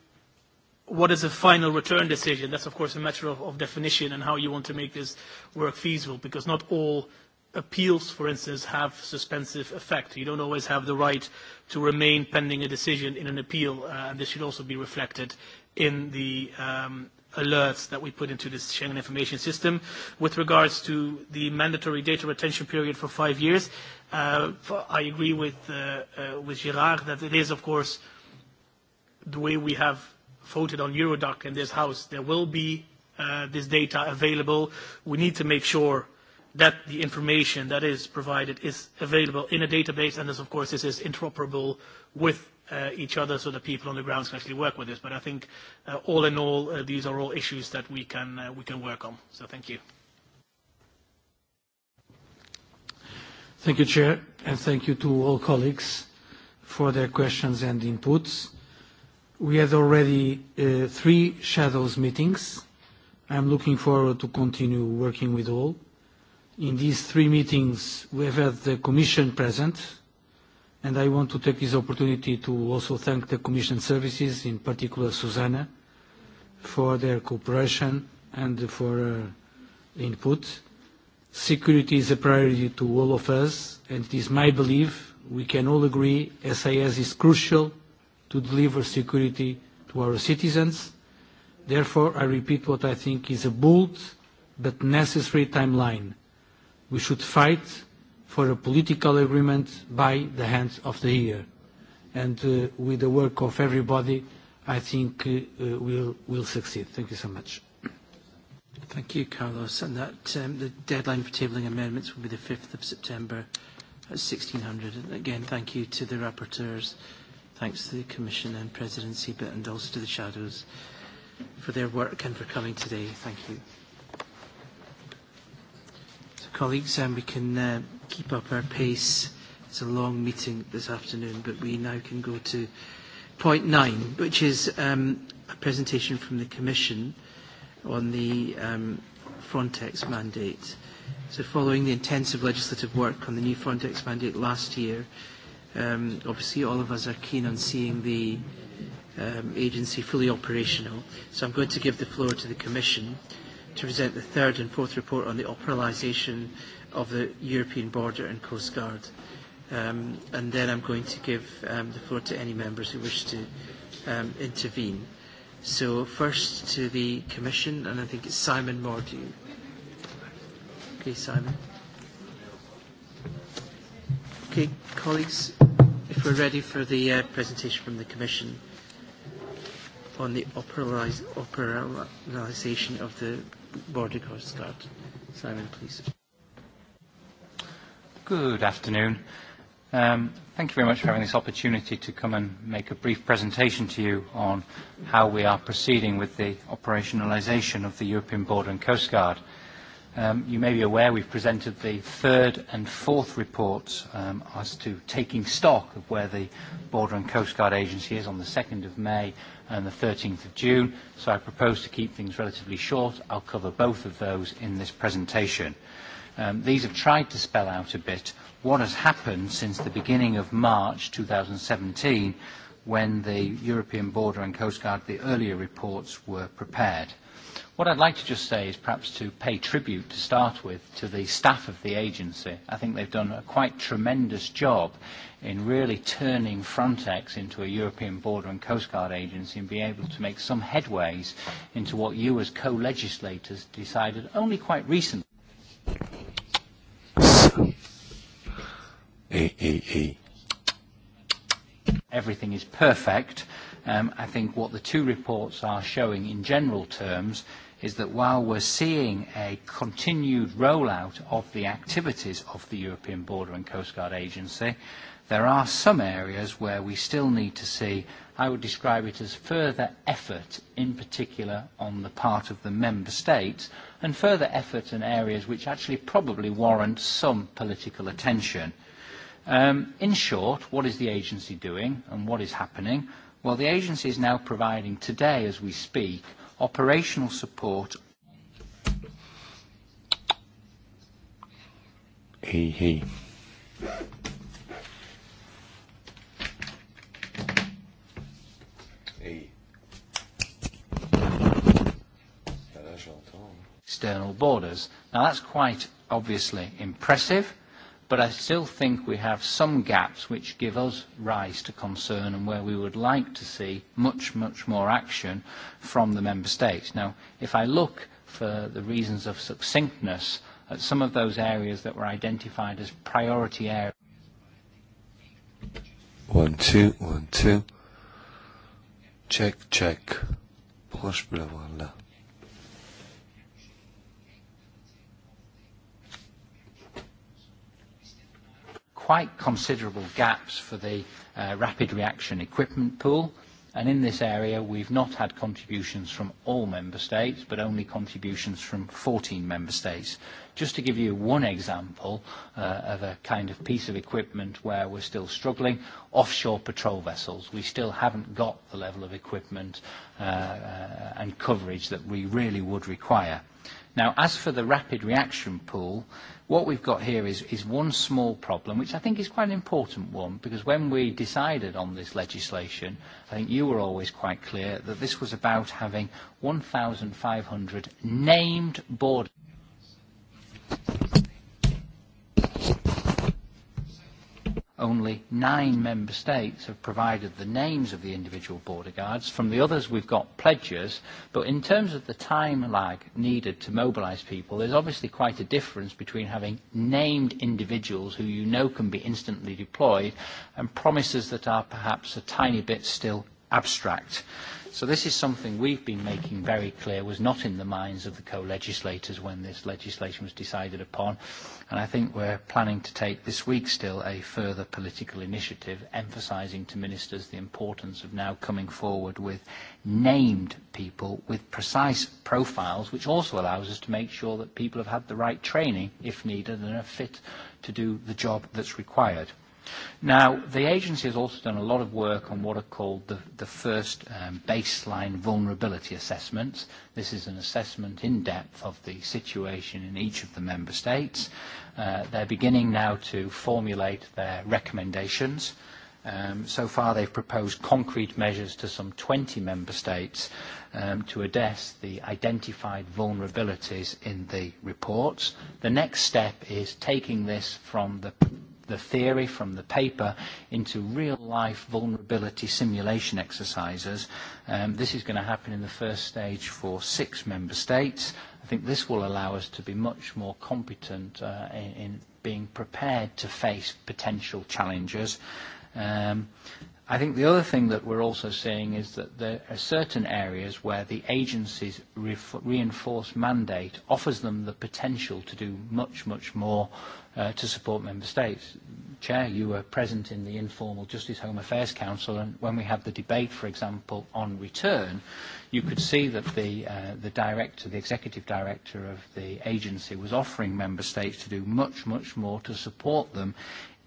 H: what is a final return decision? That's, of course, a matter of, of definition and how you want to make this work feasible, because not all appeals, for instance, have suspensive effect. You don't always have the right to remain pending a decision in an appeal, uh, and this should also be reflected in the um, alerts that we put into this Schengen information system. With regards to the mandatory data retention period for five years, uh, I agree with, uh, uh, with Girard that it is, of course, the way we have voted on Eurodoc in this House, there will be uh, this data available. We need to make sure that the information that is provided is available in a database, and this, of course, this is interoperable with uh, each other so that people on the ground can actually work with this. But I think, uh, all in all, uh, these are all issues that we can, uh, we can work on. So thank you.
Q: Thank you, Chair, and thank you to all colleagues for their questions and inputs. We had already uh, three shadows meetings. I'm looking forward to continue working with all. In these three meetings, we have had the Commission present, and I want to take this opportunity to also thank the Commission services, in particular Susanna, for their cooperation and for uh, input. Security is a priority to all of us, and it is my belief we can all agree SIS is crucial to deliver security to our citizens. Therefore, I repeat what I think is a bold but necessary timeline. We should fight for a political agreement by the end of the year. And uh, with the work of everybody, I think uh, we'll, we'll succeed. Thank you so much. Thank you, Carlos. And that um, the deadline for tabling
A: amendments will be the 5th of September at 1600. And again, thank you to the rapporteurs Thanks to the Commission and Presidency, but and also to the Shadows for their work and for coming today. Thank you. So, colleagues, um, we can uh, keep up our pace. It's a long meeting this afternoon, but we now can go to point nine, which is um, a presentation from the Commission on the um, Frontex mandate. So following the intensive legislative work on the new Frontex mandate last year, Um, obviously, all of us are keen on seeing the um, agency fully operational. So I'm going to give the floor to the Commission to present the third and fourth report on the operationalisation of the European Border and Coast Guard. Um, and then I'm going to give um, the floor to any members who wish to um, intervene. So first to the Commission, and I think it's Simon Mordew. Okay, Simon. Okay, colleagues, if we're ready for the uh, presentation from the Commission on the operationalisation of the border coast guard. Simon, please.
T: Good afternoon. Um, thank you very much for having this opportunity to come and make a brief presentation to you on how we are proceeding with the operationalisation of the European Border and Coast Guard. Um, you may be aware we've presented the third and fourth reports um, as to taking stock of where the Border and Coast Guard Agency is on the 2nd of May and the 13th of June, so I propose to keep things relatively short. I'll cover both of those in this presentation. Um, these have tried to spell out a bit what has happened since the beginning of March 2017 when the European Border and Coast Guard, the earlier reports, were prepared. What I'd like to just say is perhaps to pay tribute to start with to the staff of the agency. I think they've done a quite tremendous job in really turning Frontex into a European border and coast guard agency and being able to make some headways into what you as co-legislators decided only quite recently.
F: Hey, hey, hey.
T: Everything is perfect. Um, I think what the two reports are showing in general terms is that while we're seeing a continued rollout of the activities of the European Border and Coast Guard Agency, there are some areas where we still need to see, I would describe it as further effort, in particular on the part of the member states, and further effort in areas which actually probably warrant some political attention. Um, in short, what is the agency doing and what is happening? Well, the agency is now providing today, as we speak, operational support.
C: He, he.
T: External borders. Now that's quite obviously impressive but I still think we have some gaps which give us rise to concern and where we would like to see much, much more action from the Member States. Now, if I look for the reasons of succinctness at some of those areas that were identified as priority areas.
E: One, two, one, two. Check, check. Poș, blah, blah, blah.
T: quite considerable gaps for the uh, rapid reaction equipment pool. And in this area, we've not had contributions from all member states, but only contributions from 14 member states. Just to give you one example uh, of a kind of piece of equipment where we're still struggling, offshore patrol vessels. We still haven't got the level of equipment uh, uh, and coverage that we really would require. Now, as for the rapid reaction pool, uh, What we've got here is, is one small problem, which I think is quite an important one, because when we decided on this legislation, I think you were always quite clear that this was about having 1,500 named board only nine member states have provided the names of the individual border guards. From the others, we've got pledges. But in terms of the time lag needed to mobilise people, there's obviously quite a difference between having named individuals who you know can be instantly deployed and promises that are perhaps a tiny bit still abstract. So this is something we've been making very clear was not in the minds of the co-legislators when this legislation was decided upon. And I think we're planning to take this week still a further political initiative emphasising to ministers the importance of now coming forward with named people with precise profiles, which also allows us to make sure that people have had the right training, if needed, and are fit to do the job that's required. Now, the agency has also done a lot of work on what are called the, the first um, baseline vulnerability assessments. This is an assessment in depth of the situation in each of the member states. Uh, they're beginning now to formulate their recommendations. Um, so far, they've proposed concrete measures to some 20 member states um, to address the identified vulnerabilities in the reports. The next step is taking this from the the theory from the paper into real-life vulnerability simulation exercises. Um, this is going to happen in the first stage for six member states. I think this will allow us to be much more competent uh, in, in being prepared to face potential challenges. Um, I think the other thing that we're also seeing is that there are certain areas where the agency's reinforced mandate offers them the potential to do much, much more uh, to support member states. Chair, you were present in the informal Justice Home Affairs Council, and when we had the debate, for example, on return, you could see that the, uh, the director, the executive director of the agency was offering member states to do much, much more to support them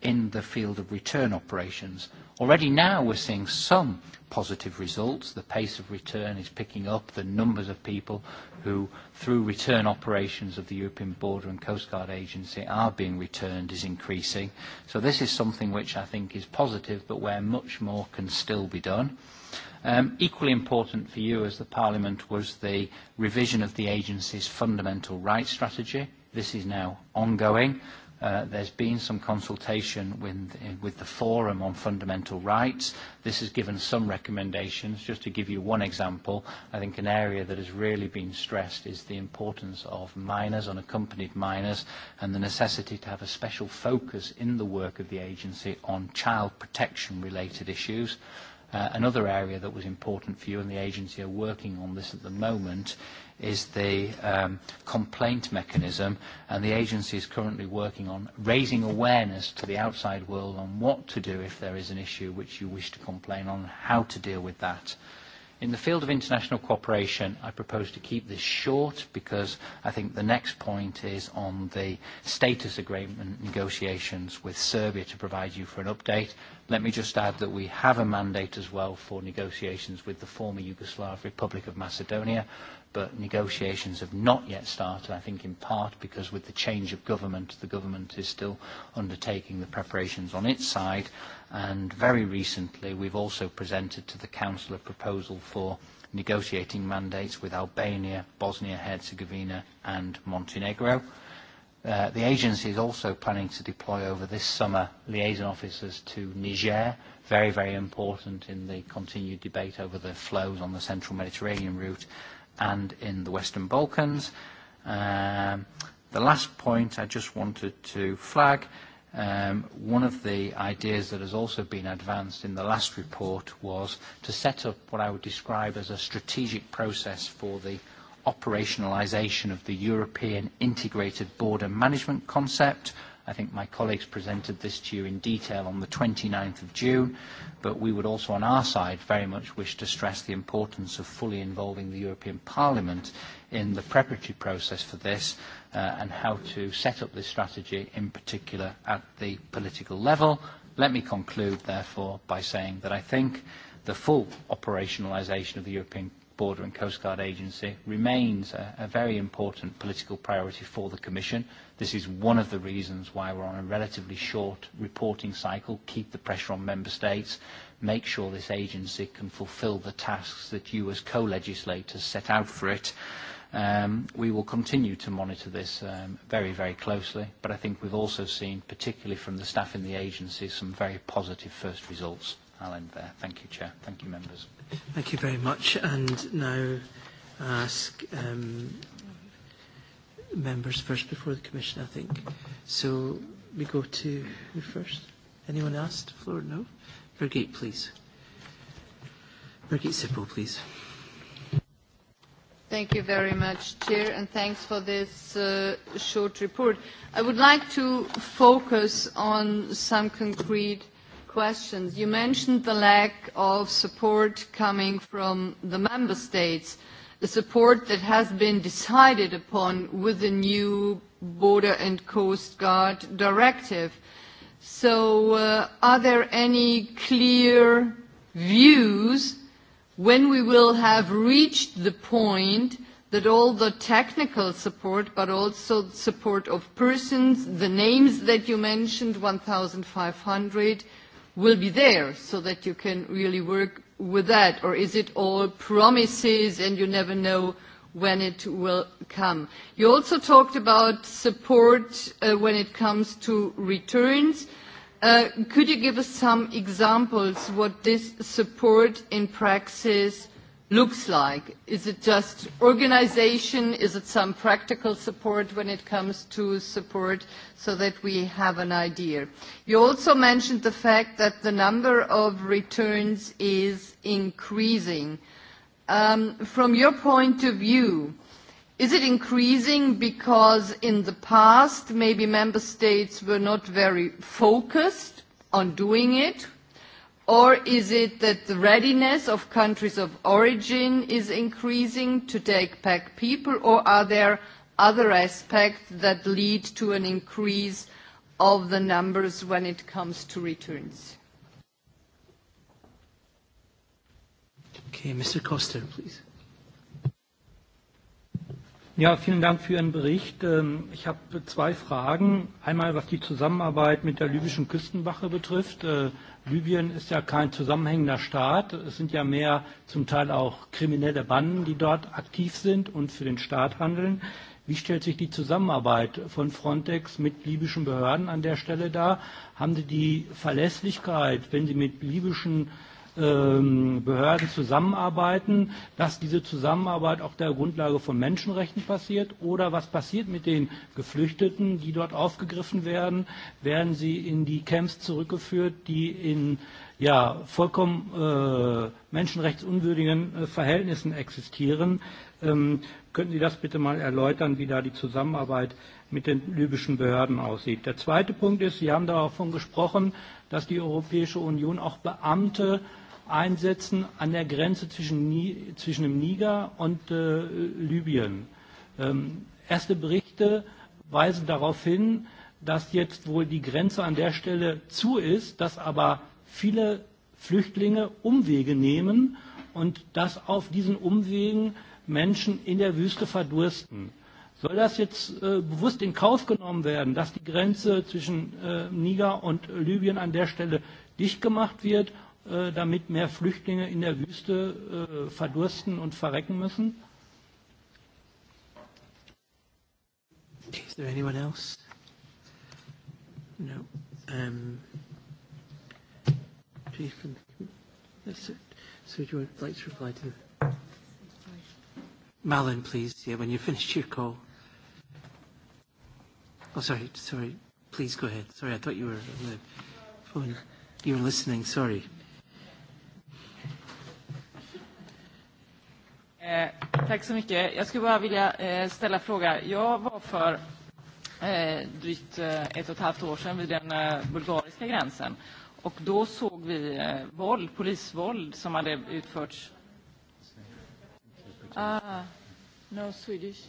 T: in the field of return operations. Already now, we're seeing some positive results. The pace of return is picking up. The numbers of people who, through return operations of the European Border and Coast Guard Agency, are being returned is increasing. So this is something which I think is positive, but where much more can still be done. Um, equally important for you as the Parliament was the revision of the agency's fundamental rights strategy. This is now ongoing There's been some consultation with the Forum on Fundamental Rights. This has given some recommendations. Just to give you one example, I think an area that has really been stressed is the importance of minors, unaccompanied minors, and the necessity to have a special focus in the work of the agency on child protection-related issues. Another area that was important for you, and the agency are working on this at the moment, is the um, complaint mechanism, and the agency is currently working on raising awareness to the outside world on what to do if there is an issue which you wish to complain on, how to deal with that. In the field of international cooperation, I propose to keep this short because I think the next point is on the status agreement negotiations with Serbia to provide you for an update. Let me just add that we have a mandate as well for negotiations with the former Yugoslav Republic of Macedonia but negotiations have not yet started, I think in part because with the change of government, the government is still undertaking the preparations on its side, and very recently we've also presented to the Council a proposal for negotiating mandates with Albania, Bosnia-Herzegovina and Montenegro. Uh, the agency is also planning to deploy over this summer liaison officers to Niger, very, very important in the continued debate over the flows on the central Mediterranean route, and in the Western Balkans. Um, the last point I just wanted to flag, um, one of the ideas that has also been advanced in the last report was to set up what I would describe as a strategic process for the operationalisation of the European integrated border management concept – I think my colleagues presented this to you in detail on the 29th of June, but we would also on our side very much wish to stress the importance of fully involving the European Parliament in the preparatory process for this uh, and how to set up this strategy in particular at the political level. Let me conclude therefore by saying that I think the full operationalisation of the European Border and Coast Guard Agency remains a, a very important political priority for the Commission This is one of the reasons why we're on a relatively short reporting cycle. Keep the pressure on member states, make sure this agency can fulfill the tasks that you as co-legislators set out for it. Um, we will continue to monitor this um, very, very closely, but I think we've also seen, particularly from the staff in the agency, some very positive first results. I'll end there. Thank you, Chair. Thank you, members.
A: Thank you very much. And now ask um, members first before the Commission, I think. So we go to who first? Anyone else? The floor? No? Birgit, please. Birgit Sippel, please.
U: Thank you very much, Chair, and thanks for this uh, short report. I would like to focus on some concrete questions. You mentioned the lack of support coming from the member states the support that has been decided upon with the new Border and Coast Guard Directive. So uh, are there any clear views when we will have reached the point that all the technical support, but also support of persons, the names that you mentioned, 1,500, will be there so that you can really work with that, or is it all promises and you never know when it will come? You also talked about support uh, when it comes to returns. Uh, could you give us some examples what this support in praxis looks like. Is it just organization? Is it some practical support when it comes to support so that we have an idea? You also mentioned the fact that the number of returns is increasing. Um, from your point of view, Is it increasing because in the past maybe member states were not very focused on doing it? Or is it that the readiness of countries of origin is increasing to take back people, or are there other aspects that lead to an increase of the numbers when it comes to returns?
V: Okay, Mr. Costa, please. Ja, vielen Dank für Ihren Bericht. Ich habe zwei Fragen. Einmal, was die Zusammenarbeit mit der libyschen Küstenwache betrifft. Libyen ist ja kein zusammenhängender Staat. Es sind ja mehr zum Teil auch kriminelle Banden, die dort aktiv sind und für den Staat handeln. Wie stellt sich die Zusammenarbeit von Frontex mit libyschen Behörden an der Stelle dar? Haben Sie die Verlässlichkeit, wenn Sie mit libyschen äh, Behörden zusammenarbeiten, dass diese Zusammenarbeit auf der Grundlage von Menschenrechten passiert oder was passiert mit den Geflüchteten, die dort aufgegriffen werden, werden sie in die Camps zurückgeführt, die in ja, vollkommen äh, menschenrechtsunwürdigen äh, Verhältnissen existieren. Ähm, könnten Sie das bitte mal erläutern, wie da die Zusammenarbeit mit den libyschen Behörden aussieht? Der zweite Punkt ist, Sie haben davon gesprochen, dass die Europäische Union auch Beamte äh, einsetzen an der Grenze zwischen, zwischen dem Niger und äh, Libyen. Ähm, erste Berichte weisen darauf hin, dass jetzt wohl die Grenze an der Stelle zu ist, dass aber viele Flüchtlinge Umwege nehmen und dass auf diesen Umwegen Menschen in der Wüste verdursten. Soll das jetzt äh, bewusst in Kauf genommen werden, dass die Grenze zwischen äh, Niger und Libyen an der Stelle dicht gemacht wird damit mehr Flüchtlinge in der Wüste verdursten und verrecken müssen? Is there anyone else?
A: No. Um, that's it. So do you want like to reply to Malin, please, yeah, when you finished your call. Oh, sorry, sorry. Please go ahead. Sorry, I thought you were on the phone. You were listening, sorry.
W: tack så mycket. Jag skulle bara vilja ställa en fråga. Jag var för drygt ett och ett halvt år sedan vid den bulgariska gränsen. Och då såg vi våld, polisvåld som hade utförts. Ah, no Swedish.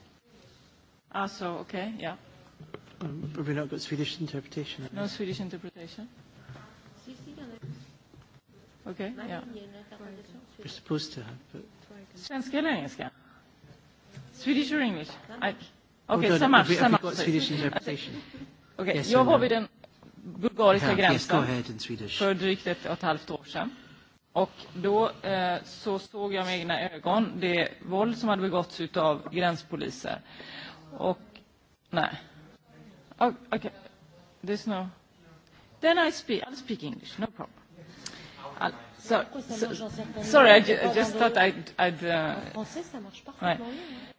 W: Ah, so, okay, yeah.
A: Um, but we not got Swedish interpretation. No
W: Swedish interpretation. Okay, yeah.
G: We're supposed
A: to have,
W: but... Svenska eller engelska? Swedish or English? I... Okej, okay, Okej, okay, jag var vid den bulgariska gränsen för drygt ett och ett halvt år sedan. Och då eh, så såg jag med egna ögon det våld som hade begåtts av gränspoliser. Och nej. Okay. There's no... Then I speak, I'll speak English, no problem. I'll, So, so, sorry, I, ju I just thought I'd... I'd uh, en français, ça marche parfaitement right.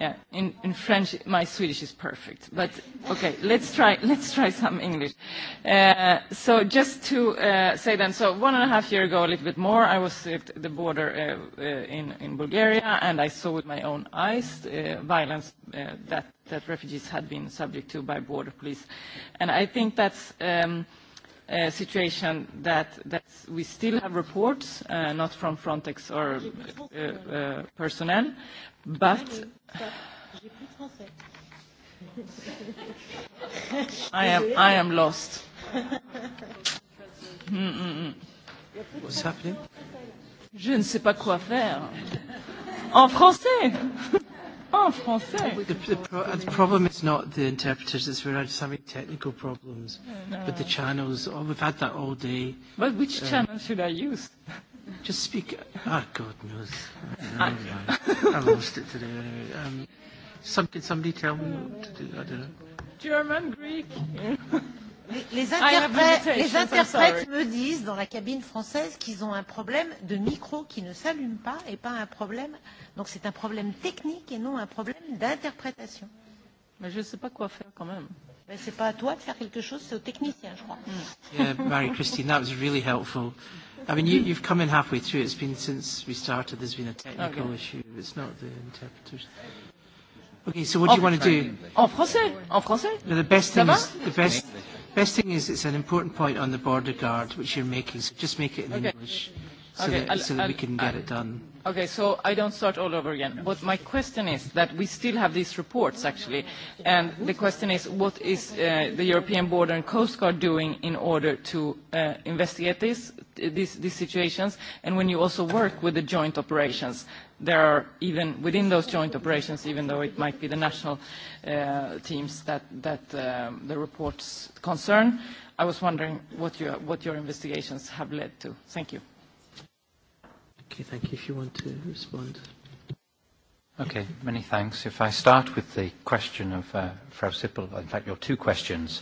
W: Yeah, in, in French, my Swedish is perfect. But okay, let's try, let's try some English. Uh, so just to uh, say then, so one and a half year ago, a little bit more, I was at the border uh, uh, in, in Bulgaria, and I saw with my own eyes uh, violence uh, that, that refugees had been subject to by border police. And I think that's... Um, situation that, that we still have reports, uh, not from Frontex or uh, uh, personnel, but...
M: I am, I am lost.
I: Mm -mm. What's happening?
W: Je ne sais pas quoi faire. En français En français. The, the, pro
A: the problem is not the interpreters, it's we're just having technical problems no. with the channels. Oh, we've had that all day. But which uh, channel
W: should I use?
A: Just speak. Ah, God knows. I, I lost it today. Anyway. Um, some, can somebody tell me what to do? I don't know.
W: German, Greek. Yeah.
K: Les interprètes, les interprètes me disent dans la cabine française qu'ils ont un problème de micro qui ne s'allume pas et pas un problème. Donc c'est un problème technique et non un problème d'interprétation. Mais je ne sais pas quoi faire quand même. Ce c'est pas à toi de faire quelque chose, c'est au technicien, je crois. Yeah, marie Christine, that was
A: really helpful. I mean, you, you've come in halfway through. It's been since we started. There's been a technical okay. issue. It's not the interpreters. Okay, so what do you want to do?
W: En français, en français. The best thing, is, the best.
A: Best thing is it's an important point on the border guard which you're making, so just make it in okay. English so, okay, that, so that we can get it done.
W: Okay, so I don't start all over again. But my question is that we still have these reports, actually. And the question is, what is uh, the European Border and Coast Guard doing in order to uh, investigate this, these, these situations? And when you also work with the joint operations, there are even within those joint operations, even though it might be the national uh, teams that, that um, the reports concern. I was wondering what your, what your investigations have led to. Thank you.
A: Okay, thank you. If you want to respond.
T: Okay, many thanks. If I start with the question of uh, Frau Sippel, in fact, your two questions.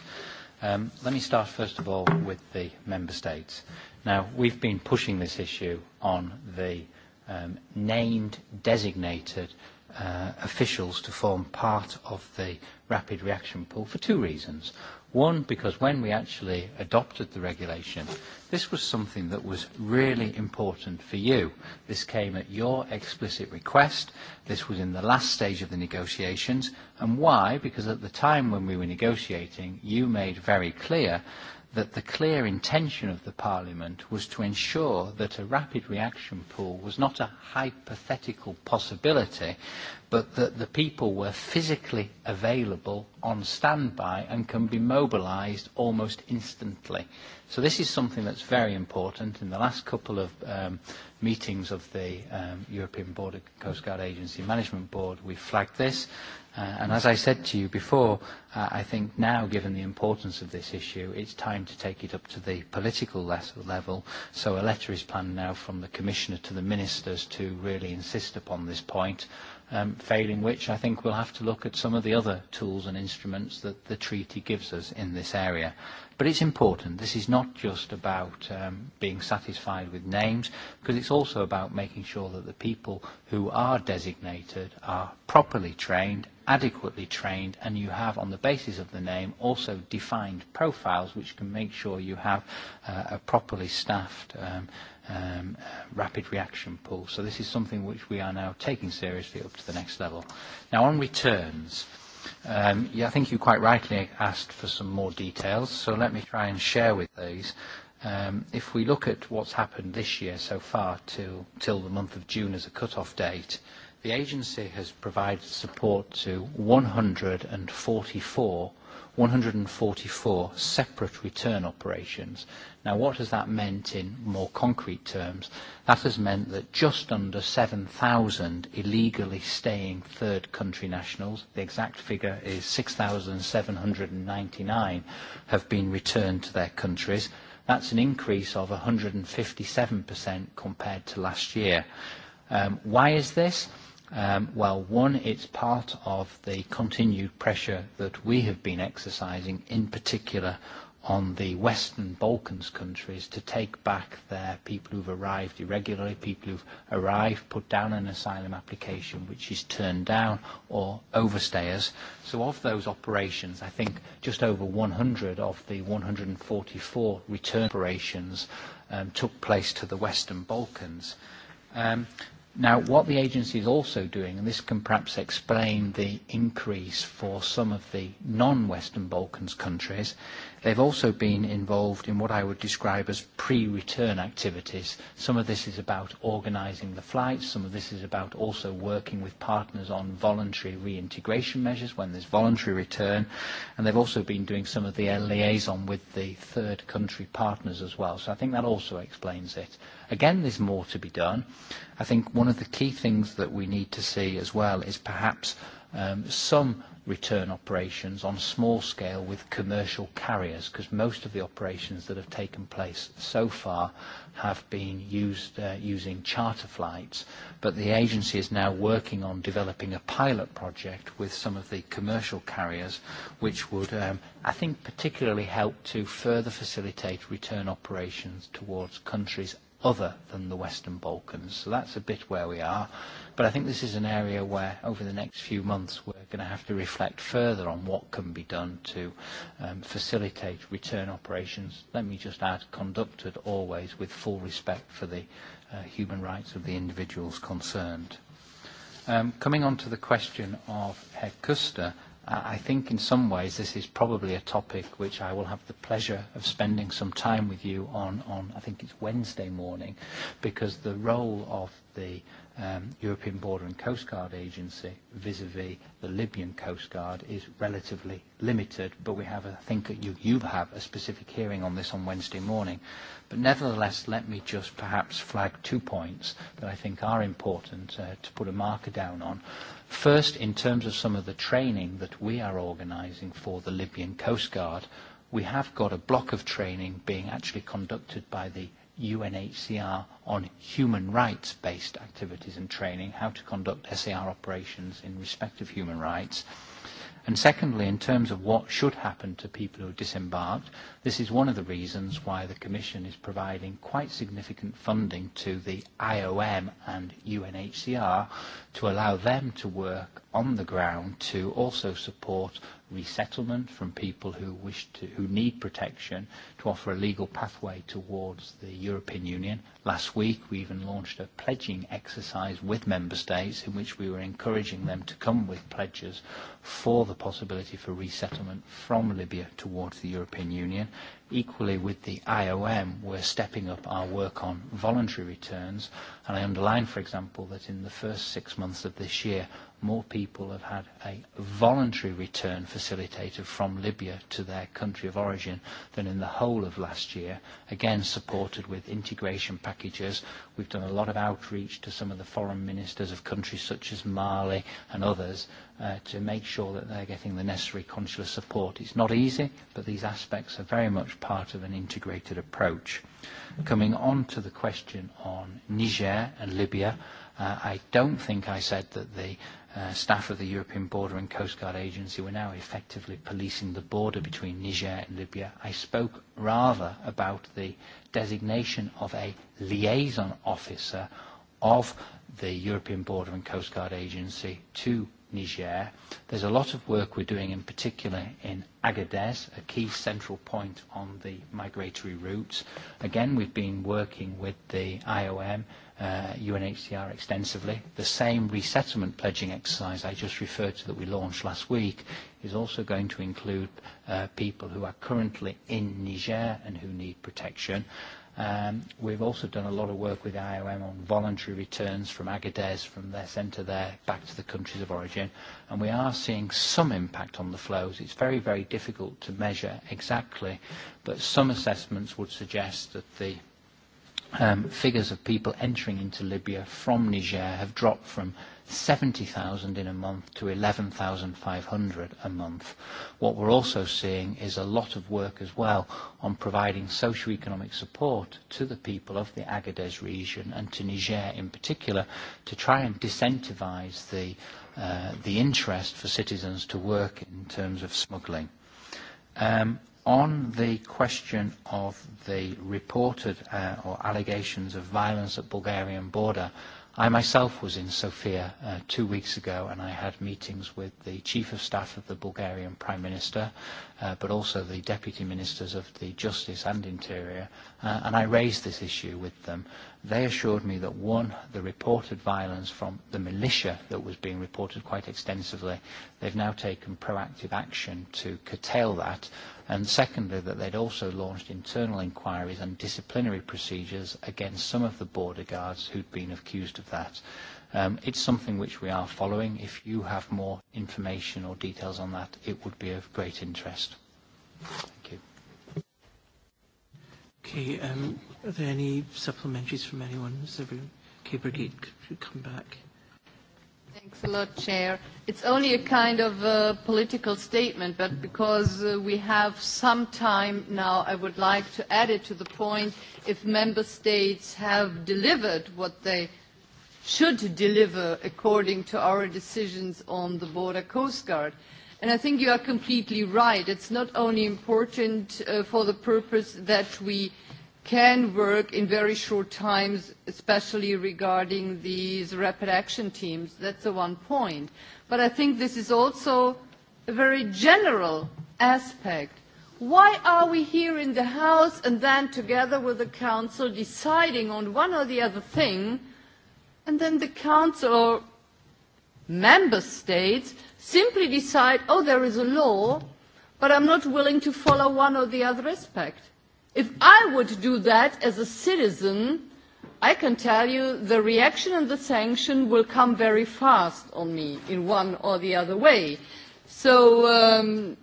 T: Um, let me start first of all with the member states. Now, we've been pushing this issue on the um, named, designated uh, officials to form part of the rapid reaction pool for two reasons. One, because when we actually adopted the regulation, this was something that was really important for you. This came at your explicit request. This was in the last stage of the negotiations. And why? Because at the time when we were negotiating, you made very clear that the clear intention of the Parliament was to ensure that a rapid reaction pool was not a hypothetical possibility, but that the people were physically available on standby and can be mobilised almost instantly. So this is something that's very important. In the last couple of um, meetings of the um, European Border Coast Guard Agency Management Board, we flagged this and as I said to you before, uh, I think now, given the importance of this issue, it's time to take it up to the political level. So a letter is planned now from the Commissioner to the Ministers to really insist upon this point um, failing which I think we'll have to look at some of the other tools and instruments that the treaty gives us in this area. But it's important. This is not just about um, being satisfied with names, because it's also about making sure that the people who are designated are properly trained adequately trained and you have on the basis of the name also defined profiles which can make sure you have uh, a properly staffed um, um, rapid reaction pool. So this is something which we are now taking seriously up to the next level. Now on returns, um, yeah, I think you quite rightly asked for some more details, so let me try and share with these. Um, if we look at what's happened this year so far till, till the month of June as a cut-off date, uh, the agency has provided support to 144 144 separate return operations. Now, what has that meant in more concrete terms? That has meant that just under 7,000 illegally staying third country nationals, the exact figure is 6,799, have been returned to their countries. That's an increase of 157% compared to last year. Um, why is this? Um, well, one, it's part of the continued pressure that we have been exercising, in particular on the Western Balkans countries, to take back their people who've arrived irregularly, people who've arrived, put down an asylum application which is turned down, or overstayers. So of those operations, I think just over 100 of the 144 return operations um, took place to the Western Balkans. Um, Now, what the agency is also doing, and this can perhaps explain the increase for some of the non-Western Balkans countries, They've also been involved in what I would describe as pre-return activities. Some of this is about organising the flights, some of this is about also working with partners on voluntary reintegration measures when there's voluntary return, and they've also been doing some of the liaison with the third country partners as well. So I think that also explains it. Again, there's more to be done. I think one of the key things that we need to see as well is perhaps um, some return operations on small scale with commercial carriers, because most of the operations that have taken place so far have been used uh using charter flights. But the agency is now working on developing a pilot project with some of the commercial carriers, which would, um I think, particularly help to further facilitate return operations towards countries other than the Western Balkans. So that's a bit where we are. But I think this is an area where, over the next few months, we're going to have to reflect further on what can be done to um, facilitate return operations. Let me just add, conducted always with full respect for the uh, human rights of the individuals concerned. Um, coming on to the question of Herr Kuster, I think in some ways this is probably a topic which I will have the pleasure of spending some time with you on, on I think it's Wednesday morning, because the role of the um, European Border and Coast Guard Agency vis-à-vis the Libyan Coast Guard is relatively limited, but we have, I think you, you have a specific hearing on this on Wednesday morning. But nevertheless, let me just perhaps flag two points that I think are important uh, to put a marker down on. First, in terms of some of the training that we are organising for the Libyan Coast Guard, we have got a block of training being actually conducted by the UNHCR on human rights based activities and training, how to conduct SAR operations in respect of human rights. And secondly, in terms of what should happen to people who are disembarked, this is one of the reasons why the Commission is providing quite significant funding to the IOM and UNHCR to allow them to work on the ground to also support resettlement from people who wish to, who need protection, to offer a legal pathway towards the European Union. Last week, we even launched a pledging exercise with member states in which we were encouraging them to come with pledges for the possibility for resettlement from Libya towards the European Union. Equally with the IOM, we're stepping up our work on voluntary returns, and I underline, for example, that in the first six months of this year, more people have had a voluntary return facilitated from Libya to their country of origin than in the whole of last year, again supported with integration packages. We've done a lot of outreach to some of the foreign ministers of countries such as Mali and others uh, to make sure that they're getting the necessary consular support. It's not easy, but these aspects are very much part of an integrated approach. Coming on to the question on Niger and Libya, I don't think I said that the staff of the European Border and Coast Guard Agency were now effectively policing the border between Niger and Libya. I spoke rather about the designation of a liaison officer of the European Border and Coast Guard Agency to Niger. There's a lot of work we're doing in particular in Agadez, a key central point on the migratory routes. Again, we've been working with the IOM uh, UNHCR extensively. The same resettlement pledging exercise I just referred to that we launched last week is also going to include uh, people who are currently in Niger and who need protection. Um, we've also done a lot of work with IOM on voluntary returns from Agadez, from their centre there, back to the countries of origin. And we are seeing some impact on the flows. It's very, very difficult to measure exactly, but some assessments would suggest that the um, figures of people entering into Libya from Niger have dropped from 70,000 in a month to 11,500 a month. What we're also seeing is a lot of work as well on providing socio-economic support to the people of the Agadez region and to Niger in particular to try and disincentivize the, uh, the interest for citizens to work in terms of smuggling. Um, on the question of the reported uh, or allegations of violence at Bulgarian border, I myself was in Sofia uh, two weeks ago and I had meetings with the Chief of Staff of the Bulgarian Prime Minister, uh, but also the Deputy Ministers of the Justice and Interior, uh, and I raised this issue with them they assured me that one, the reported violence from the militia that was being reported quite extensively, they've now taken proactive action to curtail that, and secondly, that they'd also launched internal inquiries and disciplinary procedures against some of the border guards who'd been accused of that. Um, it's something which we are following. If you have more information or details on that, it would be of great interest. Thank you.
A: Okay, um, Are there any supplementaries from anyone? Is everyone? could you come back?
U: Thanks a lot, Chair. It's only a kind of a political statement, but because uh, we have some time now, I would like to add it to the point if member states have delivered what they should deliver according to our decisions on the border coast guard. And I think you are completely right. It's not only important uh, for the purpose that we can work in very short times, especially regarding these rapid action teams. That's the one point. But I think this is also a very general aspect. Why are we here in the House and then together with the Council deciding on one or the other thing, and then the Council or member states simply decide, oh, there is a law, but I'm not willing to follow one or the other aspect? If I would do that as a citizen, I can tell you the reaction and the sanction will come very fast on me in one or the other way. So um,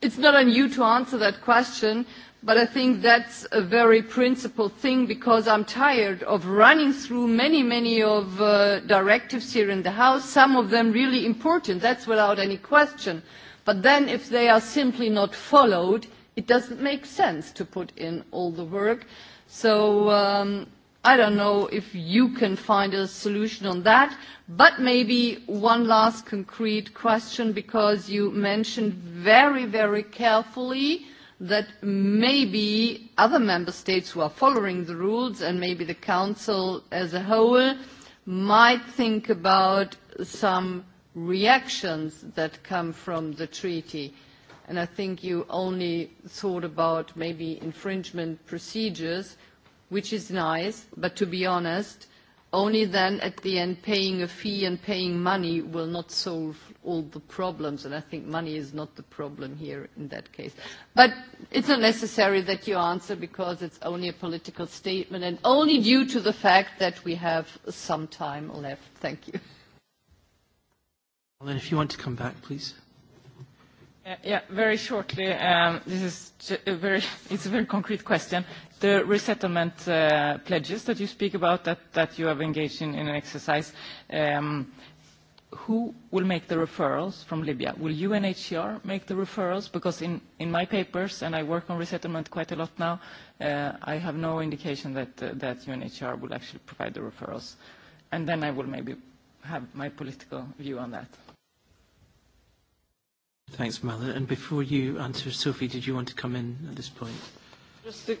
U: it's not on you to answer that question, but I think that's a very principled thing because I'm tired of running through many, many of uh, directives here in the House, some of them really important, that's without any question. But then if they are simply not followed, it doesn't make sense to put in all the work. So um, I don't know if you can find a solution on that, but maybe one last concrete question, because you mentioned very, very carefully that maybe other member states who are following the rules and maybe the council as a whole might think about some reactions that come from the treaty and I think you only thought about maybe infringement procedures, which is nice, but to be honest, only then at the end paying a fee and paying money will not solve all the problems, and I think money is not the problem here in that case. But it's not necessary that you answer because it's only a political statement and only due to the fact that we have some time left. Thank you.
A: Well, then if you want to come back, please.
W: Yeah, very shortly, this is a very, it's a very concrete question. The resettlement pledges that you speak about, that you have engaged in an exercise, who will make the referrals from Libya? Will UNHCR make the referrals? Because in my papers, and I work on resettlement quite a lot now, I have no indication that UNHCR will actually provide the referrals. And then I will maybe have my political view on that.
A: Thanks, Mala. And before you answer, Sophie, did you want to come in at this point?
X: Just a,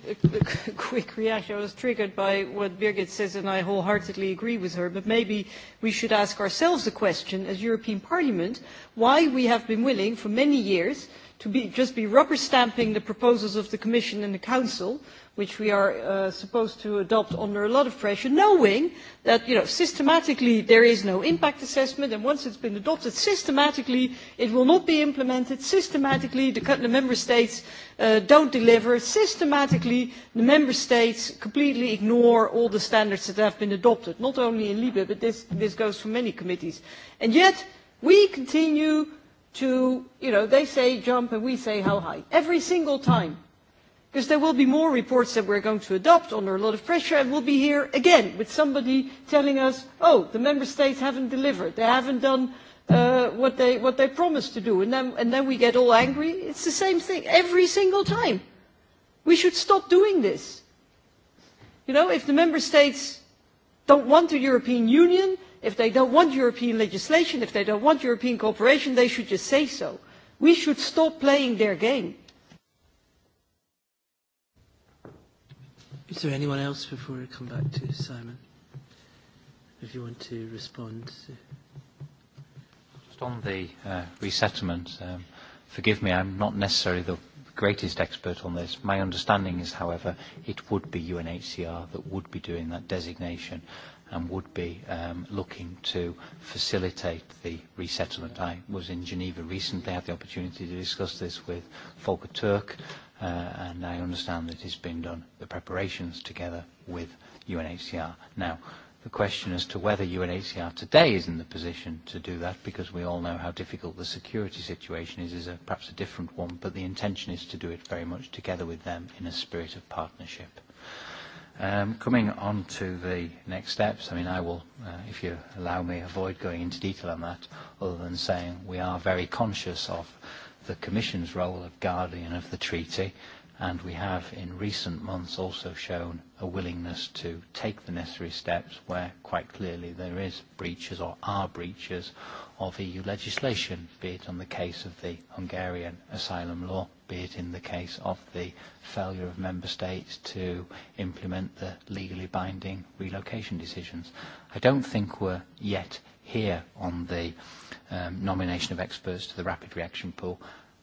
X: a quick reaction. I was triggered by what Birgit says, and I wholeheartedly agree with her. But maybe we should ask ourselves the question, as European Parliament, why we have been willing for many years – to be, just be rubber stamping the proposals of the Commission and the Council, which we are uh, supposed to adopt under a lot of pressure, knowing that you know, systematically there is no impact assessment, and once it's been adopted, systematically it will not be implemented, systematically the, the member states uh, don't deliver, systematically the member states completely ignore all the standards that have been adopted, not only in Libe, but this, this goes for many committees. And yet, we continue to, you know, they say jump and we say how high, every single time. Because there will be more reports that we're going to adopt under a lot of pressure, and we'll be here again with somebody telling us, oh, the member states haven't delivered, they haven't done uh, what, they, what they promised to do, and then, and then we get all angry. It's the same thing every single time. We should stop doing this. You know, if the member states don't want the European Union, If they don't want European legislation, if they don't want European cooperation, they should just say so. We should stop playing their game.
A: Is there anyone else before I come back to Simon? If you want to respond.
T: Just on the uh, resettlement, um, forgive me, I'm not necessarily the greatest expert on this. My understanding is, however, it would be UNHCR that would be doing that designation and would be um, looking to facilitate the resettlement. I was in Geneva recently, had the opportunity to discuss this with Volker Turk, uh, and I understand that it's been done, the preparations together with UNHCR. Now, the question as to whether UNHCR today is in the position to do that, because we all know how difficult the security situation is, is a, perhaps a different one, but the intention is to do it very much together with them in a spirit of partnership. Um, coming on to the next steps, I mean, I will, uh, if you allow me, avoid going into detail on that, other than saying we are very conscious of the Commission's role of guardian of the treaty, and we have in recent months also shown a willingness to take the necessary steps where quite clearly there is breaches or are breaches of EU legislation, be it on the case of the Hungarian asylum law, be it in the case of the failure of member states to implement the legally binding relocation decisions. I don't think we're yet here on the um, nomination of experts to the rapid reaction pool.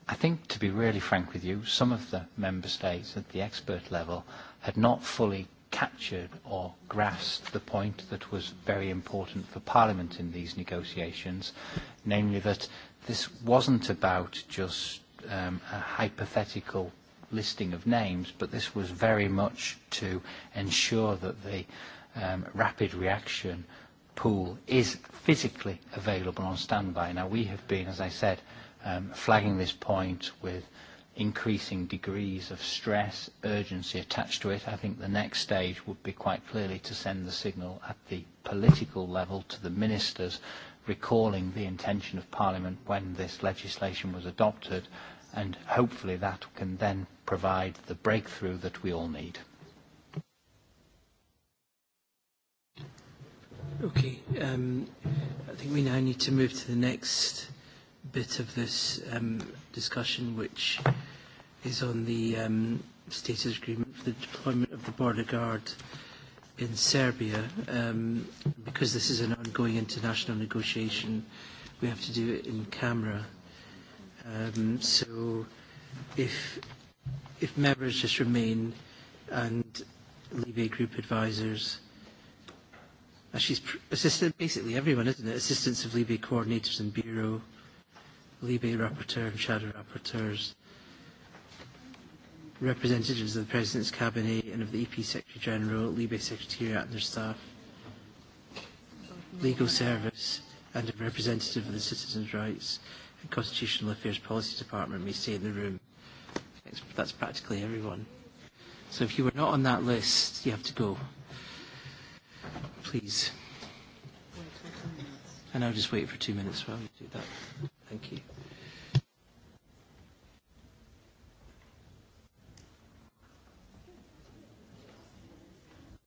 T: I think, to be really frank with you, some of the member states at the expert level had not fully captured or grasped the point that was very important for Parliament in these negotiations, namely that this wasn't about just um, a hypothetical listing of names, but this was very much to ensure that the um, rapid reaction pool is physically available on standby. Now, we have been, as I said, um, flagging this point with increasing degrees of stress, urgency attached to it, I think the next stage would be quite clearly to send the signal at the political level to the ministers, recalling the intention of Parliament when this legislation was adopted, and hopefully that can then provide the breakthrough that we all need.
A: Okay, um, I think we now need to move to the next bit of this um, discussion, which is on the um, status agreement for the deployment of the border guard in Serbia. Um, because this is an ongoing international negotiation, we have to do it in camera. Um, so if, if members just remain and a group advisors, she's pr- assistant, basically everyone, isn't it? Assistants of Libya coordinators and bureau, Libe Rapporteur and Shadow Rapporteurs, representatives of the President's Cabinet and of the EP Secretary General, Libe Secretariat and their staff, legal service, and a representative of the Citizens' Rights and Constitutional Affairs Policy Department may stay in the room. That's, that's practically everyone. So if you were not on that list, you have to go. Please. And I'll just wait for two minutes while you do that. Thank you.